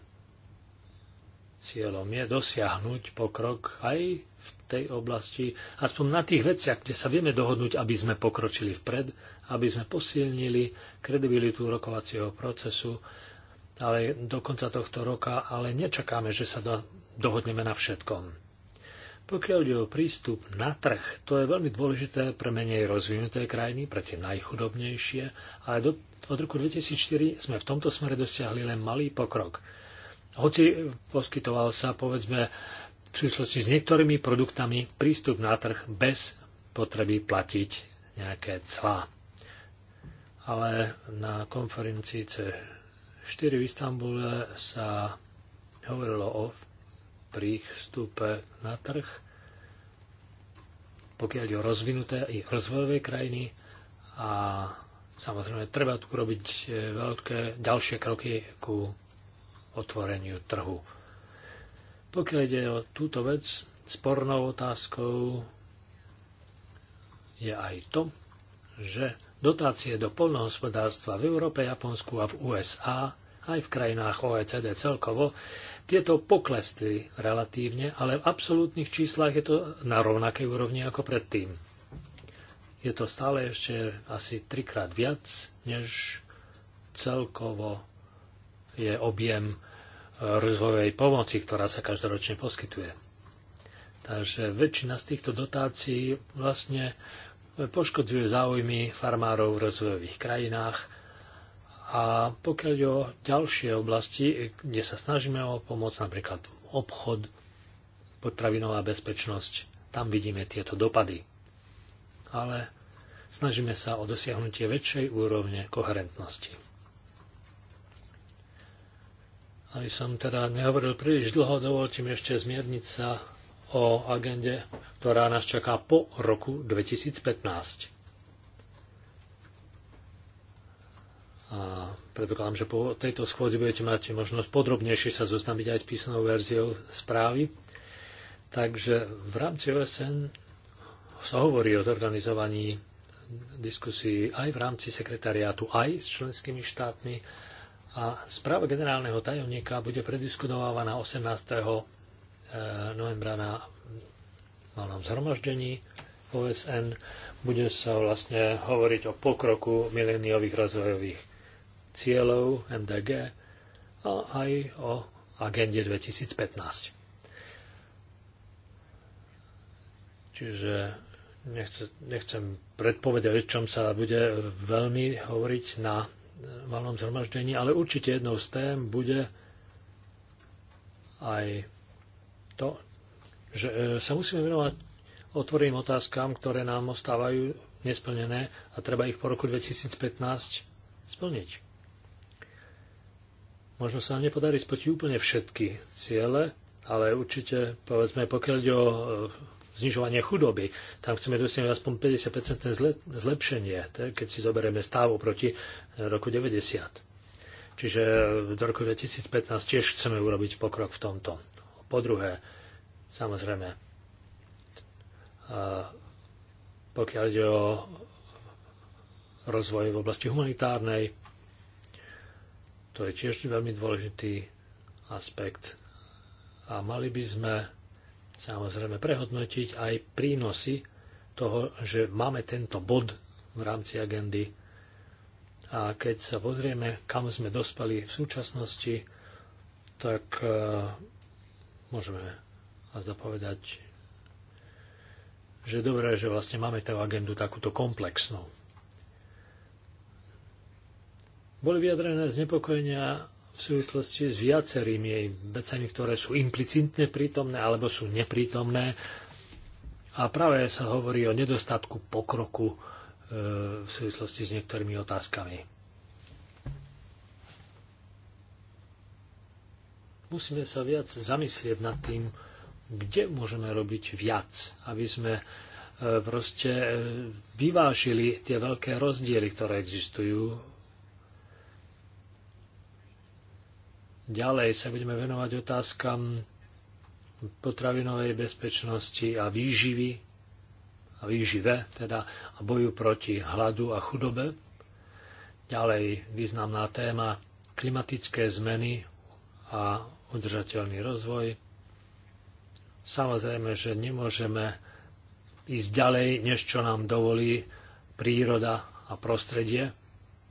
[SPEAKER 2] cieľom je dosiahnuť pokrok aj v tej oblasti, aspoň na tých veciach, kde sa vieme dohodnúť, aby sme pokročili vpred aby sme posilnili kredibilitu rokovacieho procesu, ale do konca tohto roka, ale nečakáme, že sa do, dohodneme na všetkom. Pokiaľ ide o prístup na trh, to je veľmi dôležité pre menej rozvinuté krajiny, pre tie najchudobnejšie, ale do, od roku 2004 sme v tomto smere dosiahli len malý pokrok. Hoci poskytoval sa, povedzme, v súvislosti s niektorými produktami prístup na trh bez potreby platiť nejaké clá ale na konferencii C4 v Istambule sa hovorilo o prístupe na trh, pokiaľ je o rozvinuté i rozvojové krajiny a samozrejme treba tu robiť e, veľké ďalšie kroky ku otvoreniu trhu. Pokiaľ ide o túto vec, spornou otázkou je aj to, že dotácie do polnohospodárstva v Európe, Japonsku a v USA, aj v krajinách OECD celkovo, tieto poklesli relatívne, ale v absolútnych číslach je to na rovnakej úrovni ako predtým. Je to stále ešte asi trikrát viac, než celkovo je objem e, rozvojovej pomoci, ktorá sa každoročne poskytuje. Takže väčšina z týchto dotácií vlastne poškodzuje záujmy farmárov v rozvojových krajinách. A pokiaľ o ďalšie oblasti, kde sa snažíme o pomoc, napríklad obchod, potravinová bezpečnosť, tam vidíme tieto dopady. Ale snažíme sa o dosiahnutie väčšej úrovne koherentnosti. Aby som teda nehovoril príliš dlho, dovolte mi ešte zmierniť sa o agende, ktorá nás čaká po roku 2015. A predpokladám, že po tejto schôdzi budete mať možnosť podrobnejšie sa zoznámiť aj s písanou verziou správy. Takže v rámci OSN sa hovorí o organizovaní diskusí aj v rámci sekretariátu, aj s členskými štátmi. A správa generálneho tajomníka bude prediskutovávaná 18 novembra na malom zhromaždení OSN bude sa vlastne hovoriť o pokroku mileniových rozvojových cieľov MDG a aj o agende 2015. Čiže nechcem predpovedať, o čom sa bude veľmi hovoriť na valnom zhromaždení, ale určite jednou z tém bude aj to, že e, sa musíme venovať otvoreným otázkam, ktoré nám ostávajú nesplnené a treba ich po roku 2015 splniť. Možno sa nám nepodarí splniť úplne všetky ciele, ale určite, povedzme, pokiaľ ide o e, znižovanie chudoby. Tam chceme dosiahnuť aspoň 50% zlepšenie, keď si zoberieme stav proti e, roku 90. Čiže do roku 2015 tiež chceme urobiť pokrok v tomto. Po druhé, samozrejme, pokiaľ ide o rozvoj v oblasti humanitárnej, to je tiež veľmi dôležitý aspekt. A mali by sme samozrejme prehodnotiť aj prínosy toho, že máme tento bod v rámci agendy. A keď sa pozrieme, kam sme dospali v súčasnosti, tak môžeme vás dopovedať, že je dobré, že vlastne máme tú agendu takúto komplexnú. Boli vyjadrené znepokojenia v súvislosti s viacerými jej vecami, ktoré sú implicitne prítomné alebo sú neprítomné. A práve sa hovorí o nedostatku pokroku e, v súvislosti s niektorými otázkami. musíme sa viac zamyslieť nad tým, kde môžeme robiť viac, aby sme e, proste e, vyvážili tie veľké rozdiely, ktoré existujú. Ďalej sa budeme venovať otázkam potravinovej bezpečnosti a výživy a výžive, teda a boju proti hladu a chudobe. Ďalej významná téma klimatické zmeny a udržateľný rozvoj. Samozrejme, že nemôžeme ísť ďalej, než čo nám dovolí príroda a prostredie,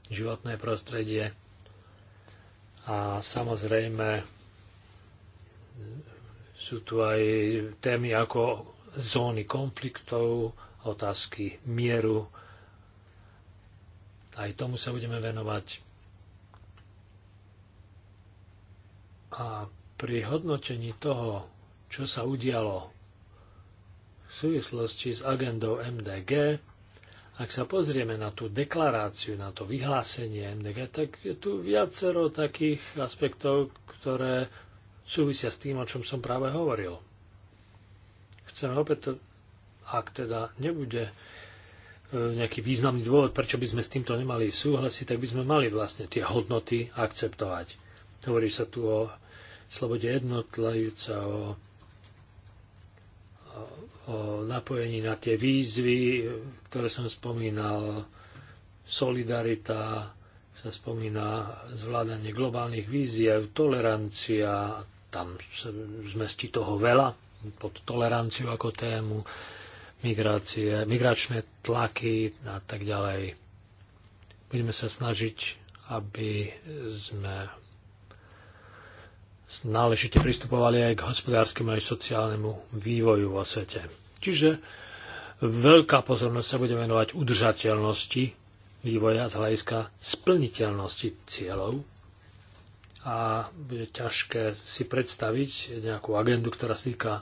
[SPEAKER 2] životné prostredie. A samozrejme, sú tu aj témy ako zóny konfliktov, otázky mieru. Aj tomu sa budeme venovať. A pri hodnotení toho, čo sa udialo v súvislosti s agendou MDG, ak sa pozrieme na tú deklaráciu, na to vyhlásenie MDG, tak je tu viacero takých aspektov, ktoré súvisia s tým, o čom som práve hovoril. Chcem opäť, ak teda nebude e, nejaký významný dôvod, prečo by sme s týmto nemali súhlasiť, tak by sme mali vlastne tie hodnoty akceptovať. Hovorí sa tu o slobode jednotlivca, o, o napojení na tie výzvy, ktoré som spomínal, solidarita, sa spomína zvládanie globálnych víziev, tolerancia, tam sme sti toho veľa, pod toleranciu ako tému, migrácie, migračné tlaky a tak ďalej. Budeme sa snažiť, aby sme náležite pristupovali aj k hospodárskemu aj sociálnemu vývoju vo svete. Čiže veľká pozornosť sa bude venovať udržateľnosti vývoja z hľadiska splniteľnosti cieľov a bude ťažké si predstaviť nejakú agendu, ktorá sa týka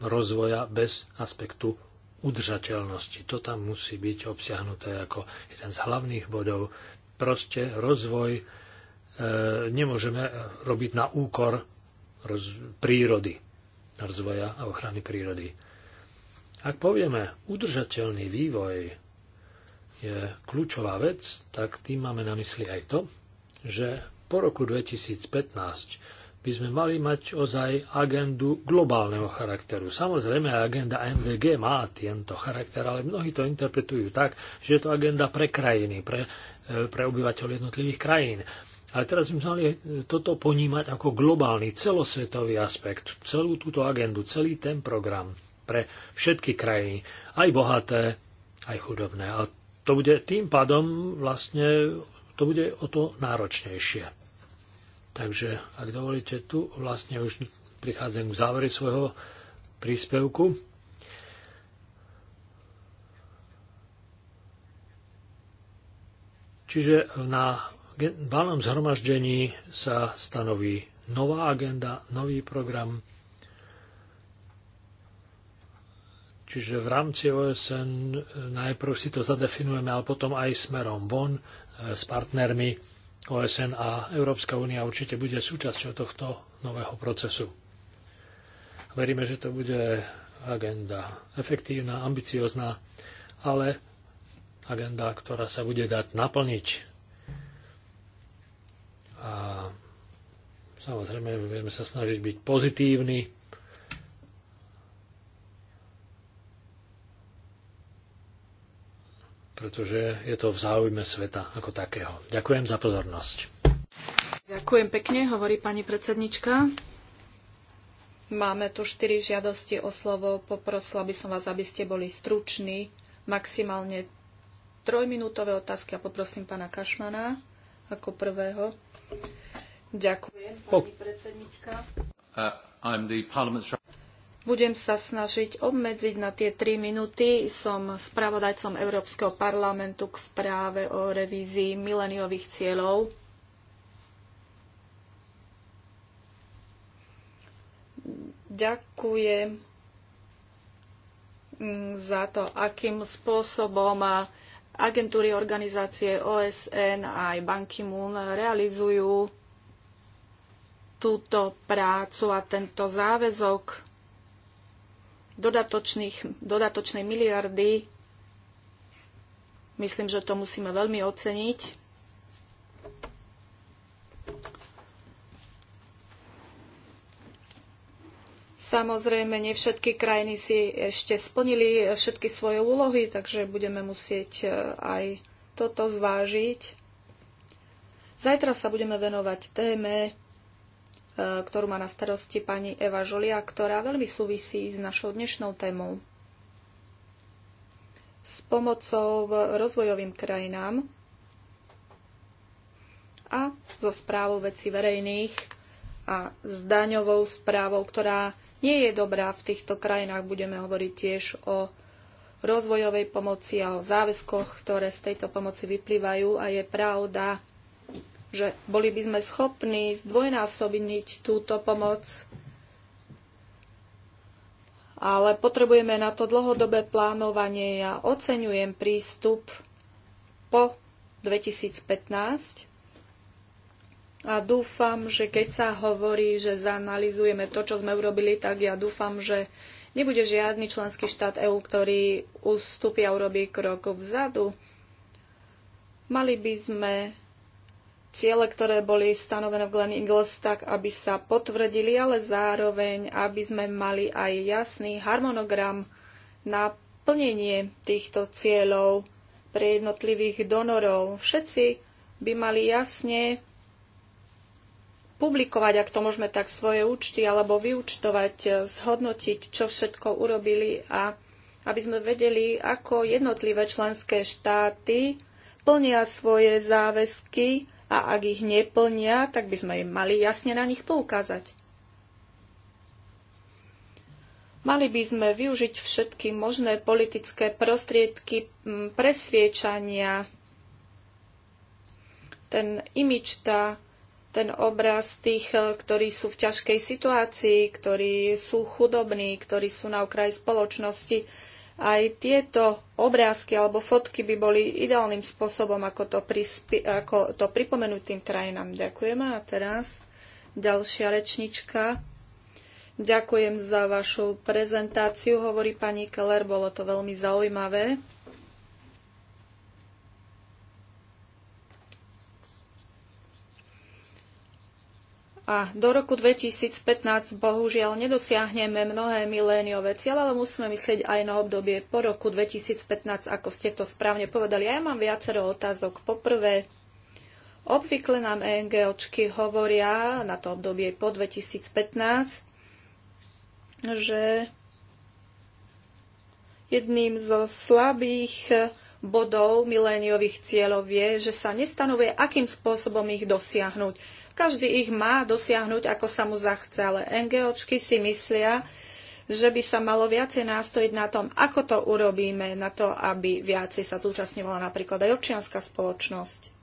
[SPEAKER 2] rozvoja bez aspektu udržateľnosti. To tam musí byť obsiahnuté ako jeden z hlavných bodov. Proste rozvoj nemôžeme robiť na úkor prírody, rozvoja a ochrany prírody. Ak povieme udržateľný vývoj je kľúčová vec, tak tým máme na mysli aj to, že po roku 2015 by sme mali mať ozaj agendu globálneho charakteru. Samozrejme, agenda MDG má tento charakter, ale mnohí to interpretujú tak, že je to agenda pre krajiny, pre, e, pre obyvateľov jednotlivých krajín. Ale teraz by sme mali eh, toto ponímať ako globálny, celosvetový aspekt, celú túto agendu, celý ten program pre všetky krajiny, aj bohaté, aj chudobné. A to bude tým pádom vlastne to bude o to náročnejšie. Takže, ak dovolíte, tu vlastne už prichádzam k závere svojho príspevku. Čiže na valnom zhromaždení sa stanoví nová agenda, nový program. Čiže v rámci OSN najprv si to zadefinujeme, ale potom aj smerom von eh, s partnermi OSN a Európska únia určite bude súčasťou tohto nového procesu. Veríme, že to bude agenda efektívna, ambiciozná, ale agenda, ktorá sa bude dať naplniť a samozrejme budeme sa snažiť byť pozitívni. pretože je to v záujme sveta ako takého. Ďakujem za pozornosť.
[SPEAKER 1] Ďakujem pekne, hovorí pani predsednička. Máme tu štyri žiadosti o slovo. Poprosila by som vás, aby ste boli struční, maximálne trojminútové otázky a poprosím pána Kašmana ako prvého. Ďakujem, pani predsednička.
[SPEAKER 4] Uh,
[SPEAKER 1] Budem sa snažiť obmedziť na tie tri minúty. Som spravodajcom Európskeho parlamentu k správe o revízii mileniových cieľov. Ďakujem za to, akým spôsobom a agentúry organizácie OSN a aj Ban Ki-moon realizujú túto prácu a tento záväzok dodatočnej miliardy. Myslím, že to musíme veľmi oceniť. Samozrejme, nie všetky krajiny si ešte splnili všetky svoje úlohy, takže budeme musieť e, aj toto zvážiť. Zajtra sa budeme venovať téme, e, ktorú má na starosti pani Eva Žolia, ktorá veľmi súvisí s našou dnešnou témou. S pomocou rozvojovým krajinám a so správou veci verejných a s daňovou správou, ktorá nie je dobrá v týchto krajinách. Budeme hovoriť tiež o rozvojovej pomoci a o záväzkoch, ktoré z tejto pomoci vyplývajú a je pravda, že boli by sme schopní zdvojnásobniť túto pomoc, ale potrebujeme na to dlhodobé plánovanie. Ja oceňujem prístup po 2015 a dúfam, že keď sa hovorí, že zanalizujeme to, čo sme urobili, tak ja dúfam, že nebude žiadny členský štát EÚ, ktorý ustúpi a urobí krok vzadu. Mali by sme ciele, ktoré boli stanovené v Glen Eagles, tak aby sa potvrdili, ale zároveň, aby sme mali aj jasný harmonogram na plnenie týchto cieľov pre jednotlivých donorov. Všetci by mali jasne publikovať, ak to môžeme tak, svoje účty alebo vyúčtovať, e, zhodnotiť, čo všetko urobili a aby sme vedeli, ako jednotlivé členské štáty plnia svoje záväzky a ak ich neplnia, tak by sme im mali jasne na nich poukázať. Mali by sme využiť všetky možné politické prostriedky presviečania. Ten imič, tá ten obraz tých, eh, ktorí sú v ťažkej situácii, ktorí sú chudobní, ktorí sú na okraji spoločnosti. Aj tieto obrázky alebo fotky by boli ideálnym spôsobom, ako to, prispi- ako to pripomenúť tým krajinám. Ďakujeme a teraz ďalšia rečnička. Ďakujem za vašu prezentáciu, hovorí pani Keller, bolo to veľmi zaujímavé. A do roku 2015 bohužiaľ nedosiahneme mnohé miléniové cieľe, ale musíme myslieť aj na obdobie po roku 2015, ako ste to správne povedali. Ja mám viacero otázok. Poprvé, obvykle nám NGOčky hovoria na to obdobie po 2015, že jedným zo slabých bodov miléniových cieľov je, že sa nestanovuje, akým spôsobom ich dosiahnuť každý ich má dosiahnuť, ako sa mu zachce, ale NGOčky si myslia, že by sa malo viacej nástojiť na tom, ako to urobíme, na to, aby viacej sa zúčastňovala napríklad aj občianská spoločnosť.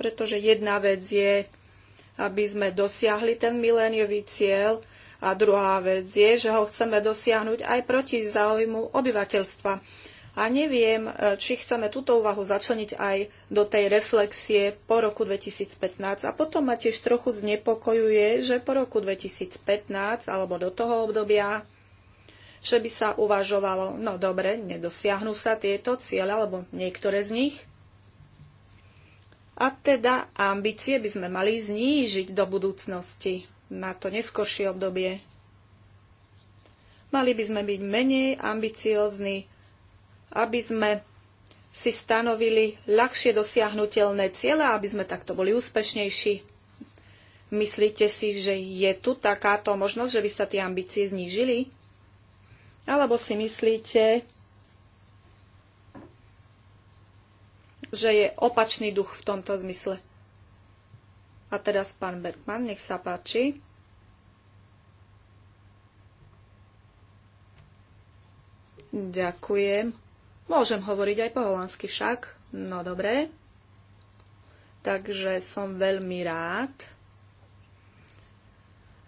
[SPEAKER 1] Pretože jedna vec je, aby sme dosiahli ten miléniový cieľ a druhá vec je, že ho chceme dosiahnuť aj proti záujmu obyvateľstva. A neviem, e, či chceme túto úvahu začleniť aj do tej reflexie po roku 2015. A potom ma tiež trochu znepokojuje, že po roku 2015 alebo do toho obdobia že by sa uvažovalo, no dobre, nedosiahnu sa tieto ciele, alebo niektoré z nich. A teda ambície by sme mali znížiť do budúcnosti, na to neskoršie obdobie. Mali by sme byť menej ambiciozni aby sme si stanovili ľahšie dosiahnutelné cieľa, aby sme takto boli úspešnejší. Myslíte si, že je tu takáto možnosť, že by sa tie ambície znížili? Alebo si myslíte, že je opačný duch v tomto zmysle? A teraz pán Bergman, nech sa páči. Ďakujem. Môžem hovoriť aj po holandsky však. No dobre. Takže som veľmi rád.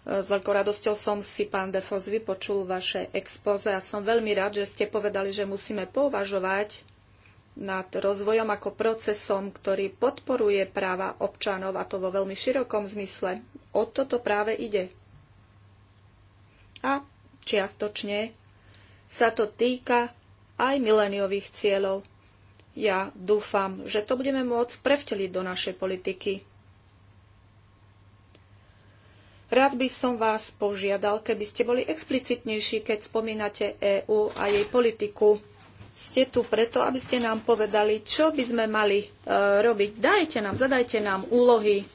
[SPEAKER 1] S veľkou radosťou som si, pán Defos, vypočul vaše expoze a som veľmi rád, že ste povedali, že musíme považovať nad rozvojom ako procesom, ktorý podporuje práva občanov a to vo veľmi širokom zmysle. O toto práve ide. A čiastočne sa to týka aj mileniových cieľov. Ja dúfam, že to budeme môcť prevteliť do našej politiky. Rád by som vás požiadal, keby ste boli explicitnejší, keď spomínate EÚ a jej politiku. Ste tu preto, aby ste nám povedali, čo by sme mali e, robiť. Dajte nám, zadajte nám úlohy.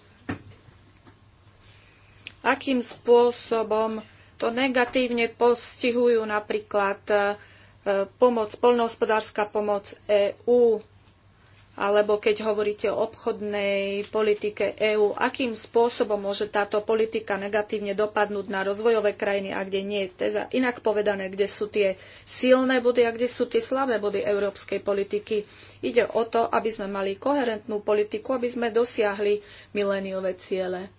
[SPEAKER 1] Akým spôsobom to negatívne postihujú napríklad e, pomoc, poľnohospodárska pomoc EÚ, alebo keď hovoríte o obchodnej politike EÚ, akým spôsobom môže táto politika negatívne dopadnúť na rozvojové krajiny a kde nie. Teda inak povedané, kde sú tie silné body a kde sú tie slabé body európskej politiky. Ide o to, aby sme mali koherentnú politiku, aby sme dosiahli miléniové ciele.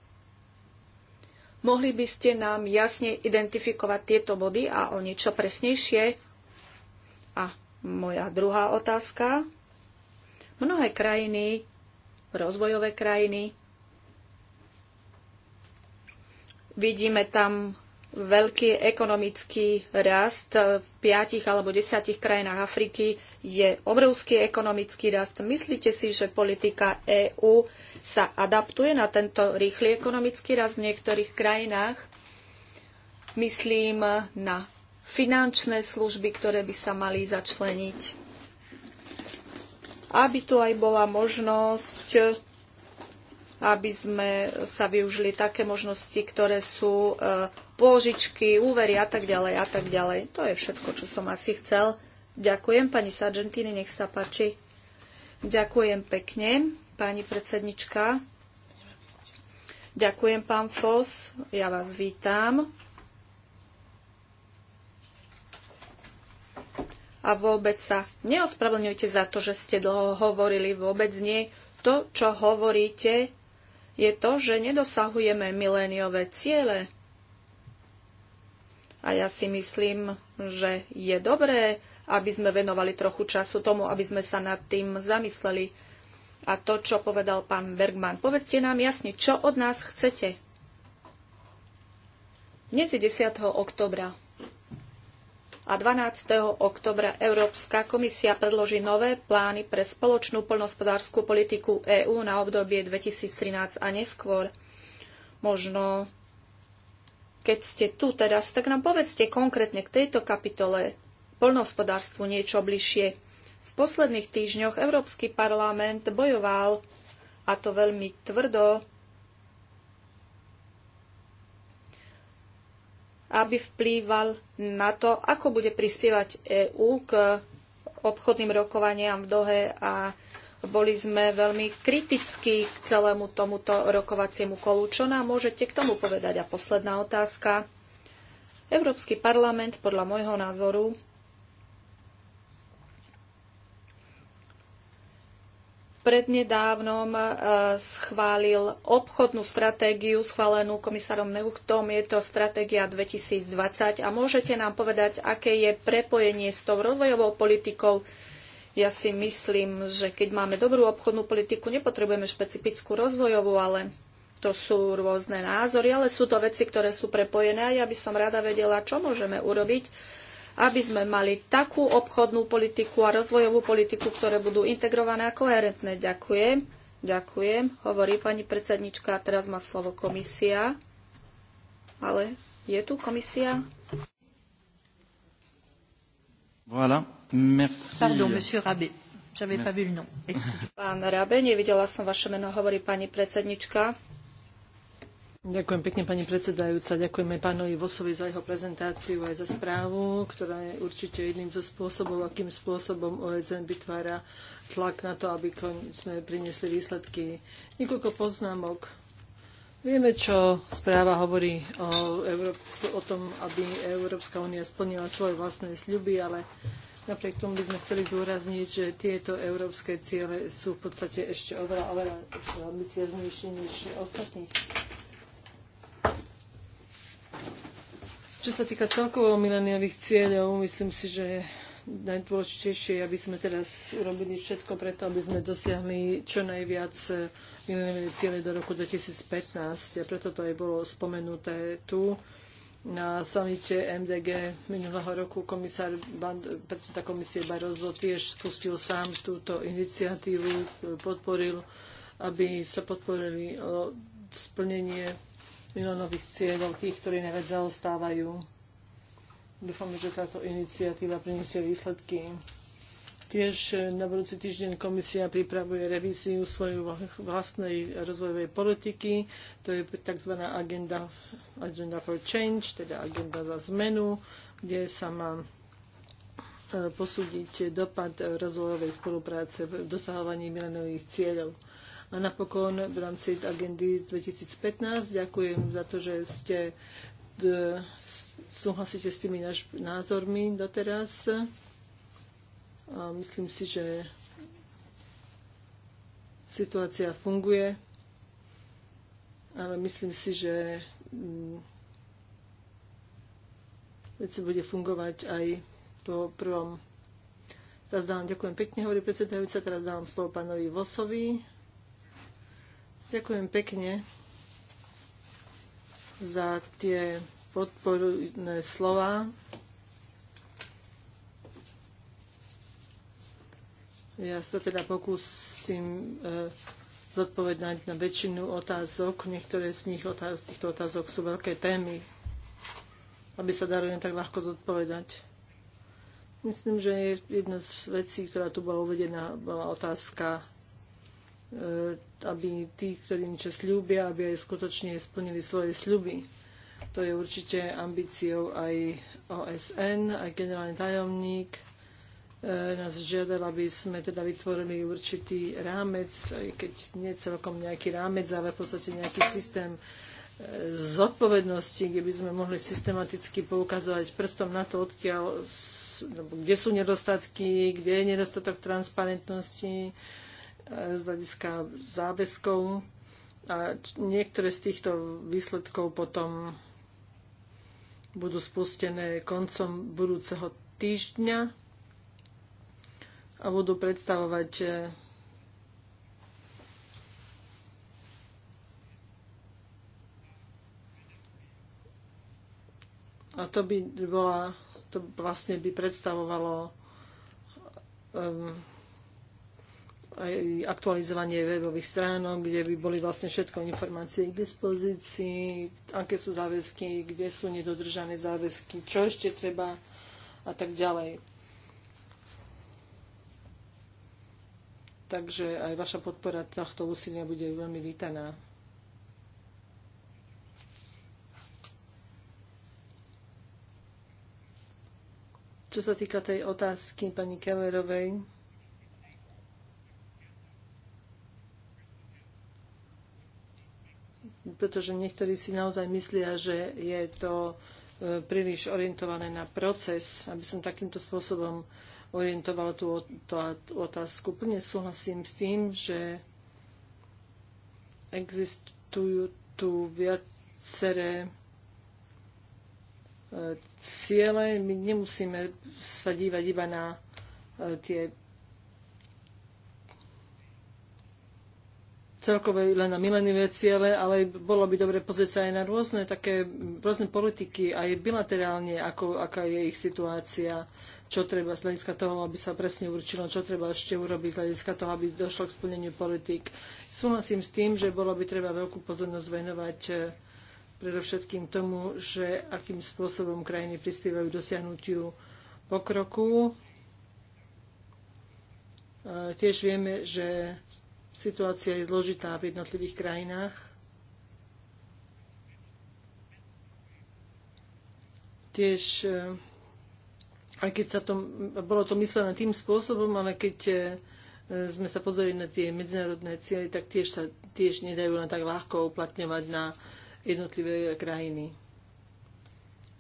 [SPEAKER 1] Mohli by ste nám jasne identifikovať tieto body a o niečo presnejšie moja druhá otázka. Mnohé krajiny, rozvojové krajiny, vidíme tam veľký ekonomický rast v piatich alebo desiatich krajinách Afriky je obrovský ekonomický rast. Myslíte si, že politika EÚ sa adaptuje na tento rýchly ekonomický rast v niektorých krajinách? Myslím na finančné služby, ktoré by sa mali začleniť. Aby tu aj bola možnosť, aby sme sa využili také možnosti, ktoré sú e, pôžičky, úvery a tak ďalej a tak ďalej. To je všetko, čo som asi chcel. Ďakujem pani Sargentini, nech sa páči. Ďakujem pekne, pani predsednička. Ďakujem, pán Fos, ja vás vítam. a vôbec sa neospravedlňujte za to, že ste dlho hovorili, vôbec nie. To, čo hovoríte, je to, že nedosahujeme miléniové ciele. A ja si myslím, že je dobré, aby sme venovali trochu času tomu, aby sme sa nad tým zamysleli. A to, čo povedal pán Bergman, povedzte nám jasne, čo od nás chcete. Dnes je 10. oktobra a 12. oktobra Európska komisia predloží nové plány pre spoločnú poľnohospodárskú politiku EÚ na obdobie 2013 a neskôr. Možno, keď ste tu teraz, tak nám povedzte konkrétne k tejto kapitole poľnohospodárstvu niečo bližšie. V posledných týždňoch Európsky parlament bojoval, a to veľmi tvrdo, aby vplýval na to, ako bude prispievať EÚ k obchodným rokovaniam v Dohe a boli sme veľmi kritickí k celému tomuto rokovaciemu kolu. Čo nám môžete k tomu povedať? A posledná otázka. Európsky parlament podľa môjho názoru prednedávnom eh, schválil obchodnú stratégiu schválenú komisárom Neuchtom. Je to stratégia 2020 a môžete nám povedať, aké je prepojenie s tou rozvojovou politikou. Ja si myslím, že keď máme dobrú obchodnú politiku, nepotrebujeme špecifickú rozvojovú, ale to sú rôzne názory, ale sú to veci, ktoré sú prepojené a ja by som rada vedela, čo môžeme urobiť, aby sme mali takú obchodnú politiku a rozvojovú politiku, ktoré budú integrované a koherentné. Ďakujem. Ďakujem, hovorí pani predsednička. Teraz má slovo komisia. Ale je tu komisia?
[SPEAKER 4] Voilà. Merci. Pardon, monsieur Rabé.
[SPEAKER 1] J'avais pas vu le nom. Pán Rabe, nevidela som vaše meno, hovorí pani predsednička.
[SPEAKER 4] Ďakujem pekne, pani predsedajúca. Ďakujeme pánovi Vosovi za jeho prezentáciu aj za správu, ktorá je určite jedným zo spôsobov, akým spôsobom OSN vytvára tlak na to, aby sme priniesli výsledky. Niekoľko poznámok. Vieme, čo správa hovorí o, o tom, aby Európska únia splnila svoje vlastné sľuby, ale Napriek tomu by sme chceli zdôrazniť, že tieto európske ciele sú v podstate ešte oveľa, oveľa ambicioznejšie než ostatných čo sa týka celkovo mileniových cieľov, myslím si, že najdôležitejšie je, aby sme teraz urobili všetko preto, aby sme dosiahli čo najviac eh, mileniové cieľe do roku 2015. A preto to aj bolo spomenuté tu na samite MDG minulého roku komisár, predseda komisie Barroso tiež spustil sám túto iniciatívu, podporil, aby sa podporili splnenie milónových cieľov tých, ktorí najviac zaostávajú. Dúfam, že táto iniciatíva priniesie výsledky. Tiež eh, na budúci týždeň komisia pripravuje revíziu svojej vlastnej rozvojovej politiky. To je tzv. Agenda, agenda for Change, teda agenda za zmenu, kde sa má eh, posúdiť dopad eh, rozvojovej spolupráce v dosahovaní milenových cieľov. A napokon v rámci agendy 2015 ďakujem za to, že ste súhlasíte s tými náš, názormi doteraz. A myslím si, že situácia funguje, ale myslím si, že mm, veci bude fungovať aj po prvom. Teraz dávam, ďakujem pekne, hovorí predsedajúca, teraz dávam slovo pánovi Vosovi. Ďakujem pekne za tie podporné slova. Ja sa teda pokúsim e, zodpovedať na väčšinu otázok. Niektoré z nich otáz, týchto otázok sú veľké témy, aby sa dalo tak ľahko zodpovedať. Myslím, že jedna z vecí, ktorá tu bola uvedená, bola otázka e, aby tí, ktorí niečo slúbia, aby aj skutočne splnili svoje sľuby. To je určite ambíciou aj OSN, aj generálny tajomník e, nás žiadal, aby sme teda vytvorili určitý rámec, aj keď nie celkom nejaký rámec, ale v podstate nejaký systém e, zodpovednosti, kde by sme mohli systematicky poukazovať prstom na to, odkiaľ, kde sú nedostatky, kde je nedostatok transparentnosti, z hľadiska záväzkov a niektoré z týchto výsledkov potom budú spustené koncom budúceho týždňa a budú predstavovať e, a to by bola, to vlastne by predstavovalo um, aj aktualizovanie webových stránok, kde by boli vlastne všetko informácie k dispozícii, aké sú záväzky, kde sú nedodržané záväzky, čo ešte treba a tak ďalej. Takže aj vaša podpora tohto úsilia bude veľmi vítaná. Čo sa týka tej otázky pani Kellerovej, pretože niektorí si naozaj myslia, že je to e, príliš orientované na proces, aby som takýmto spôsobom orientovala tú, tú otázku. Plne súhlasím s tým, že existujú tu viaceré e, ciele. My nemusíme sa dívať iba na e, tie celkové len na milenivé ciele, ale bolo by dobre pozrieť sa aj na rôzne také rôzne politiky, aj bilaterálne, ako, aká je ich situácia, čo treba z hľadiska toho, aby sa presne určilo, čo treba ešte urobiť z hľadiska toho, aby došlo k splneniu politik. Súhlasím s tým, že bolo by treba veľkú pozornosť venovať eh, predovšetkým tomu, že akým spôsobom krajiny prispievajú k dosiahnutiu pokroku. Eh, tiež vieme, že Situácia je zložitá v jednotlivých krajinách. Tiež, eh, aj keď sa to, bolo to myslené tým spôsobom, ale keď eh, sme sa pozreli na tie medzinárodné cieľy, tak tiež sa tiež nedajú len tak ľahko uplatňovať na jednotlivé krajiny.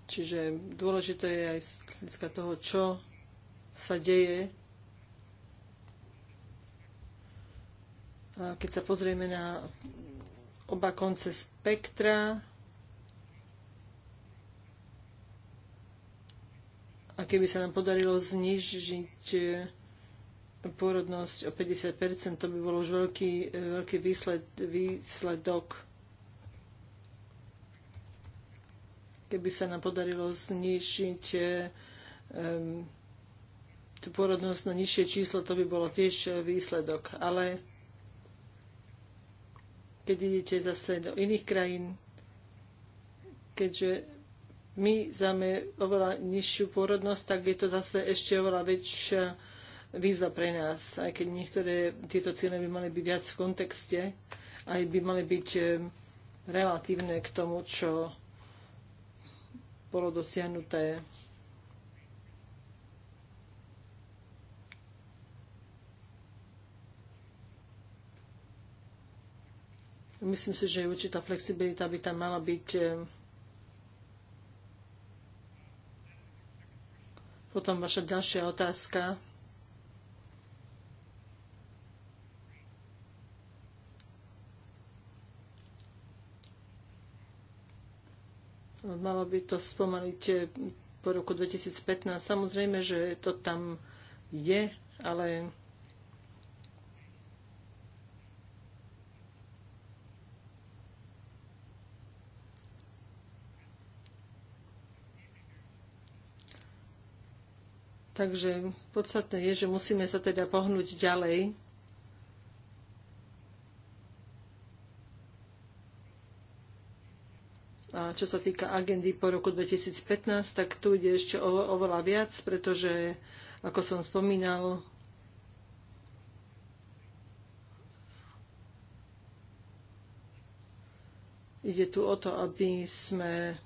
[SPEAKER 4] Čiže dôležité je aj z hľadiska toho, čo sa deje keď sa pozrieme na oba konce spektra, a keby sa nám podarilo znižiť e, pôrodnosť o 50%, to by bol už veľký, e, veľký výsled, výsledok. Keby sa nám podarilo znižiť um, tú pôrodnosť na nižšie číslo, to by bolo tiež výsledok. Ale keď idete zase do iných krajín, keďže my máme oveľa nižšiu pôrodnosť, tak je to zase ešte oveľa väčšia výzva pre nás, aj keď niektoré tieto ciele by mali byť viac v kontexte, aj by mali byť eh, relatívne k tomu, čo bolo dosiahnuté Myslím si, že určitá flexibilita by tam mala byť eh, Potom vaša ďalšia otázka. Malo by to spomaliť eh, po roku 2015. Samozrejme, že to tam je, ale Takže podstatné je, že musíme sa teda pohnúť ďalej. A čo sa týka agendy po roku 2015, tak tu ide ešte o, oveľa viac, pretože, ako som spomínal, ide tu o to, aby sme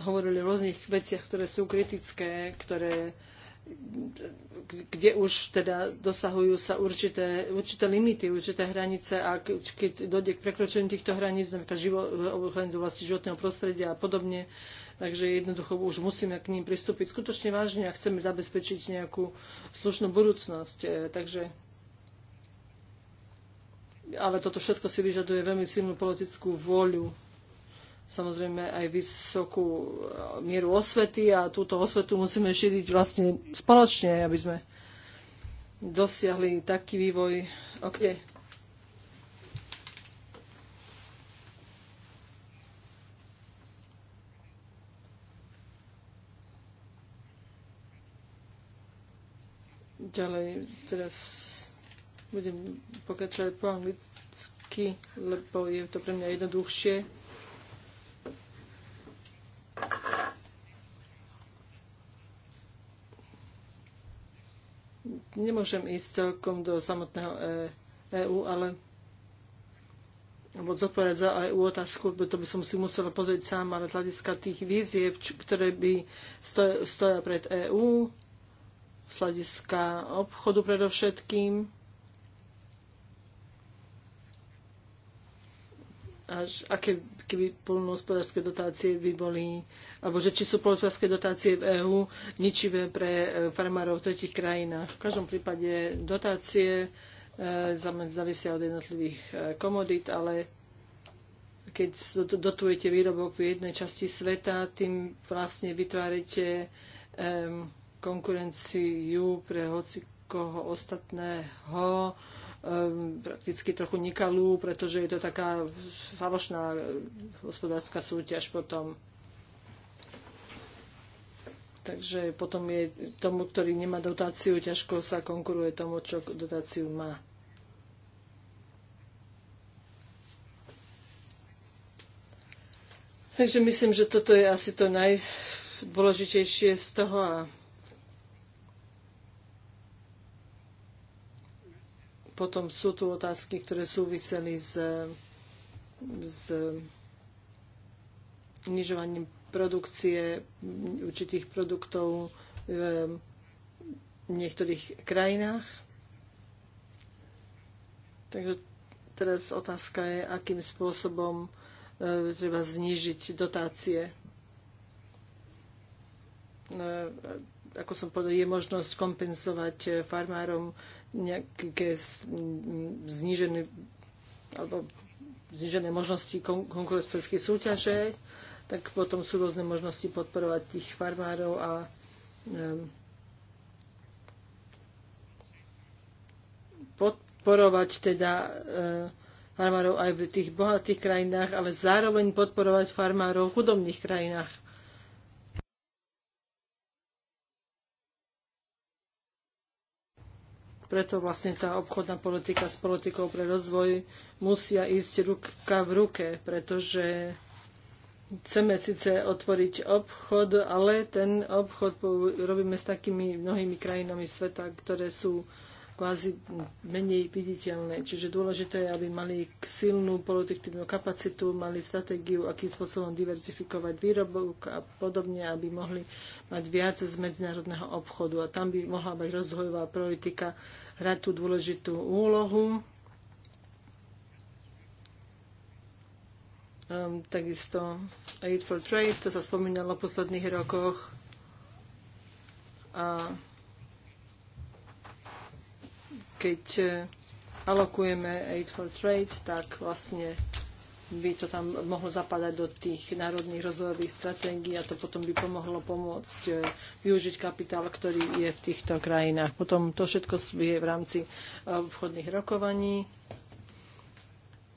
[SPEAKER 4] hovorili o rôznych veciach, ktoré sú kritické, ktoré kde už teda dosahujú sa určité, určité limity, určité hranice a keď dojde k prekročeniu týchto hraníc, napríklad živo, vlastne životného prostredia a podobne, takže jednoducho už musíme k ním pristúpiť skutočne vážne a chceme zabezpečiť nejakú slušnú budúcnosť. E, takže ale toto všetko si vyžaduje veľmi silnú politickú vôľu samozrejme aj vysokú eh, mieru osvety a túto osvetu musíme šíriť vlastne spoločne, aby sme dosiahli taký vývoj, OK. Ďalej teraz budem pokračovať po anglicky, lebo je to pre mňa jednoduchšie. nemôžem ísť celkom do samotného EÚ, e ale alebo zodpovedať za aj e otázku, to by som si musela pozrieť sám, ale z hľadiska tých víziev, ktoré by stoja pred EÚ, z hľadiska obchodu predovšetkým, až aké keby polnohospodárske dotácie by boli, alebo že či sú polnohospodárske dotácie v EÚ ničivé pre e, farmárov v tretich krajinách. V každom prípade dotácie e, závisia od jednotlivých e, komodít, ale keď dotujete výrobok v jednej časti sveta, tým vlastne vytvárate konkurenciu pre hoci koho ostatného Ehm, prakticky trochu nikalú, pretože je to taká falošná e, hospodárska súťaž potom. Takže potom je tomu, ktorý nemá dotáciu, ťažko sa konkuruje tomu, čo dotáciu má. Takže myslím, že toto je asi to najdôležitejšie z toho a Potom sú tu otázky, ktoré súviseli s, s znižovaním produkcie určitých produktov v niektorých krajinách. Takže teraz otázka je, akým spôsobom e, treba znížiť dotácie e, ako som povedal, je možnosť kompenzovať eh, farmárom nejaké mm, znižené alebo znižené možnosti kon- súťaže, tak potom sú rôzne možnosti podporovať tých farmárov a um, podporovať teda uh, farmárov aj v tých bohatých krajinách, ale zároveň podporovať farmárov v chudobných krajinách. Preto vlastne tá obchodná politika s politikou pre rozvoj musia ísť ruka v ruke, pretože chceme síce otvoriť obchod, ale ten obchod robíme s takými mnohými krajinami sveta, ktoré sú kvázi menej viditeľné. Čiže dôležité je, aby mali silnú produktívnu kapacitu, mali stratégiu, akým spôsobom diverzifikovať výrobok a podobne, aby mohli mať viac z medzinárodného obchodu. A tam by mohla mať rozvojová politika hrať tú dôležitú úlohu. Um, takisto Aid for Trade, to sa spomínalo v posledných rokoch. A keď e, alokujeme Aid for Trade, tak vlastne by to tam mohlo zapadať do tých národných rozvojových stratégií a to potom by pomohlo pomôcť e, využiť kapitál, ktorý je v týchto krajinách. Potom to všetko je v rámci e, obchodných rokovaní.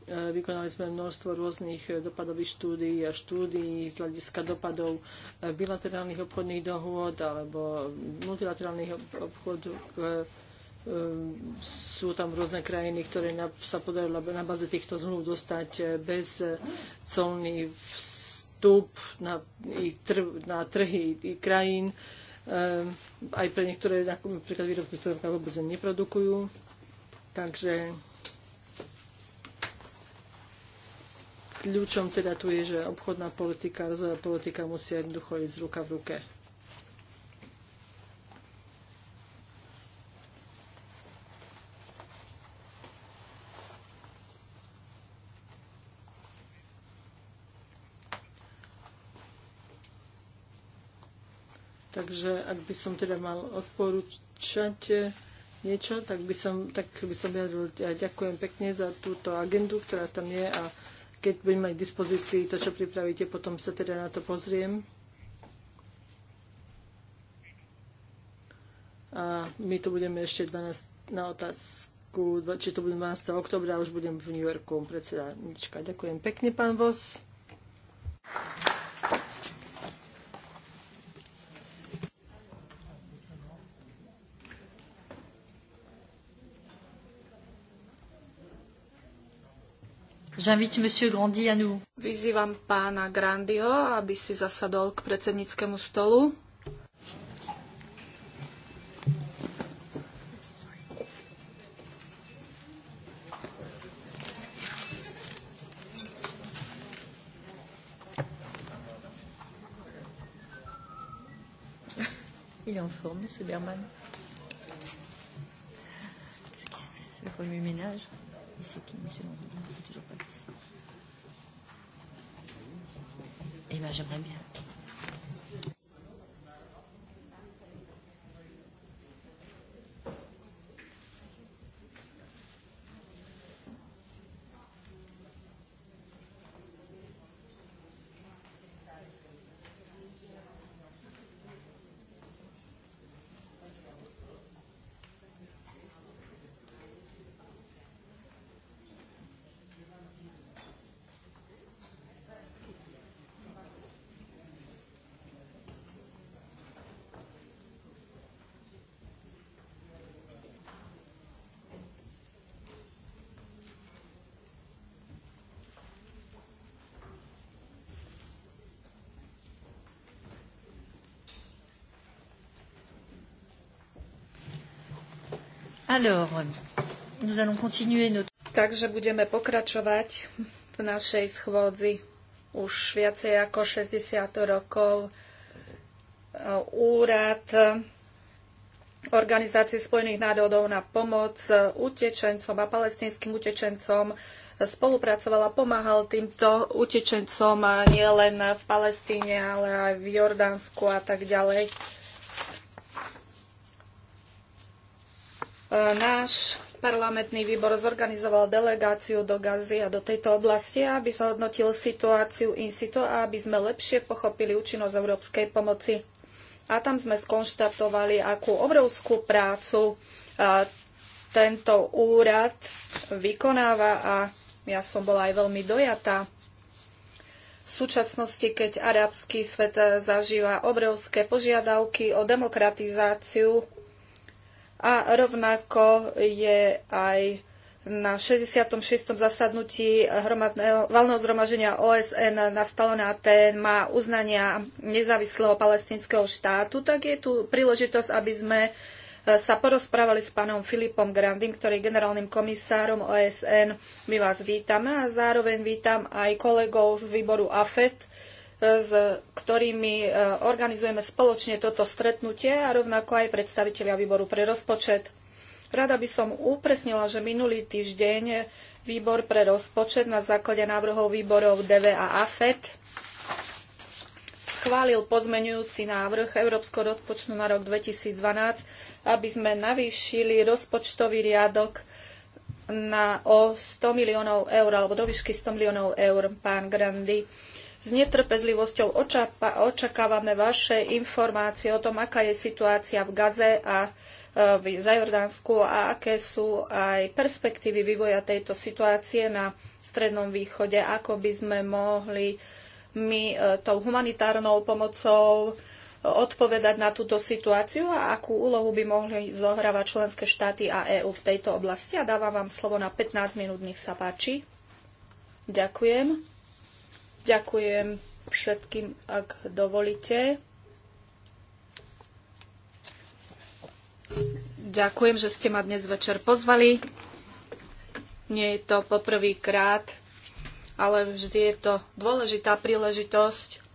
[SPEAKER 4] Vykonali sme množstvo rôznych dopadových štúdií a štúdií z hľadiska dopadov bilaterálnych obchodných dohôd alebo multilaterálnych obchodov Ehm, sú tam rôzne krajiny, ktoré sa podarilo na baze týchto zmluv dostať eh, bez eh, colný vstup na, na trhy krajín, ehm, aj pre niektoré napríklad výrobky, ktoré vôbec neprodukujú. Takže kľúčom teda tu je, že obchodná politika a rozvojová politika musia jednoducho ísť ruka v ruke. Takže ak by som teda mal odporúčať eh, niečo, tak by som, tak by som ja, ja ďakujem pekne za túto agendu, ktorá tam je a keď budem mať k dispozícii to, čo pripravíte, potom sa teda na to pozriem. A my tu budeme ešte 12 na otázku, či to bude 12. oktobra, už budem v New Yorku predsedníčka. Ďakujem pekne, pán Vos.
[SPEAKER 1] J'invite monsieur Grandi à nous. Vyzývam pána Grandio, aby si zasadol k predsednickému stolu.
[SPEAKER 4] *laughs* Il est en forme, ce Berman. Qu'est-ce qui se passe C'est Le premier ménage C'est qui, monsieur Landon C'est toujours pas ici.
[SPEAKER 3] Eh bien, j'aimerais bien.
[SPEAKER 1] Alors, nous allons continuer notre... Takže budeme pokračovať v našej schôdzi už viacej ako 60 rokov. E, úrad Organizácie spojených národov na pomoc e, utečencom a palestinským utečencom a pomáhal týmto utečencom nielen v Palestíne, ale aj v Jordánsku a tak ďalej. E, náš parlamentný výbor zorganizoval delegáciu do Gazy a do tejto oblasti, aby sa hodnotil situáciu in situ a aby sme lepšie pochopili účinnosť európskej pomoci. A tam sme skonštatovali, akú obrovskú prácu e, tento úrad vykonáva a ja som bola aj veľmi dojatá. V súčasnosti, keď arabský svet zažíva obrovské požiadavky o demokratizáciu a rovnako je aj na 66. zasadnutí hromadného, valného zhromaženia OSN nastavená téma uznania nezávislého palestinského štátu, tak je tu príležitosť, aby sme e, sa porozprávali s pánom Filipom Grandim, ktorý je generálnym komisárom OSN. My vás vítame a zároveň vítam aj kolegov z výboru AFET, s ktorými e, organizujeme spoločne toto stretnutie a rovnako aj predstavitelia výboru pre rozpočet. Rada by som upresnila, že minulý týždeň výbor pre rozpočet na základe návrhov výborov DV a AFET schválil pozmenujúci návrh Európskeho rozpočtu na rok 2012, aby sme navýšili rozpočtový riadok na o 100 miliónov eur alebo do výšky 100 miliónov eur. Pán Grandy s netrpezlivosťou očakávame vaše informácie o tom, aká je situácia v Gaze a e, v Zajordánsku a aké sú aj perspektívy vývoja tejto situácie na Strednom východe, ako by sme mohli my e, tou humanitárnou pomocou e, odpovedať na túto situáciu a akú úlohu by mohli zohrávať členské štáty a EÚ v tejto oblasti. A dávam vám slovo na 15 minút, nech sa páči. Ďakujem. Ďakujem všetkým, ak dovolíte. Ďakujem, že ste ma dnes večer pozvali. Nie je to poprvýkrát, ale vždy je to dôležitá príležitosť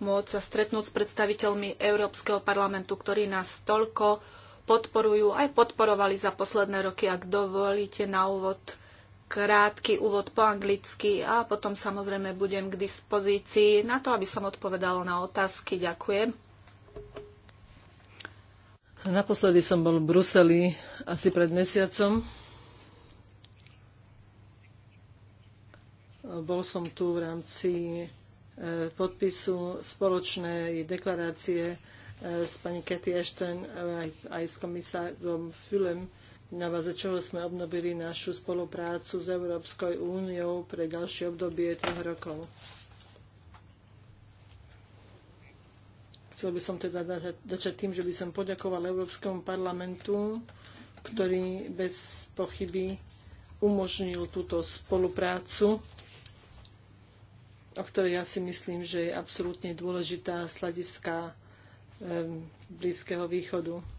[SPEAKER 1] môcť sa stretnúť s predstaviteľmi Európskeho parlamentu, ktorí nás toľko podporujú, aj podporovali za posledné roky. Ak dovolíte na úvod, krátky úvod po anglicky a potom samozrejme budem k dispozícii na to, aby som odpovedala na otázky. Ďakujem.
[SPEAKER 4] Naposledy som bol v Bruseli asi pred mesiacom. Bol som tu v rámci e, podpisu spoločnej deklarácie e, s pani Cathy Ashton aj, aj s komisárom Fulem na baze čoho sme obnovili našu spoluprácu s Európskou úniou pre ďalšie obdobie troch rokov. Chcel by som teda začať tým, že by som poďakoval Európskemu parlamentu, ktorý bez pochyby umožnil túto spoluprácu, o ktorej ja si myslím, že je absolútne dôležitá z Blízkeho východu.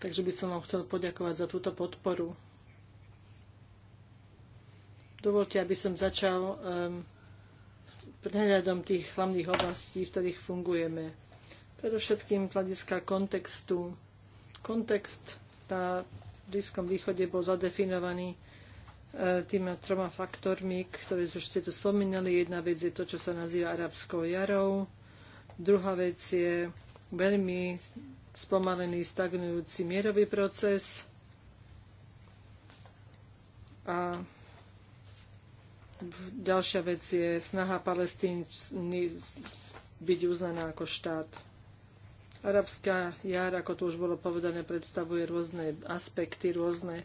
[SPEAKER 4] Takže by som vám chcel poďakovať za túto podporu. Dovolte, aby som začal prehľadom tých hlavných oblastí, v ktorých fungujeme. Predovšetkým hľadiska kontextu. Kontext na Blízkom východe bol zadefinovaný e, tými troma faktormi, ktoré už ste tu spomínali. Jedna vec je to, čo sa nazýva arabskou jarou. Druhá vec je veľmi spomalený stagnujúci mierový proces a ďalšia vec je snaha Palestíny byť uznaná ako štát. Arabská jar, ako to už bolo povedané, predstavuje rôzne aspekty, rôzne e,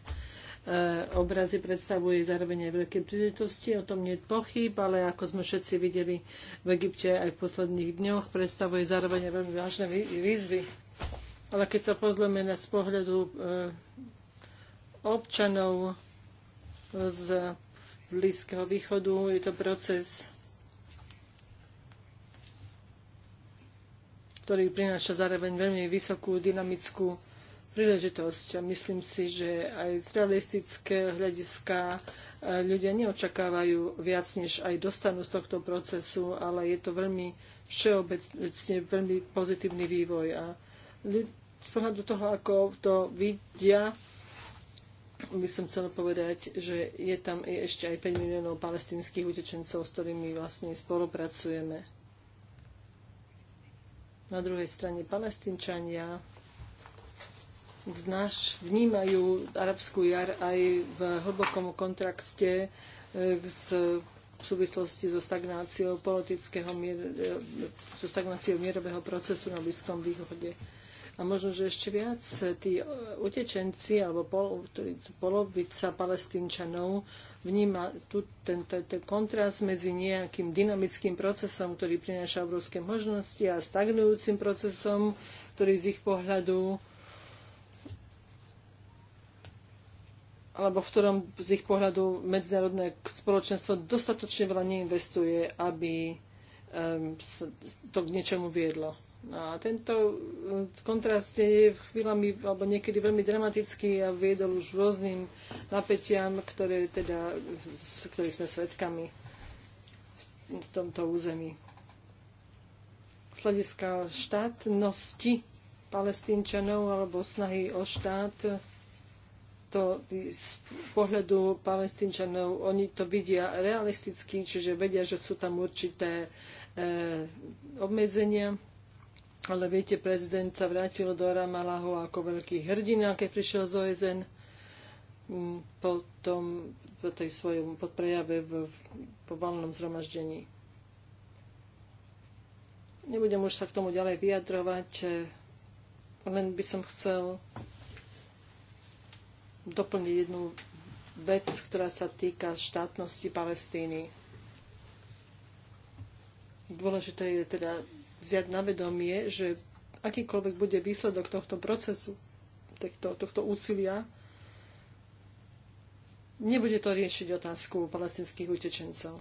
[SPEAKER 4] obrazy predstavuje zároveň aj veľké príležitosti, o tom nie je pochyb, ale ako sme všetci videli v Egypte aj v posledných dňoch, predstavuje zároveň aj veľmi vážne výzvy. Ale keď sa pozrieme na z pohľadu e, občanov e, z Blízkeho východu, je to proces, ktorý prináša zároveň veľmi vysokú dynamickú príležitosť. A myslím si, že aj z realistického hľadiska e, ľudia neočakávajú viac, než aj dostanú z tohto procesu, ale je to veľmi všeobecne veľmi pozitívny vývoj. A z pohľadu toho, ako to vidia, by som chcela povedať, že je tam ešte aj 5 miliónov palestinských utečencov, s ktorými vlastne spolupracujeme. Na druhej strane palestinčania náš vnímajú arabskú jar aj v hlbokom kontrakste e, s v súvislosti so stagnáciou politického mier, e, so stagnáciou mierového procesu na Blízkom východe. A možno, že ešte viac tí e, utečenci alebo pol, polovica palestínčanov vníma tu ten, ten, ten kontrast medzi nejakým dynamickým procesom, ktorý prináša obrovské možnosti a stagnujúcim procesom, ktorý z ich pohľadu alebo v ktorom z ich pohľadu medzinárodné spoločenstvo dostatočne veľa neinvestuje, aby um, to k niečomu viedlo. A tento e, kontrast je chvíľami alebo niekedy veľmi dramatický a viedol už rôznym napätiam, ktoré teda, s ktorých sme svedkami v tomto území. Z hľadiska štátnosti palestínčanov alebo snahy o štát, to z pohľadu palestínčanov, oni to vidia realisticky, čiže vedia, že sú tam určité e, obmedzenia ale viete, prezident sa vrátil do Ramalahu ako veľký hrdina, keď prišiel z OSN mm, tom, po tej svojom podprejave v, v, povalnom zhromaždení. Nebudem už sa k tomu ďalej vyjadrovať, eh, len by som chcel doplniť jednu vec, ktorá sa týka štátnosti Palestíny. Dôležité je teda vziať na vedomie, že akýkoľvek bude výsledok tohto procesu, tohto, tohto úsilia, nebude to riešiť otázku palestinských utečencov.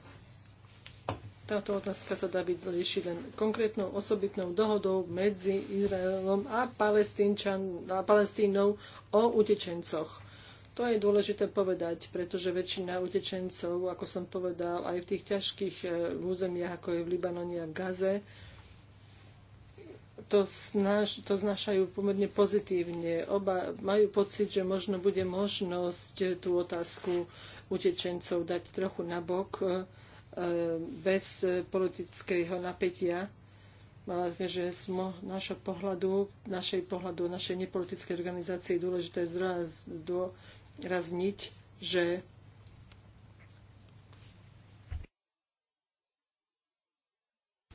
[SPEAKER 4] Táto otázka sa dá byť riešiť len konkrétnou osobitnou dohodou medzi Izraelom a, a Palestínou o utečencoch. To je dôležité povedať, pretože väčšina utečencov, ako som povedal, aj v tých ťažkých eh, územiach, ako je v Libanone a v Gaze, to, snaž, to znašajú pomerne pozitívne. Oba majú pocit, že možno bude možnosť tú otázku utečencov dať trochu nabok e, bez politického napätia. Ale že z našho pohľadu, našej pohľadu, našej nepolitickej organizácie je dôležité zdôrazniť, že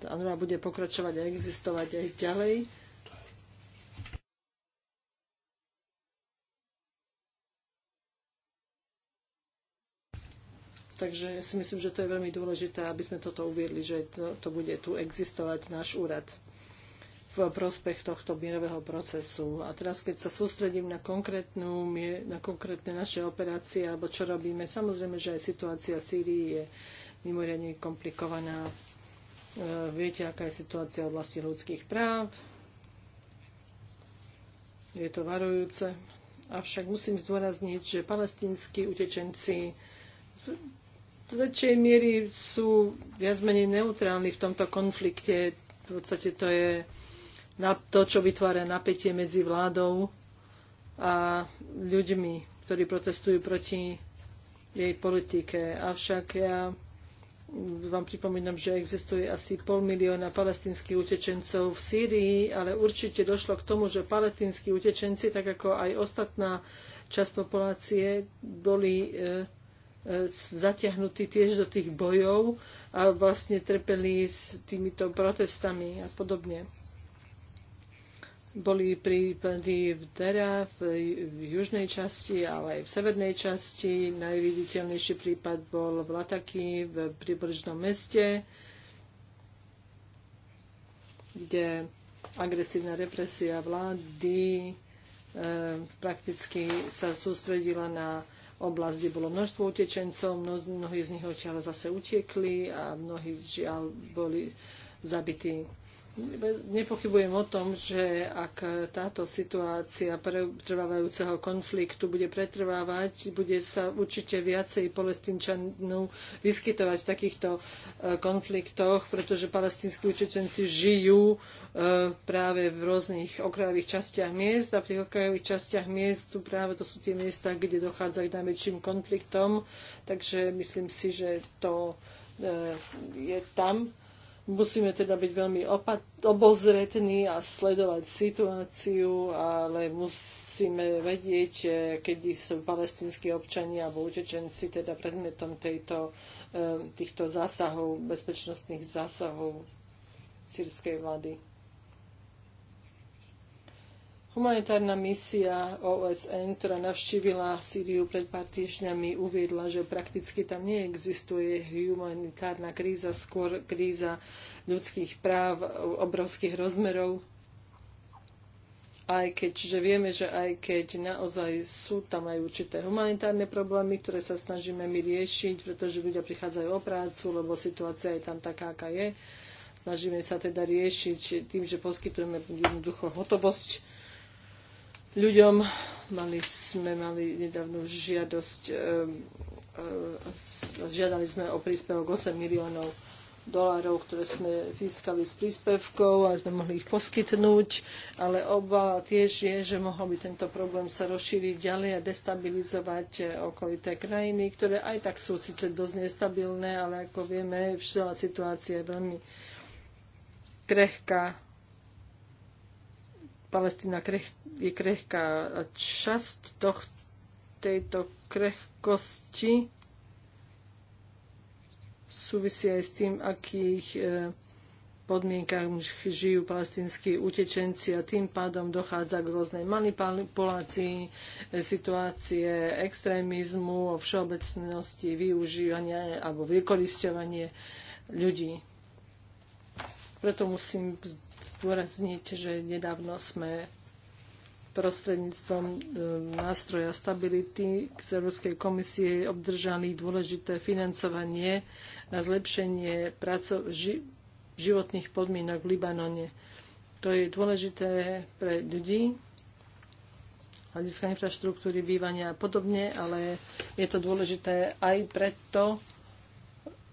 [SPEAKER 4] ktorá bude pokračovať a existovať aj ďalej. Takže ja si myslím, že to je veľmi dôležité, aby sme toto uviedli, že to, to bude tu existovať náš úrad v prospech tohto mierového procesu. A teraz, keď sa sústredím na, konkrétnu, na konkrétne naše operácie alebo čo robíme, samozrejme, že aj situácia v Sýrii je mimoriadne komplikovaná. E, viete, aká je situácia v oblasti ľudských práv. Je to varujúce. Avšak musím zdôrazniť, že palestínsky utečenci z väčšej miery sú viac menej neutrálni v tomto konflikte. V podstate to je to, čo vytvára napätie medzi vládou a ľuďmi, ktorí protestujú proti jej politike. Avšak ja vám pripomínam, že existuje asi pol milióna palestinských utečencov v Sýrii, ale určite došlo k tomu, že palestinskí utečenci, tak ako aj ostatná časť populácie, boli e, e, zatiahnutí tiež do tých bojov a vlastne trpeli s týmito protestami a podobne. Boli prípady v Dera, v, južnej časti, ale aj v severnej časti. Najviditeľnejší prípad bol v Lataky, v príbržnom meste, kde agresívna represia vlády e, prakticky sa sústredila na oblasti bolo množstvo utečencov, mnohí z nich odtiaľ zase utiekli a mnohí žiaľ boli zabití. Nepochybujem o tom, že ak táto situácia pretrvávajúceho konfliktu bude pretrvávať, bude sa určite viacej palestínčanov vyskytovať v takýchto e, konfliktoch, pretože palestínsky učečenci žijú e, práve v rôznych okrajových častiach miest a v tých okrajových častiach miest sú práve to sú tie miesta, kde dochádza k najväčším konfliktom, takže myslím si, že to e, je tam musíme teda byť veľmi opat- obozretní a sledovať situáciu, ale musíme vedieť, e, keď sú palestinskí občania alebo utečenci teda predmetom tejto, e, týchto zásahov, bezpečnostných zásahov sírskej vlády. Humanitárna misia OSN, ktorá navštívila Sýriu pred pár týždňami, uviedla, že prakticky tam neexistuje humanitárna kríza, skôr kríza ľudských práv obrovských rozmerov. Aj keď, že vieme, že aj keď naozaj sú tam aj určité humanitárne problémy, ktoré sa snažíme my riešiť, pretože ľudia prichádzajú o prácu, lebo situácia je tam taká, aká je. Snažíme sa teda riešiť tým, že poskytujeme jednoducho hotovosť ľuďom. Mali sme mali nedávnu žiadosť, e, e, žiadali sme o príspevok 8 miliónov dolárov, ktoré sme získali z príspevkov a sme mohli ich poskytnúť, ale oba tiež je, že mohol by tento problém sa rozšíriť ďalej a destabilizovať eh, okolité krajiny, ktoré aj tak sú síce dosť nestabilné, ale ako vieme, všetká situácia je veľmi krehká Palestína je krehká. A časť tejto krehkosti súvisí aj s tým, akých e, podmienkach žijú palestinskí utečenci a tým pádom dochádza k rôznej manipulácii situácie extrémizmu o všeobecnosti využívania alebo vykoristovanie ľudí. Preto musím zdôrazniť, že nedávno sme prostredníctvom e, nástroja stability z Európskej komisie obdržali dôležité financovanie na zlepšenie praco- ži- životných podmienok v Libanone. To je dôležité pre ľudí, hľadiska infraštruktúry, bývania a podobne, ale je to dôležité aj preto,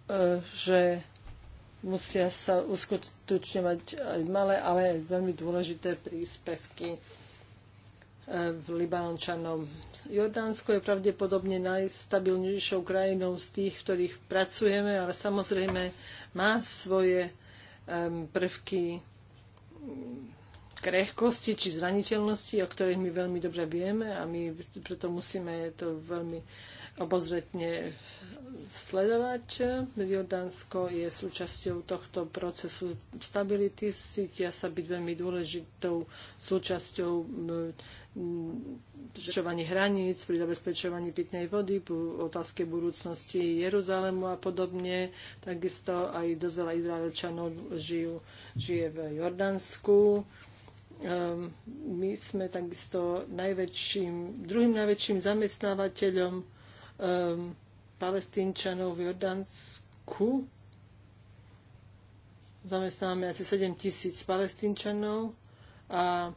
[SPEAKER 4] e, že musia sa uskutočňovať aj malé, ale aj veľmi dôležité príspevky eh, Libánčanom. Jordánsko je pravdepodobne najstabilnejšou krajinou z tých, v ktorých pracujeme, ale samozrejme má svoje prvky mm, krehkosti či zraniteľnosti, o ktorých my veľmi dobre vieme a my preto musíme to veľmi obozretne sledovať. Jordánsko je súčasťou tohto procesu stability, cítia sa byť veľmi dôležitou súčasťou mm, zabezpečovaní hraníc, pri zabezpečovaní pitnej vody, otázke budúcnosti Jeruzalému a podobne. Takisto aj dosť veľa Izraelčanov žijú, žije v Jordánsku ehm, my sme takisto najväčším, druhým najväčším zamestnávateľom um, palestínčanov v Jordánsku. Zamestnáme asi 7 tisíc palestínčanov a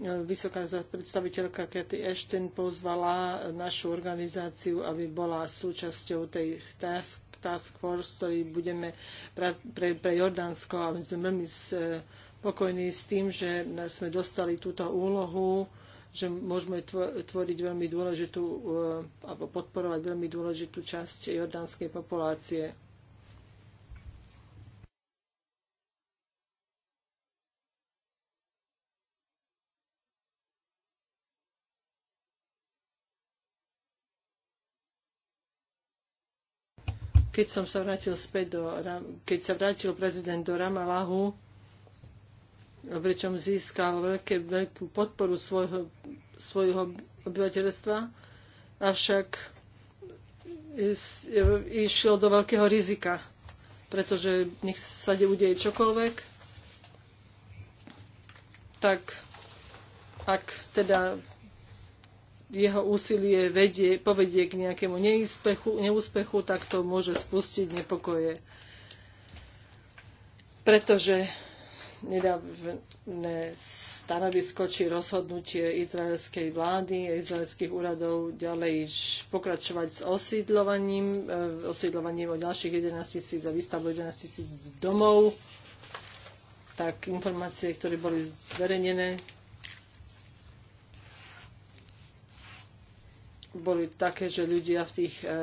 [SPEAKER 4] e, vysoká predstaviteľka Kathy Ashton pozvala našu organizáciu, aby bola súčasťou tej task, task force, ktorý budeme pre, pre, pre Jordánsko a my sme veľmi spokojní e, s tým, že sme dostali túto úlohu že môžeme tvoriť veľmi dôležitú eh, alebo podporovať veľmi dôležitú časť jordánskej populácie. keď som sa vrátil späť do, keď sa vrátil prezident do Ramalahu, pričom získal veľké, veľkú podporu svojho, svojho obyvateľstva, avšak išlo do veľkého rizika, pretože nech sa udeje čokoľvek, tak ak teda jeho úsilie vedie, povedie k nejakému neúspechu, neúspechu, tak to môže spustiť nepokoje. Pretože nedávne stanovisko či rozhodnutie izraelskej vlády, a izraelských úradov ďalej pokračovať s osídlovaním, e, osídlovaním o ďalších 11 tisíc a výstavbu 11 tisíc domov, tak informácie, ktoré boli zverejnené, boli také, že ľudia v tých e,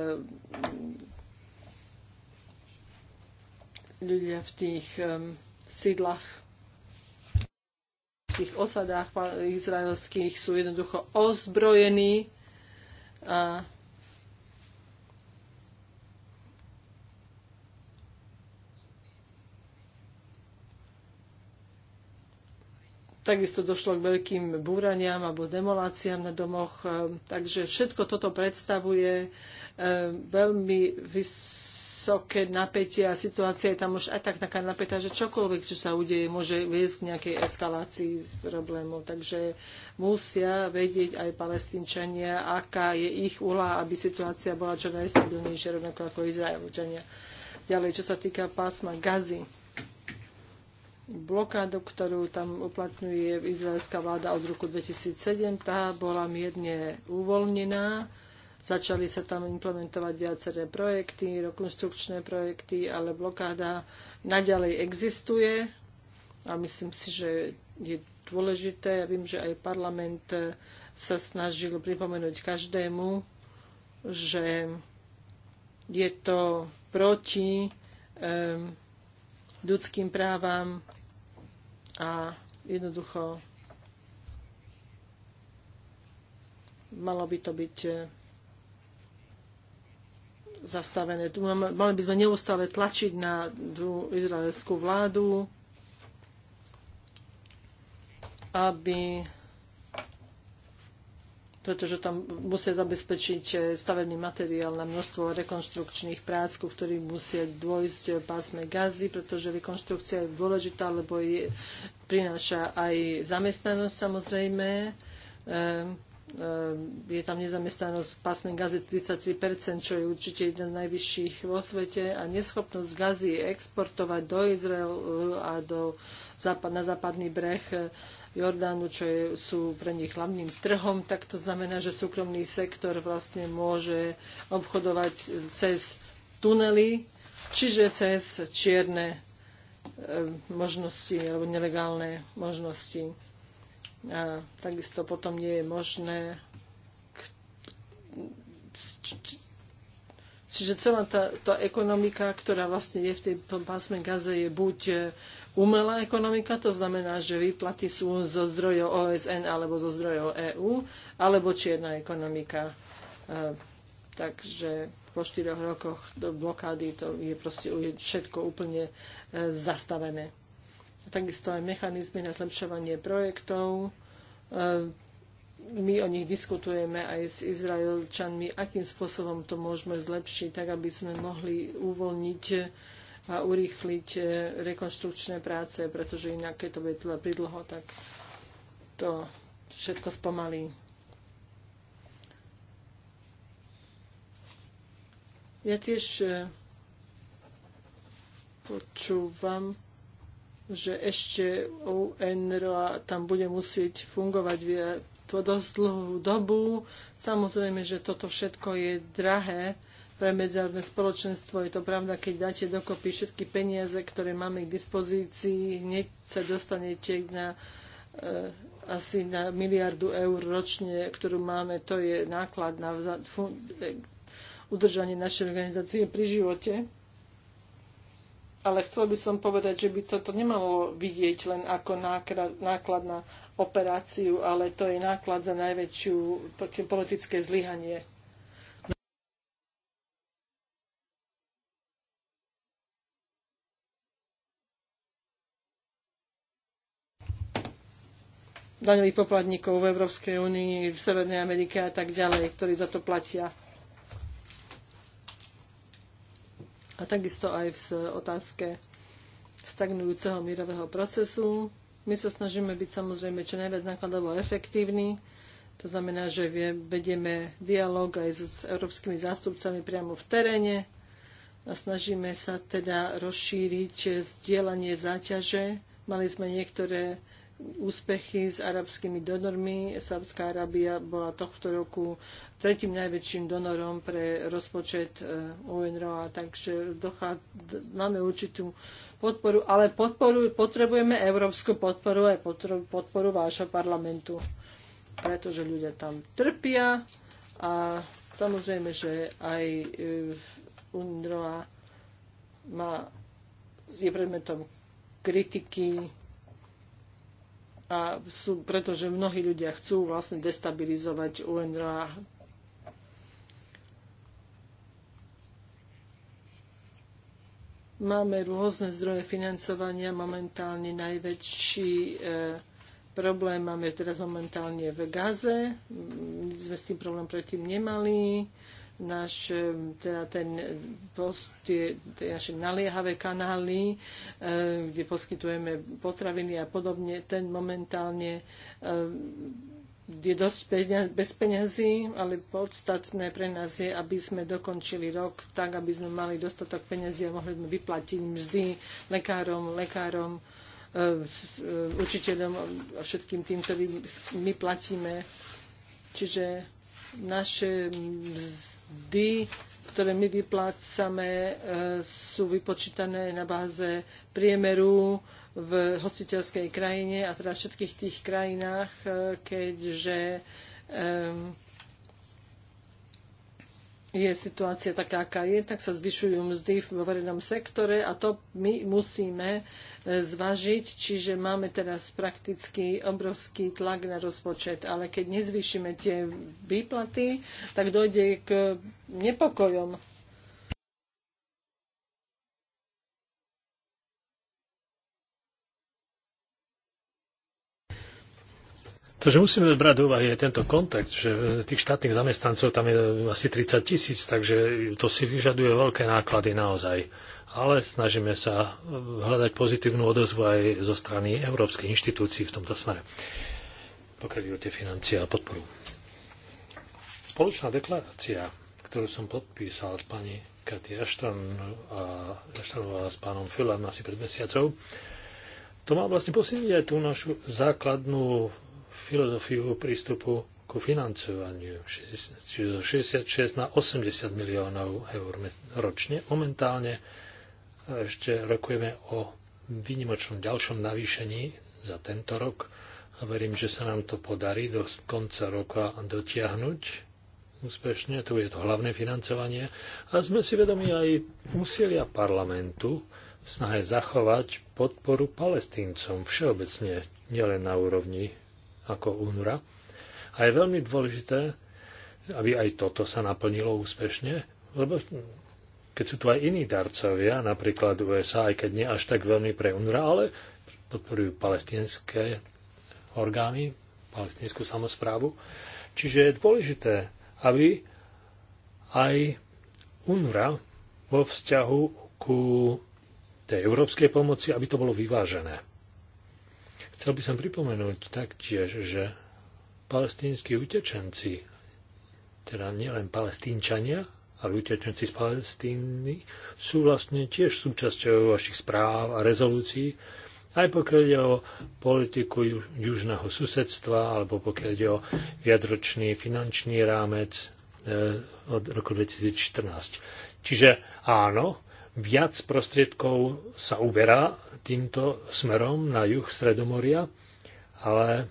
[SPEAKER 4] ľudia v tých um, sídlach tých osadách izraelských sú jednoducho ozbrojení a Takisto došlo k veľkým búraniam alebo demoláciám na domoch. Ehm, takže všetko toto predstavuje ehm, veľmi vys- vysoké napätie a situácia je tam už aj tak taká napätá, že čokoľvek, čo sa udeje, môže viesť k nejakej eskalácii z problémov. Takže musia vedieť aj palestínčania, aká je ich úla, aby situácia bola čo najstabilnejšia, rovnako ako Izraelčania. Ďalej, čo sa týka pásma Gazy, blokádu, ktorú tam uplatňuje izraelská vláda od roku 2007, tá bola mierne uvoľnená Začali sa tam implementovať viaceré projekty, rekonstrukčné projekty, ale blokáda naďalej existuje a myslím si, že je dôležité. Ja viem, že aj parlament sa snažil pripomenúť každému, že je to proti um, ľudským právam a jednoducho malo by to byť zastavené. Tu mali by sme neustále tlačiť na tú izraelskú vládu, aby pretože tam musia zabezpečiť eh, stavebný materiál na množstvo rekonstrukčných prác, ku ktorým musia dôjsť eh, pásme gazy, pretože rekonštrukcia je dôležitá, lebo je, prináša aj zamestnanosť samozrejme. Ehm Ehm, je tam nezamestnanosť v pásme gazy 33%, čo je určite jedna z najvyšších vo svete a neschopnosť gazy exportovať do Izraelu eh, a do, na západný breh eh, Jordánu, čo je, sú pre nich hlavným trhom, tak to znamená, že súkromný sektor vlastne môže obchodovať eh, cez tunely, čiže cez čierne možnosti alebo nelegálne možnosti. A takisto potom nie je možné Čiže celá tá, tá ekonomika, ktorá vlastne je v tej pásme Gaze, je buď e, umelá ekonomika, to znamená, že výplaty sú zo zdrojov OSN alebo zo zdrojov EÚ, alebo čierna ekonomika. E, takže po štyroch rokoch do blokády to je proste všetko úplne e, zastavené takisto aj mechanizmy na zlepšovanie projektov. E, my o nich diskutujeme aj s Izraelčanmi, akým spôsobom to môžeme zlepšiť, tak aby sme mohli uvoľniť a urýchliť e, rekonstrukčné práce, pretože inak, keď to bude teda pridlho, tak to všetko spomalí. Ja tiež e, počúvam že ešte UNRWA tam bude musieť fungovať to dosť dlhú dobu. Samozrejme, že toto všetko je drahé pre medzárodné spoločenstvo. Je to pravda, keď dáte dokopy všetky peniaze, ktoré máme k dispozícii, hneď sa dostanete na e, asi na miliardu eur ročne, ktorú máme. To je náklad na e, udržanie našej organizácie pri živote ale chcel by som povedať, že by toto nemalo vidieť len ako náklad na operáciu, ale to je náklad za najväčšiu politické zlyhanie. daňových poplatníkov v Európskej únii, v Severnej Amerike a tak ďalej, ktorí za to platia. a takisto aj v otázke stagnujúceho mírového procesu. My sa snažíme byť samozrejme čo najviac nákladovo efektívni, to znamená, že vedieme dialog aj s európskymi zástupcami priamo v teréne a snažíme sa teda rozšíriť eh, zdieľanie záťaže. Mali sme niektoré úspechy s arabskými donormi. Sábská Arábia bola tohto roku tretím najväčším donorom pre rozpočet e, UNRWA, takže máme určitú podporu, ale podporu, potrebujeme európsku podporu aj podporu vášho parlamentu, pretože ľudia tam trpia a samozrejme, že aj e, UNRWA má, je predmetom kritiky a sú, pretože mnohí ľudia chcú vlastne destabilizovať UNRWA. Máme rôzne zdroje financovania, momentálne najväčší e, problém máme teraz momentálne v Gaze. My sme s tým problém predtým nemali. E, náš, e, teda ten post, tie, tie naše naliehavé kanály, e, kde poskytujeme potraviny a podobne, ten momentálne e, je dosť peňa, bez peňazí, ale podstatné pre nás je, aby sme dokončili rok tak, aby sme mali dostatok peňazí a mohli sme vyplatiť mzdy lekárom, lekárom, e, s, e, učiteľom a všetkým tým, ktorým my platíme. Čiže naše mzdy mzdy, ktoré my vyplácame, e, sú vypočítané na báze priemeru v hostiteľskej krajine a teda všetkých tých krajinách, e, keďže je situácia taká, aká je, tak sa zvyšujú mzdy vo verejnom sektore a to my musíme e, zvažiť, čiže máme teraz prakticky obrovský tlak na rozpočet, ale keď nezvýšime tie výplaty, tak dojde k nepokojom
[SPEAKER 3] Takže
[SPEAKER 2] musíme brať do úvahy aj tento kontakt, že tých štátnych zamestnancov tam je asi 30 tisíc, takže to si vyžaduje veľké náklady naozaj. Ale snažíme sa hľadať pozitívnu odozvu aj zo strany európskej inštitúcií v tomto smere. Pokračujte financie a podporu. Spoločná deklarácia, ktorú som podpísal s pani Katy Ashton a Ashtonová s pánom Filam asi pred mesiacov, to má vlastne posilniť aj tú našu základnú filozofiu prístupu ku financovaniu, čiže zo 66 na 80 miliónov eur ročne. Momentálne eh, ešte rokujeme o výnimočnom ďalšom navýšení za tento rok a verím, že sa nám to podarí do konca roka dotiahnuť úspešne, tu je to hlavné financovanie. A sme si vedomi aj úsilia parlamentu v snahe zachovať podporu palestíncom všeobecne, nielen na úrovni ako UNRA. A je veľmi dôležité, aby aj toto sa naplnilo úspešne, lebo keď sú tu aj iní darcovia, napríklad USA, aj keď nie až tak veľmi pre UNRWA, ale podporujú palestinské orgány, palestinskú samozprávu. Čiže je dôležité, aby aj UNRWA vo vzťahu ku tej európskej pomoci, aby to bolo vyvážené. Chcel by som pripomenúť taktiež, že palestínsky utečenci, teda nielen palestínčania, ale utečenci z Palestíny, sú vlastne tiež súčasťou vašich správ a rezolúcií, aj pokiaľ ide o politiku južného susedstva, alebo pokiaľ ide o viadročný finančný rámec eh, od roku 2014. Čiže áno, viac prostriedkov sa uberá týmto smerom na juh Stredomoria, ale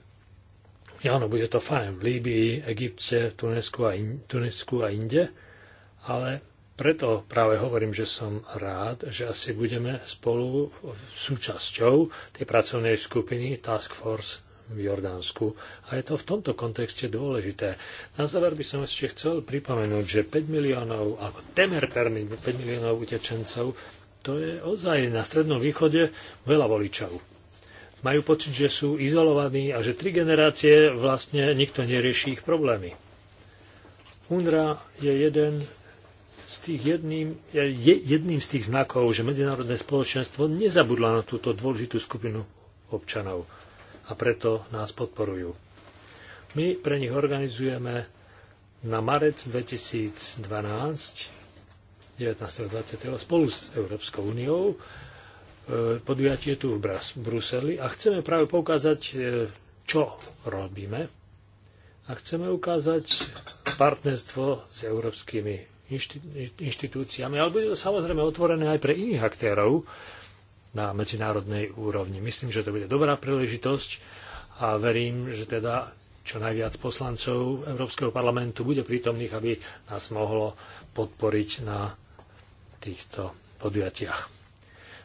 [SPEAKER 2] áno, bude to fajn v Líbii, Egypte, Tunesku a, in, Tunesku a inde, ale preto práve hovorím, že som rád, že asi budeme spolu súčasťou tej pracovnej skupiny Task Force v Jordánsku. A je to v tomto kontexte dôležité. Na záver by som ešte chcel pripomenúť, že 5 miliónov, alebo temer 5 miliónov utečencov, to je ozaj na Strednom východe veľa voličov. Majú pocit, že sú izolovaní a že tri generácie vlastne nikto nerieši ich problémy. UNRA je jeden z tých jedným, je jedným z tých znakov, že medzinárodné spoločenstvo nezabudlo na túto dôležitú skupinu občanov a preto nás podporujú. My pre nich organizujeme na marec 2012 19. 20. spolu s Európskou úniou e, podujatie tu v Bruseli a chceme práve poukázať, e, čo robíme a chceme ukázať partnerstvo s európskymi inštitúciami, ale bude to samozrejme otvorené aj pre iných aktérov, na medzinárodnej úrovni. Myslím, že to bude dobrá príležitosť a verím, že teda čo najviac poslancov Európskeho parlamentu bude prítomných, aby nás mohlo podporiť na týchto podujatiach.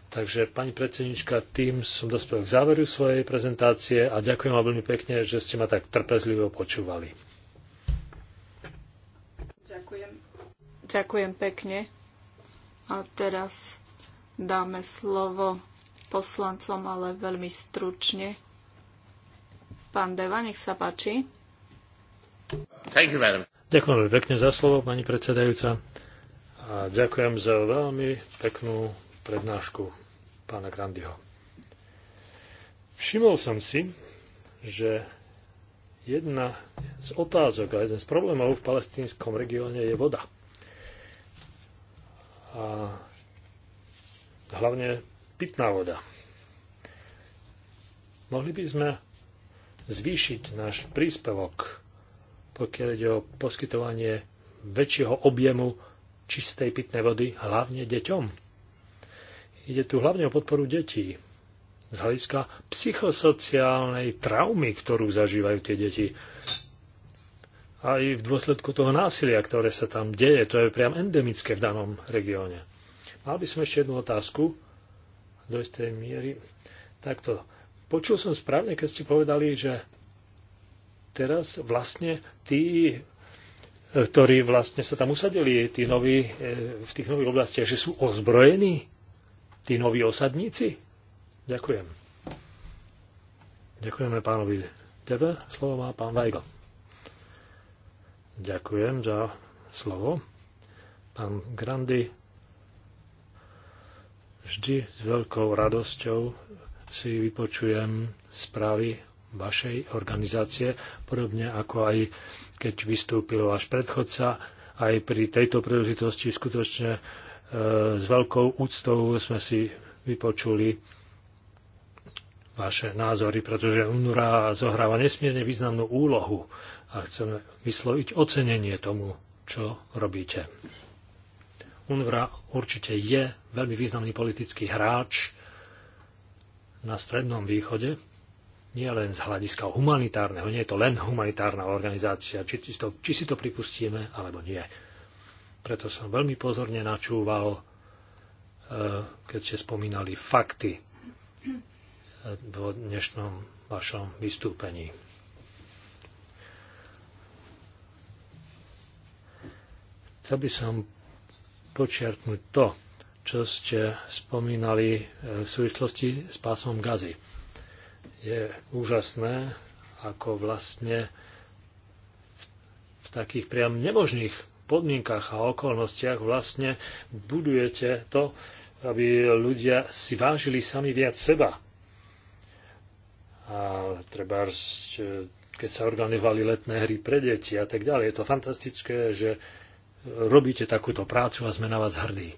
[SPEAKER 2] Takže, pani predsednička, tým som dospel k záveru svojej prezentácie a ďakujem vám veľmi pekne, že ste ma tak trpezlivo počúvali.
[SPEAKER 1] Ďakujem. Ďakujem pekne. A teraz dáme slovo poslancom, ale veľmi stručne. Pán Deva, nech sa páči. Thank
[SPEAKER 3] you, madam.
[SPEAKER 2] Ďakujem veľmi pekne za slovo, pani predsedajúca. A ďakujem za veľmi peknú prednášku pána Grandiho. Všimol som si, že jedna z otázok a jeden z problémov v palestínskom regióne je voda. A hlavne pitná voda. Mohli by sme zvýšiť náš príspevok, pokiaľ ide o poskytovanie väčšieho objemu čistej pitnej vody, hlavne deťom. Ide tu hlavne o podporu detí z hľadiska psychosociálnej traumy, ktorú zažívajú tie deti. Aj v dôsledku toho násilia, ktoré sa tam deje, to je priam endemické v danom regióne. Mal by som ešte jednu otázku do istej miery. Takto. Počul som správne, keď ste povedali, že teraz vlastne tí, e, ktorí vlastne sa tam usadili, tí noví, e, v tých nových oblastiach, že sú ozbrojení, tí noví osadníci. Ďakujem. Ďakujeme pánovi Tebe. Slovo má pán Weigl. Ďakujem za slovo. Pán Grandy Vždy s veľkou radosťou si vypočujem správy vašej organizácie, podobne ako aj keď vystúpil váš predchodca. Aj pri tejto príležitosti skutočne e, s veľkou úctou sme si vypočuli vaše názory, pretože UNURA zohráva nesmierne významnú úlohu a chceme vysloviť ocenenie tomu, čo robíte. UNVRA určite je veľmi významný politický hráč na Strednom východe, nie len z hľadiska humanitárneho, nie je to len humanitárna organizácia, či, to, či si to pripustíme alebo nie. Preto som veľmi pozorne načúval, e, keď ste spomínali fakty e, v dnešnom vašom vystúpení. Chcel by som počiarknúť to, čo ste spomínali e, v súvislosti s pásom gazy. Je úžasné, ako vlastne v takých priam nemožných podmienkach a okolnostiach vlastne budujete to, aby ľudia si vážili sami viac seba. A treba, e, keď sa organizovali letné hry pre deti a tak ďalej, je to fantastické, že robíte takúto prácu a sme na vás hrdí.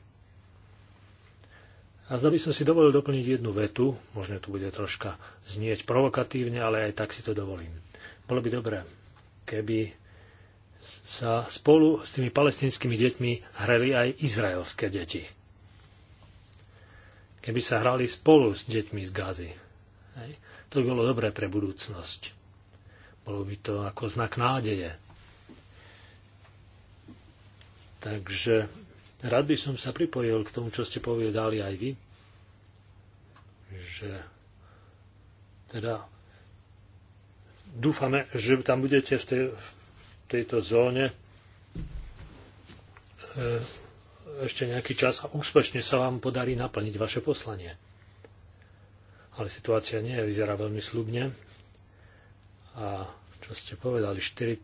[SPEAKER 2] A zda by som si dovolil doplniť jednu vetu, možno to bude troška znieť provokatívne, ale aj tak si to dovolím. Bolo by dobré, keby sa spolu s tými palestinskými deťmi hrali aj izraelské deti. Keby sa hrali spolu s deťmi z Gazy. To by bolo dobré pre budúcnosť. Bolo by to ako znak nádeje Takže rád by som sa pripojil k tomu, čo ste povedali aj vy, že teda dúfame, že tam budete v, tej, v tejto zóne e, ešte nejaký čas a úspešne sa vám podarí naplniť vaše poslanie. Ale situácia nie vyzerá veľmi slubne. A čo ste povedali, 4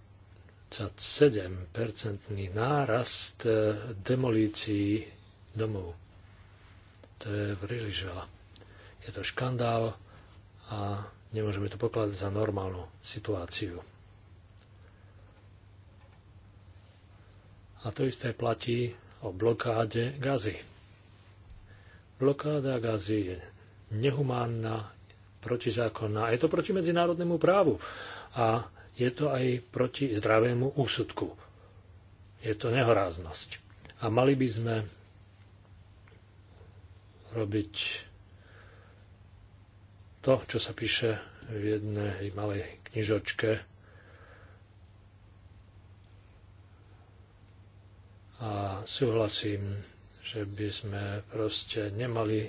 [SPEAKER 2] 47-percentný nárast eh, demolícií domov. To je príliš veľa. Je to škandál a nemôžeme to pokladať za normálnu situáciu. A to isté platí o blokáde gazy. Blokáda gazy je nehumánna, protizákonná. Je to proti medzinárodnému právu. A je to aj proti zdravému úsudku. Je to nehoráznosť. A mali by sme robiť to, čo sa píše v jednej malej knižočke. A súhlasím, že by sme proste nemali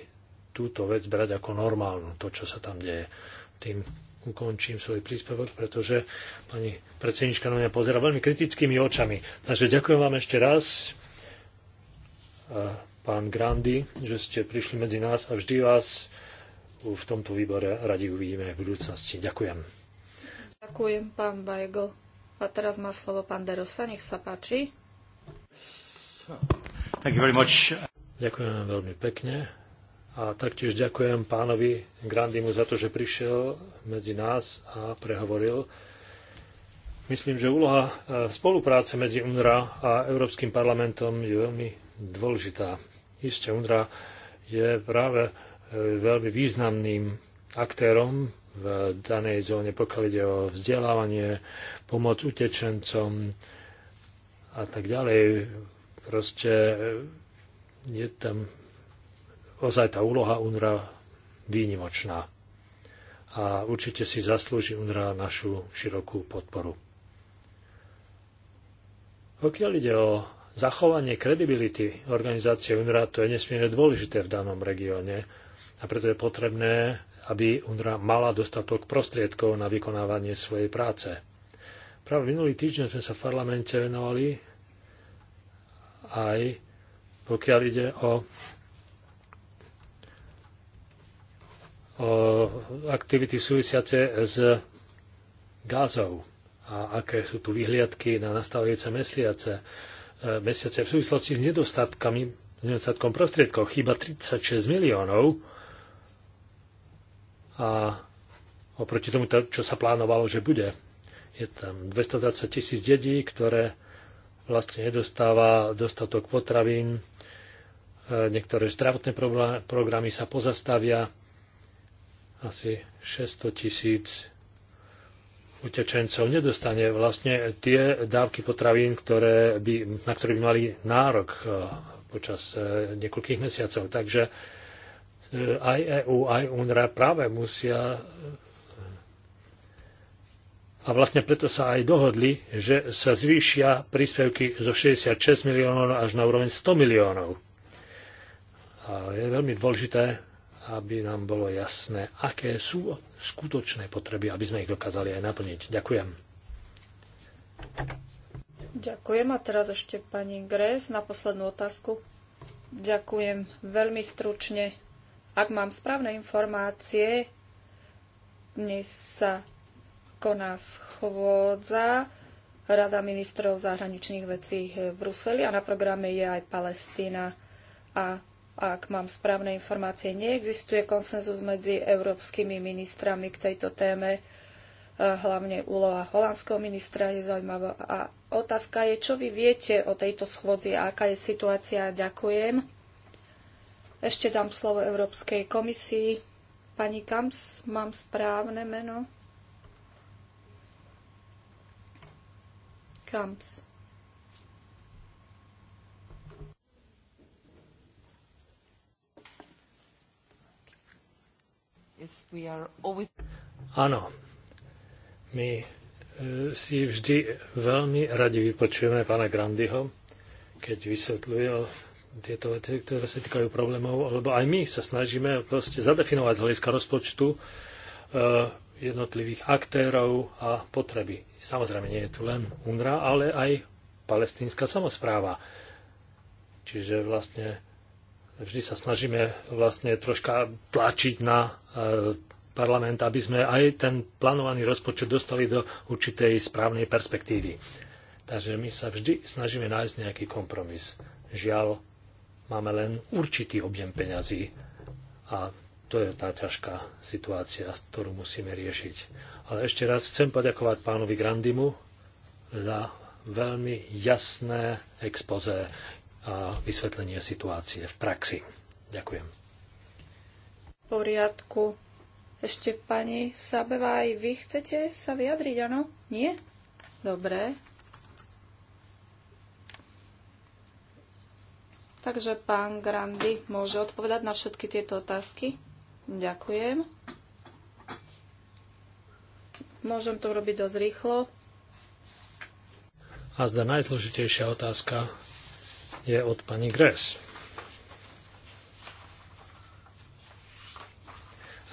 [SPEAKER 2] túto vec brať ako normálnu, to, čo sa tam deje. Tým ukončím svoj príspevok, pretože pani predsednička na mňa pozera veľmi kritickými očami. Takže ďakujem vám ešte raz, pán Grandy, že ste prišli medzi nás a vždy vás v tomto výbore radi uvidíme aj v budúcnosti. Ďakujem.
[SPEAKER 1] Ďakujem, pán Bajgl. A teraz má slovo pán Derosa, nech sa páči.
[SPEAKER 2] Thank you very much. Ďakujem veľmi pekne a taktiež ďakujem pánovi Grandimu za to, že prišiel medzi nás a prehovoril. Myslím, že úloha e, spolupráce medzi UNRA a Európskym parlamentom je veľmi dôležitá. Isté UNRA je práve e, veľmi významným aktérom v danej zóne, pokiaľ ide o vzdelávanie, pomoc utečencom a tak ďalej. Proste e, je tam ozaj tá úloha UNRA výnimočná a určite si zaslúži UNRA našu širokú podporu. Pokiaľ ide o zachovanie kredibility organizácie UNRA, to je nesmierne dôležité v danom regióne a preto je potrebné, aby UNRA mala dostatok prostriedkov na vykonávanie svojej práce. Práve minulý týždeň sme sa v parlamente venovali aj pokiaľ ide o aktivity súvisiace s gázou a aké sú tu vyhliadky na nastávajúce mesiace, e, mesiace v súvislosti s nedostatkami, nedostatkom prostriedkov. Chýba 36 miliónov a oproti tomu, čo sa plánovalo, že bude. Je tam 220 tisíc dedí, ktoré vlastne nedostáva dostatok potravín, e, niektoré zdravotné programy sa pozastavia, asi 600 tisíc utečencov nedostane vlastne tie dávky potravín, ktoré by, na ktoré by mali nárok e, počas e, niekoľkých mesiacov. Takže e, aj EU, aj UNRA práve musia a vlastne preto sa aj dohodli, že sa zvýšia príspevky zo 66 miliónov až na úroveň 100 miliónov. A je veľmi dôležité, aby nám bolo jasné, aké sú skutočné potreby, aby sme ich dokázali aj naplniť. Ďakujem.
[SPEAKER 1] Ďakujem a teraz ešte pani Gres na poslednú otázku. Ďakujem veľmi stručne. Ak mám správne informácie, dnes sa koná schôdza Rada ministrov zahraničných vecí v Bruseli a na programe je aj Palestína. A ak mám správne informácie, neexistuje konsenzus medzi európskymi ministrami k tejto téme. Eh, hlavne úloha holandského ministra je zaujímavá. A otázka je, čo vy viete o tejto schôdzi a aká je situácia. Ďakujem. Ešte dám slovo Európskej komisii. Pani Kams, mám správne meno? Kams. Áno,
[SPEAKER 2] my e, si vždy veľmi radi vypočujeme pána Grandyho, keď vysvetľuje tieto veci, ktoré sa týkajú problémov, lebo aj my sa snažíme proste zadefinovať z hľadiska rozpočtu e, jednotlivých aktérov a potreby. Samozrejme, nie je tu len UNRA, ale aj palestínska samozpráva. Čiže vlastne vždy sa snažíme vlastne troška tlačiť na e, parlament, aby sme aj ten plánovaný rozpočet dostali do určitej správnej perspektívy. Takže my sa vždy snažíme nájsť nejaký kompromis. Žiaľ, máme len určitý objem peňazí a to je tá ťažká situácia, ktorú musíme riešiť. Ale ešte raz chcem poďakovať pánovi Grandimu za veľmi jasné expoze a vysvetlenie situácie v praxi. Ďakujem.
[SPEAKER 1] V poriadku. Ešte pani Sabeva, aj vy chcete sa vyjadriť, áno? Nie? Dobre. Takže pán Grandy môže odpovedať na všetky tieto otázky. Ďakujem. Môžem to robiť dosť rýchlo.
[SPEAKER 2] A zda najzložitejšia otázka je od pani Gress.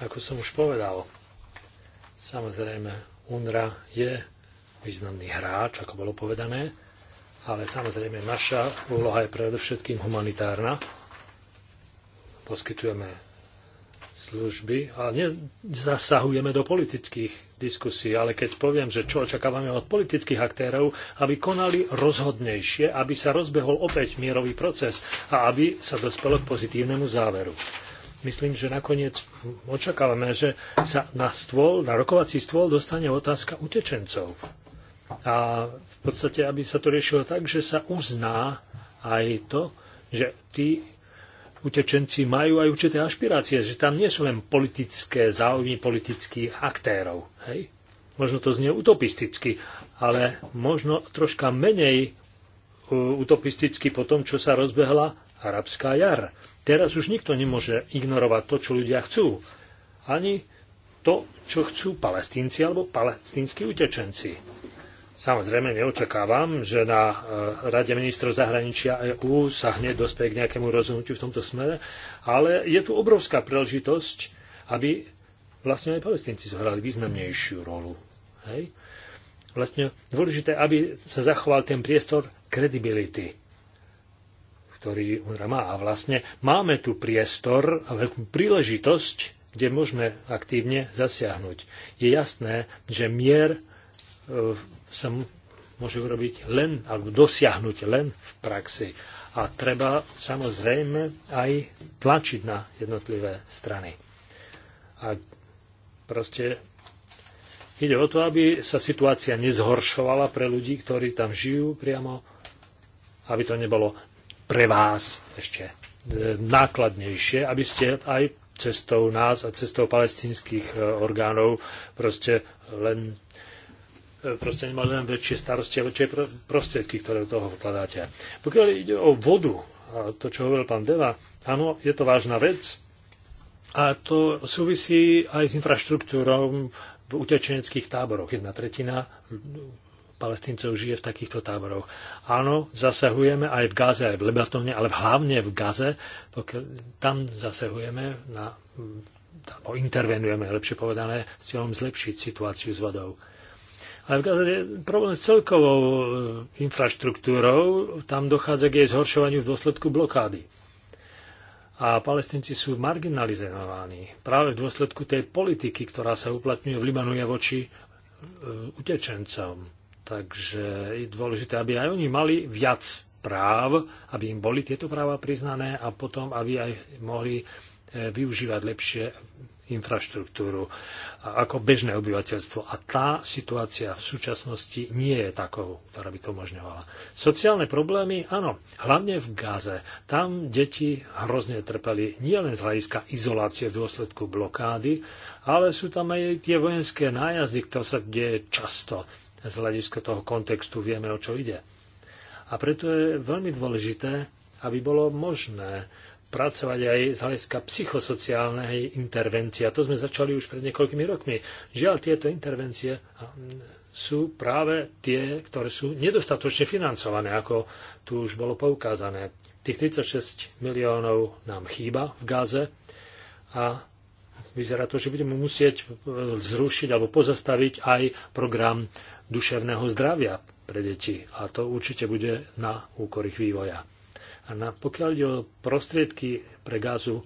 [SPEAKER 2] Ako som už povedal, samozrejme UNRA je významný hráč, ako bolo povedané, ale samozrejme naša úloha je predovšetkým humanitárna. Poskytujeme služby a nezasahujeme do politických diskusí, ale keď poviem, že čo očakávame od politických aktérov, aby konali rozhodnejšie, aby sa rozbehol opäť mierový proces a aby sa dospelo k pozitívnemu záveru. Myslím, že nakoniec očakávame, že sa na stôl, na rokovací stôl dostane otázka utečencov. A v podstate, aby sa to riešilo tak, že sa uzná aj to, že tí utečenci majú aj určité ašpirácie, že tam nie sú len politické záujmy politických aktérov. Hej? Možno to znie utopisticky, ale možno troška menej e, utopisticky po tom, čo sa rozbehla arabská jar. Teraz už nikto nemôže ignorovať to, čo ľudia chcú. Ani to, čo chcú palestínci alebo palestínsky utečenci. Samozrejme, neočakávam, že na e, Rade ministrov zahraničia EÚ sa hneď dospeje k nejakému rozhodnutiu v tomto smere, ale je tu obrovská príležitosť, aby vlastne aj palestinci zohrali významnejšiu rolu. Hej? Vlastne dôležité, aby sa zachoval ten priestor kredibility, ktorý UNRWA má. A vlastne máme tu priestor a veľkú príležitosť, kde môžeme aktívne zasiahnuť. Je jasné, že mier e, sa môže urobiť len, alebo dosiahnuť len v praxi. A treba samozrejme aj tlačiť na jednotlivé strany. A proste ide o to, aby sa situácia nezhoršovala pre ľudí, ktorí tam žijú priamo, aby to nebolo pre vás ešte e, nákladnejšie, aby ste aj cestou nás a cestou palestinských e, orgánov proste len proste nemali len väčšie starosti a väčšie prostriedky, ktoré do toho vkladáte. Pokiaľ ide o vodu, a to, čo hovoril pán Deva, áno, je to vážna vec a to súvisí aj s infraštruktúrou v utečeneckých táboroch. Jedna tretina palestíncov žije v takýchto táboroch. Áno, zasahujeme aj v Gaze, aj v Lebatone, ale hlavne v Gaze, pokiaľ tam zasahujeme na alebo intervenujeme, lepšie povedané, s cieľom zlepšiť situáciu s vodou. Ale problém s celkovou e, infraštruktúrou, tam dochádza k jej zhoršovaniu v dôsledku blokády. A palestinci sú marginalizovaní práve v dôsledku tej politiky, ktorá sa uplatňuje v Libanuje voči e, utečencom. Takže je dôležité, aby aj oni mali viac práv, aby im boli tieto práva priznané a potom, aby aj mohli e, využívať lepšie infraštruktúru ako bežné obyvateľstvo. A tá situácia v súčasnosti nie je takou, ktorá by to umožňovala. Sociálne problémy, áno, hlavne v Gáze. Tam deti hrozne trpeli nielen z hľadiska izolácie v dôsledku blokády, ale sú tam aj tie vojenské nájazdy, ktoré sa deje často. Z hľadiska toho kontextu vieme, o čo ide. A preto je veľmi dôležité, aby bolo možné pracovať aj z hľadiska psychosociálnej intervencie. A to sme začali už pred niekoľkými rokmi. Žiaľ, tieto intervencie sú práve tie, ktoré sú nedostatočne financované, ako tu už bolo poukázané. Tých 36 miliónov nám chýba v Gáze a vyzerá to, že budeme musieť e, zrušiť alebo pozastaviť aj program duševného zdravia pre deti. A to určite bude na úkor ich vývoja. A na, pokiaľ ide o prostriedky pre gazu,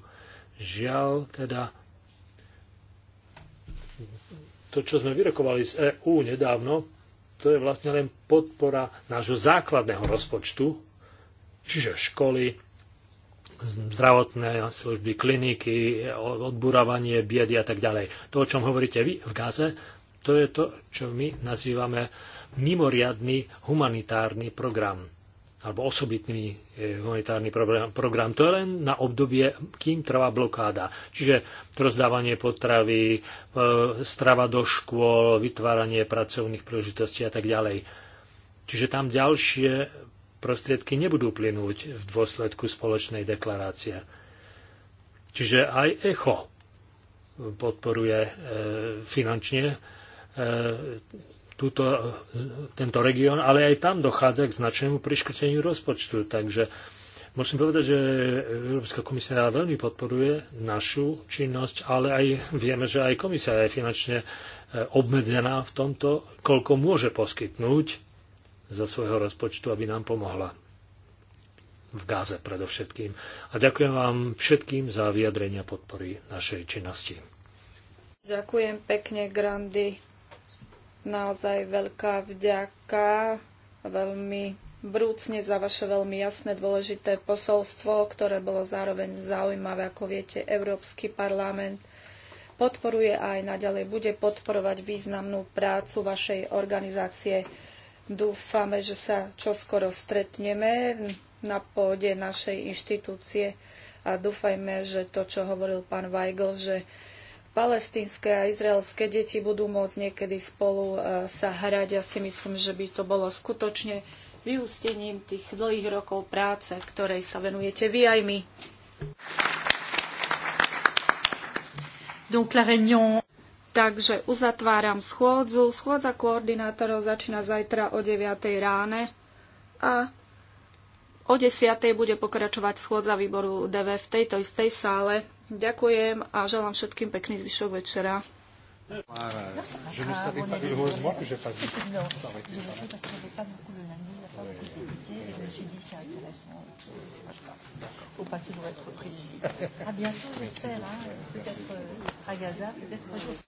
[SPEAKER 2] žiaľ teda to, čo sme vyrokovali z EÚ nedávno, to je vlastne len podpora nášho základného rozpočtu, čiže školy, zdravotné služby, kliniky, odburávanie biedy a tak ďalej. To, o čom hovoríte vy v Gaze, to je to, čo my nazývame mimoriadný humanitárny program alebo osobitný e, humanitárny program, program. To je len na obdobie, kým trvá blokáda. Čiže rozdávanie potravy, e, strava do škôl, vytváranie pracovných príležitostí a tak ďalej. Čiže tam ďalšie prostriedky nebudú plynúť v dôsledku spoločnej deklarácie. Čiže aj ECHO podporuje e, finančne túto, tento región, ale aj tam dochádza k značnému priškrteniu rozpočtu. Takže musím povedať, že Európska komisia veľmi podporuje našu činnosť, ale aj vieme, že aj komisia je finančne e, obmedzená v tomto, koľko môže poskytnúť za svojho rozpočtu, aby nám pomohla v Gáze predovšetkým. A ďakujem vám všetkým za vyjadrenia podpory našej činnosti.
[SPEAKER 1] Ďakujem pekne, Grandy. Naozaj veľká vďaka veľmi vrúcne za vaše veľmi jasné dôležité posolstvo, ktoré bolo zároveň zaujímavé. Ako viete, Európsky parlament podporuje a aj naďalej bude podporovať významnú prácu vašej organizácie. Dúfame, že sa čoskoro stretneme na pôde našej inštitúcie a dúfajme, že to, čo hovoril pán Weigl, že palestínske a izraelské deti budú môcť niekedy spolu e, sa hrať. Ja si myslím, že by to bolo skutočne vyústením tých dlhých rokov práce, ktorej sa venujete vy aj my. Donc la réunion... Takže uzatváram schôdzu. Schôdza koordinátorov začína zajtra o 9. ráne a o 10. bude pokračovať schôdza výboru DV v tejto istej sále. Ďakujem a želám všetkým pekný zvyšok večera.
[SPEAKER 4] faut pas toujours être privilégié. À bientôt, j'espère, hein, peut-être à Gaza,
[SPEAKER 1] peut-être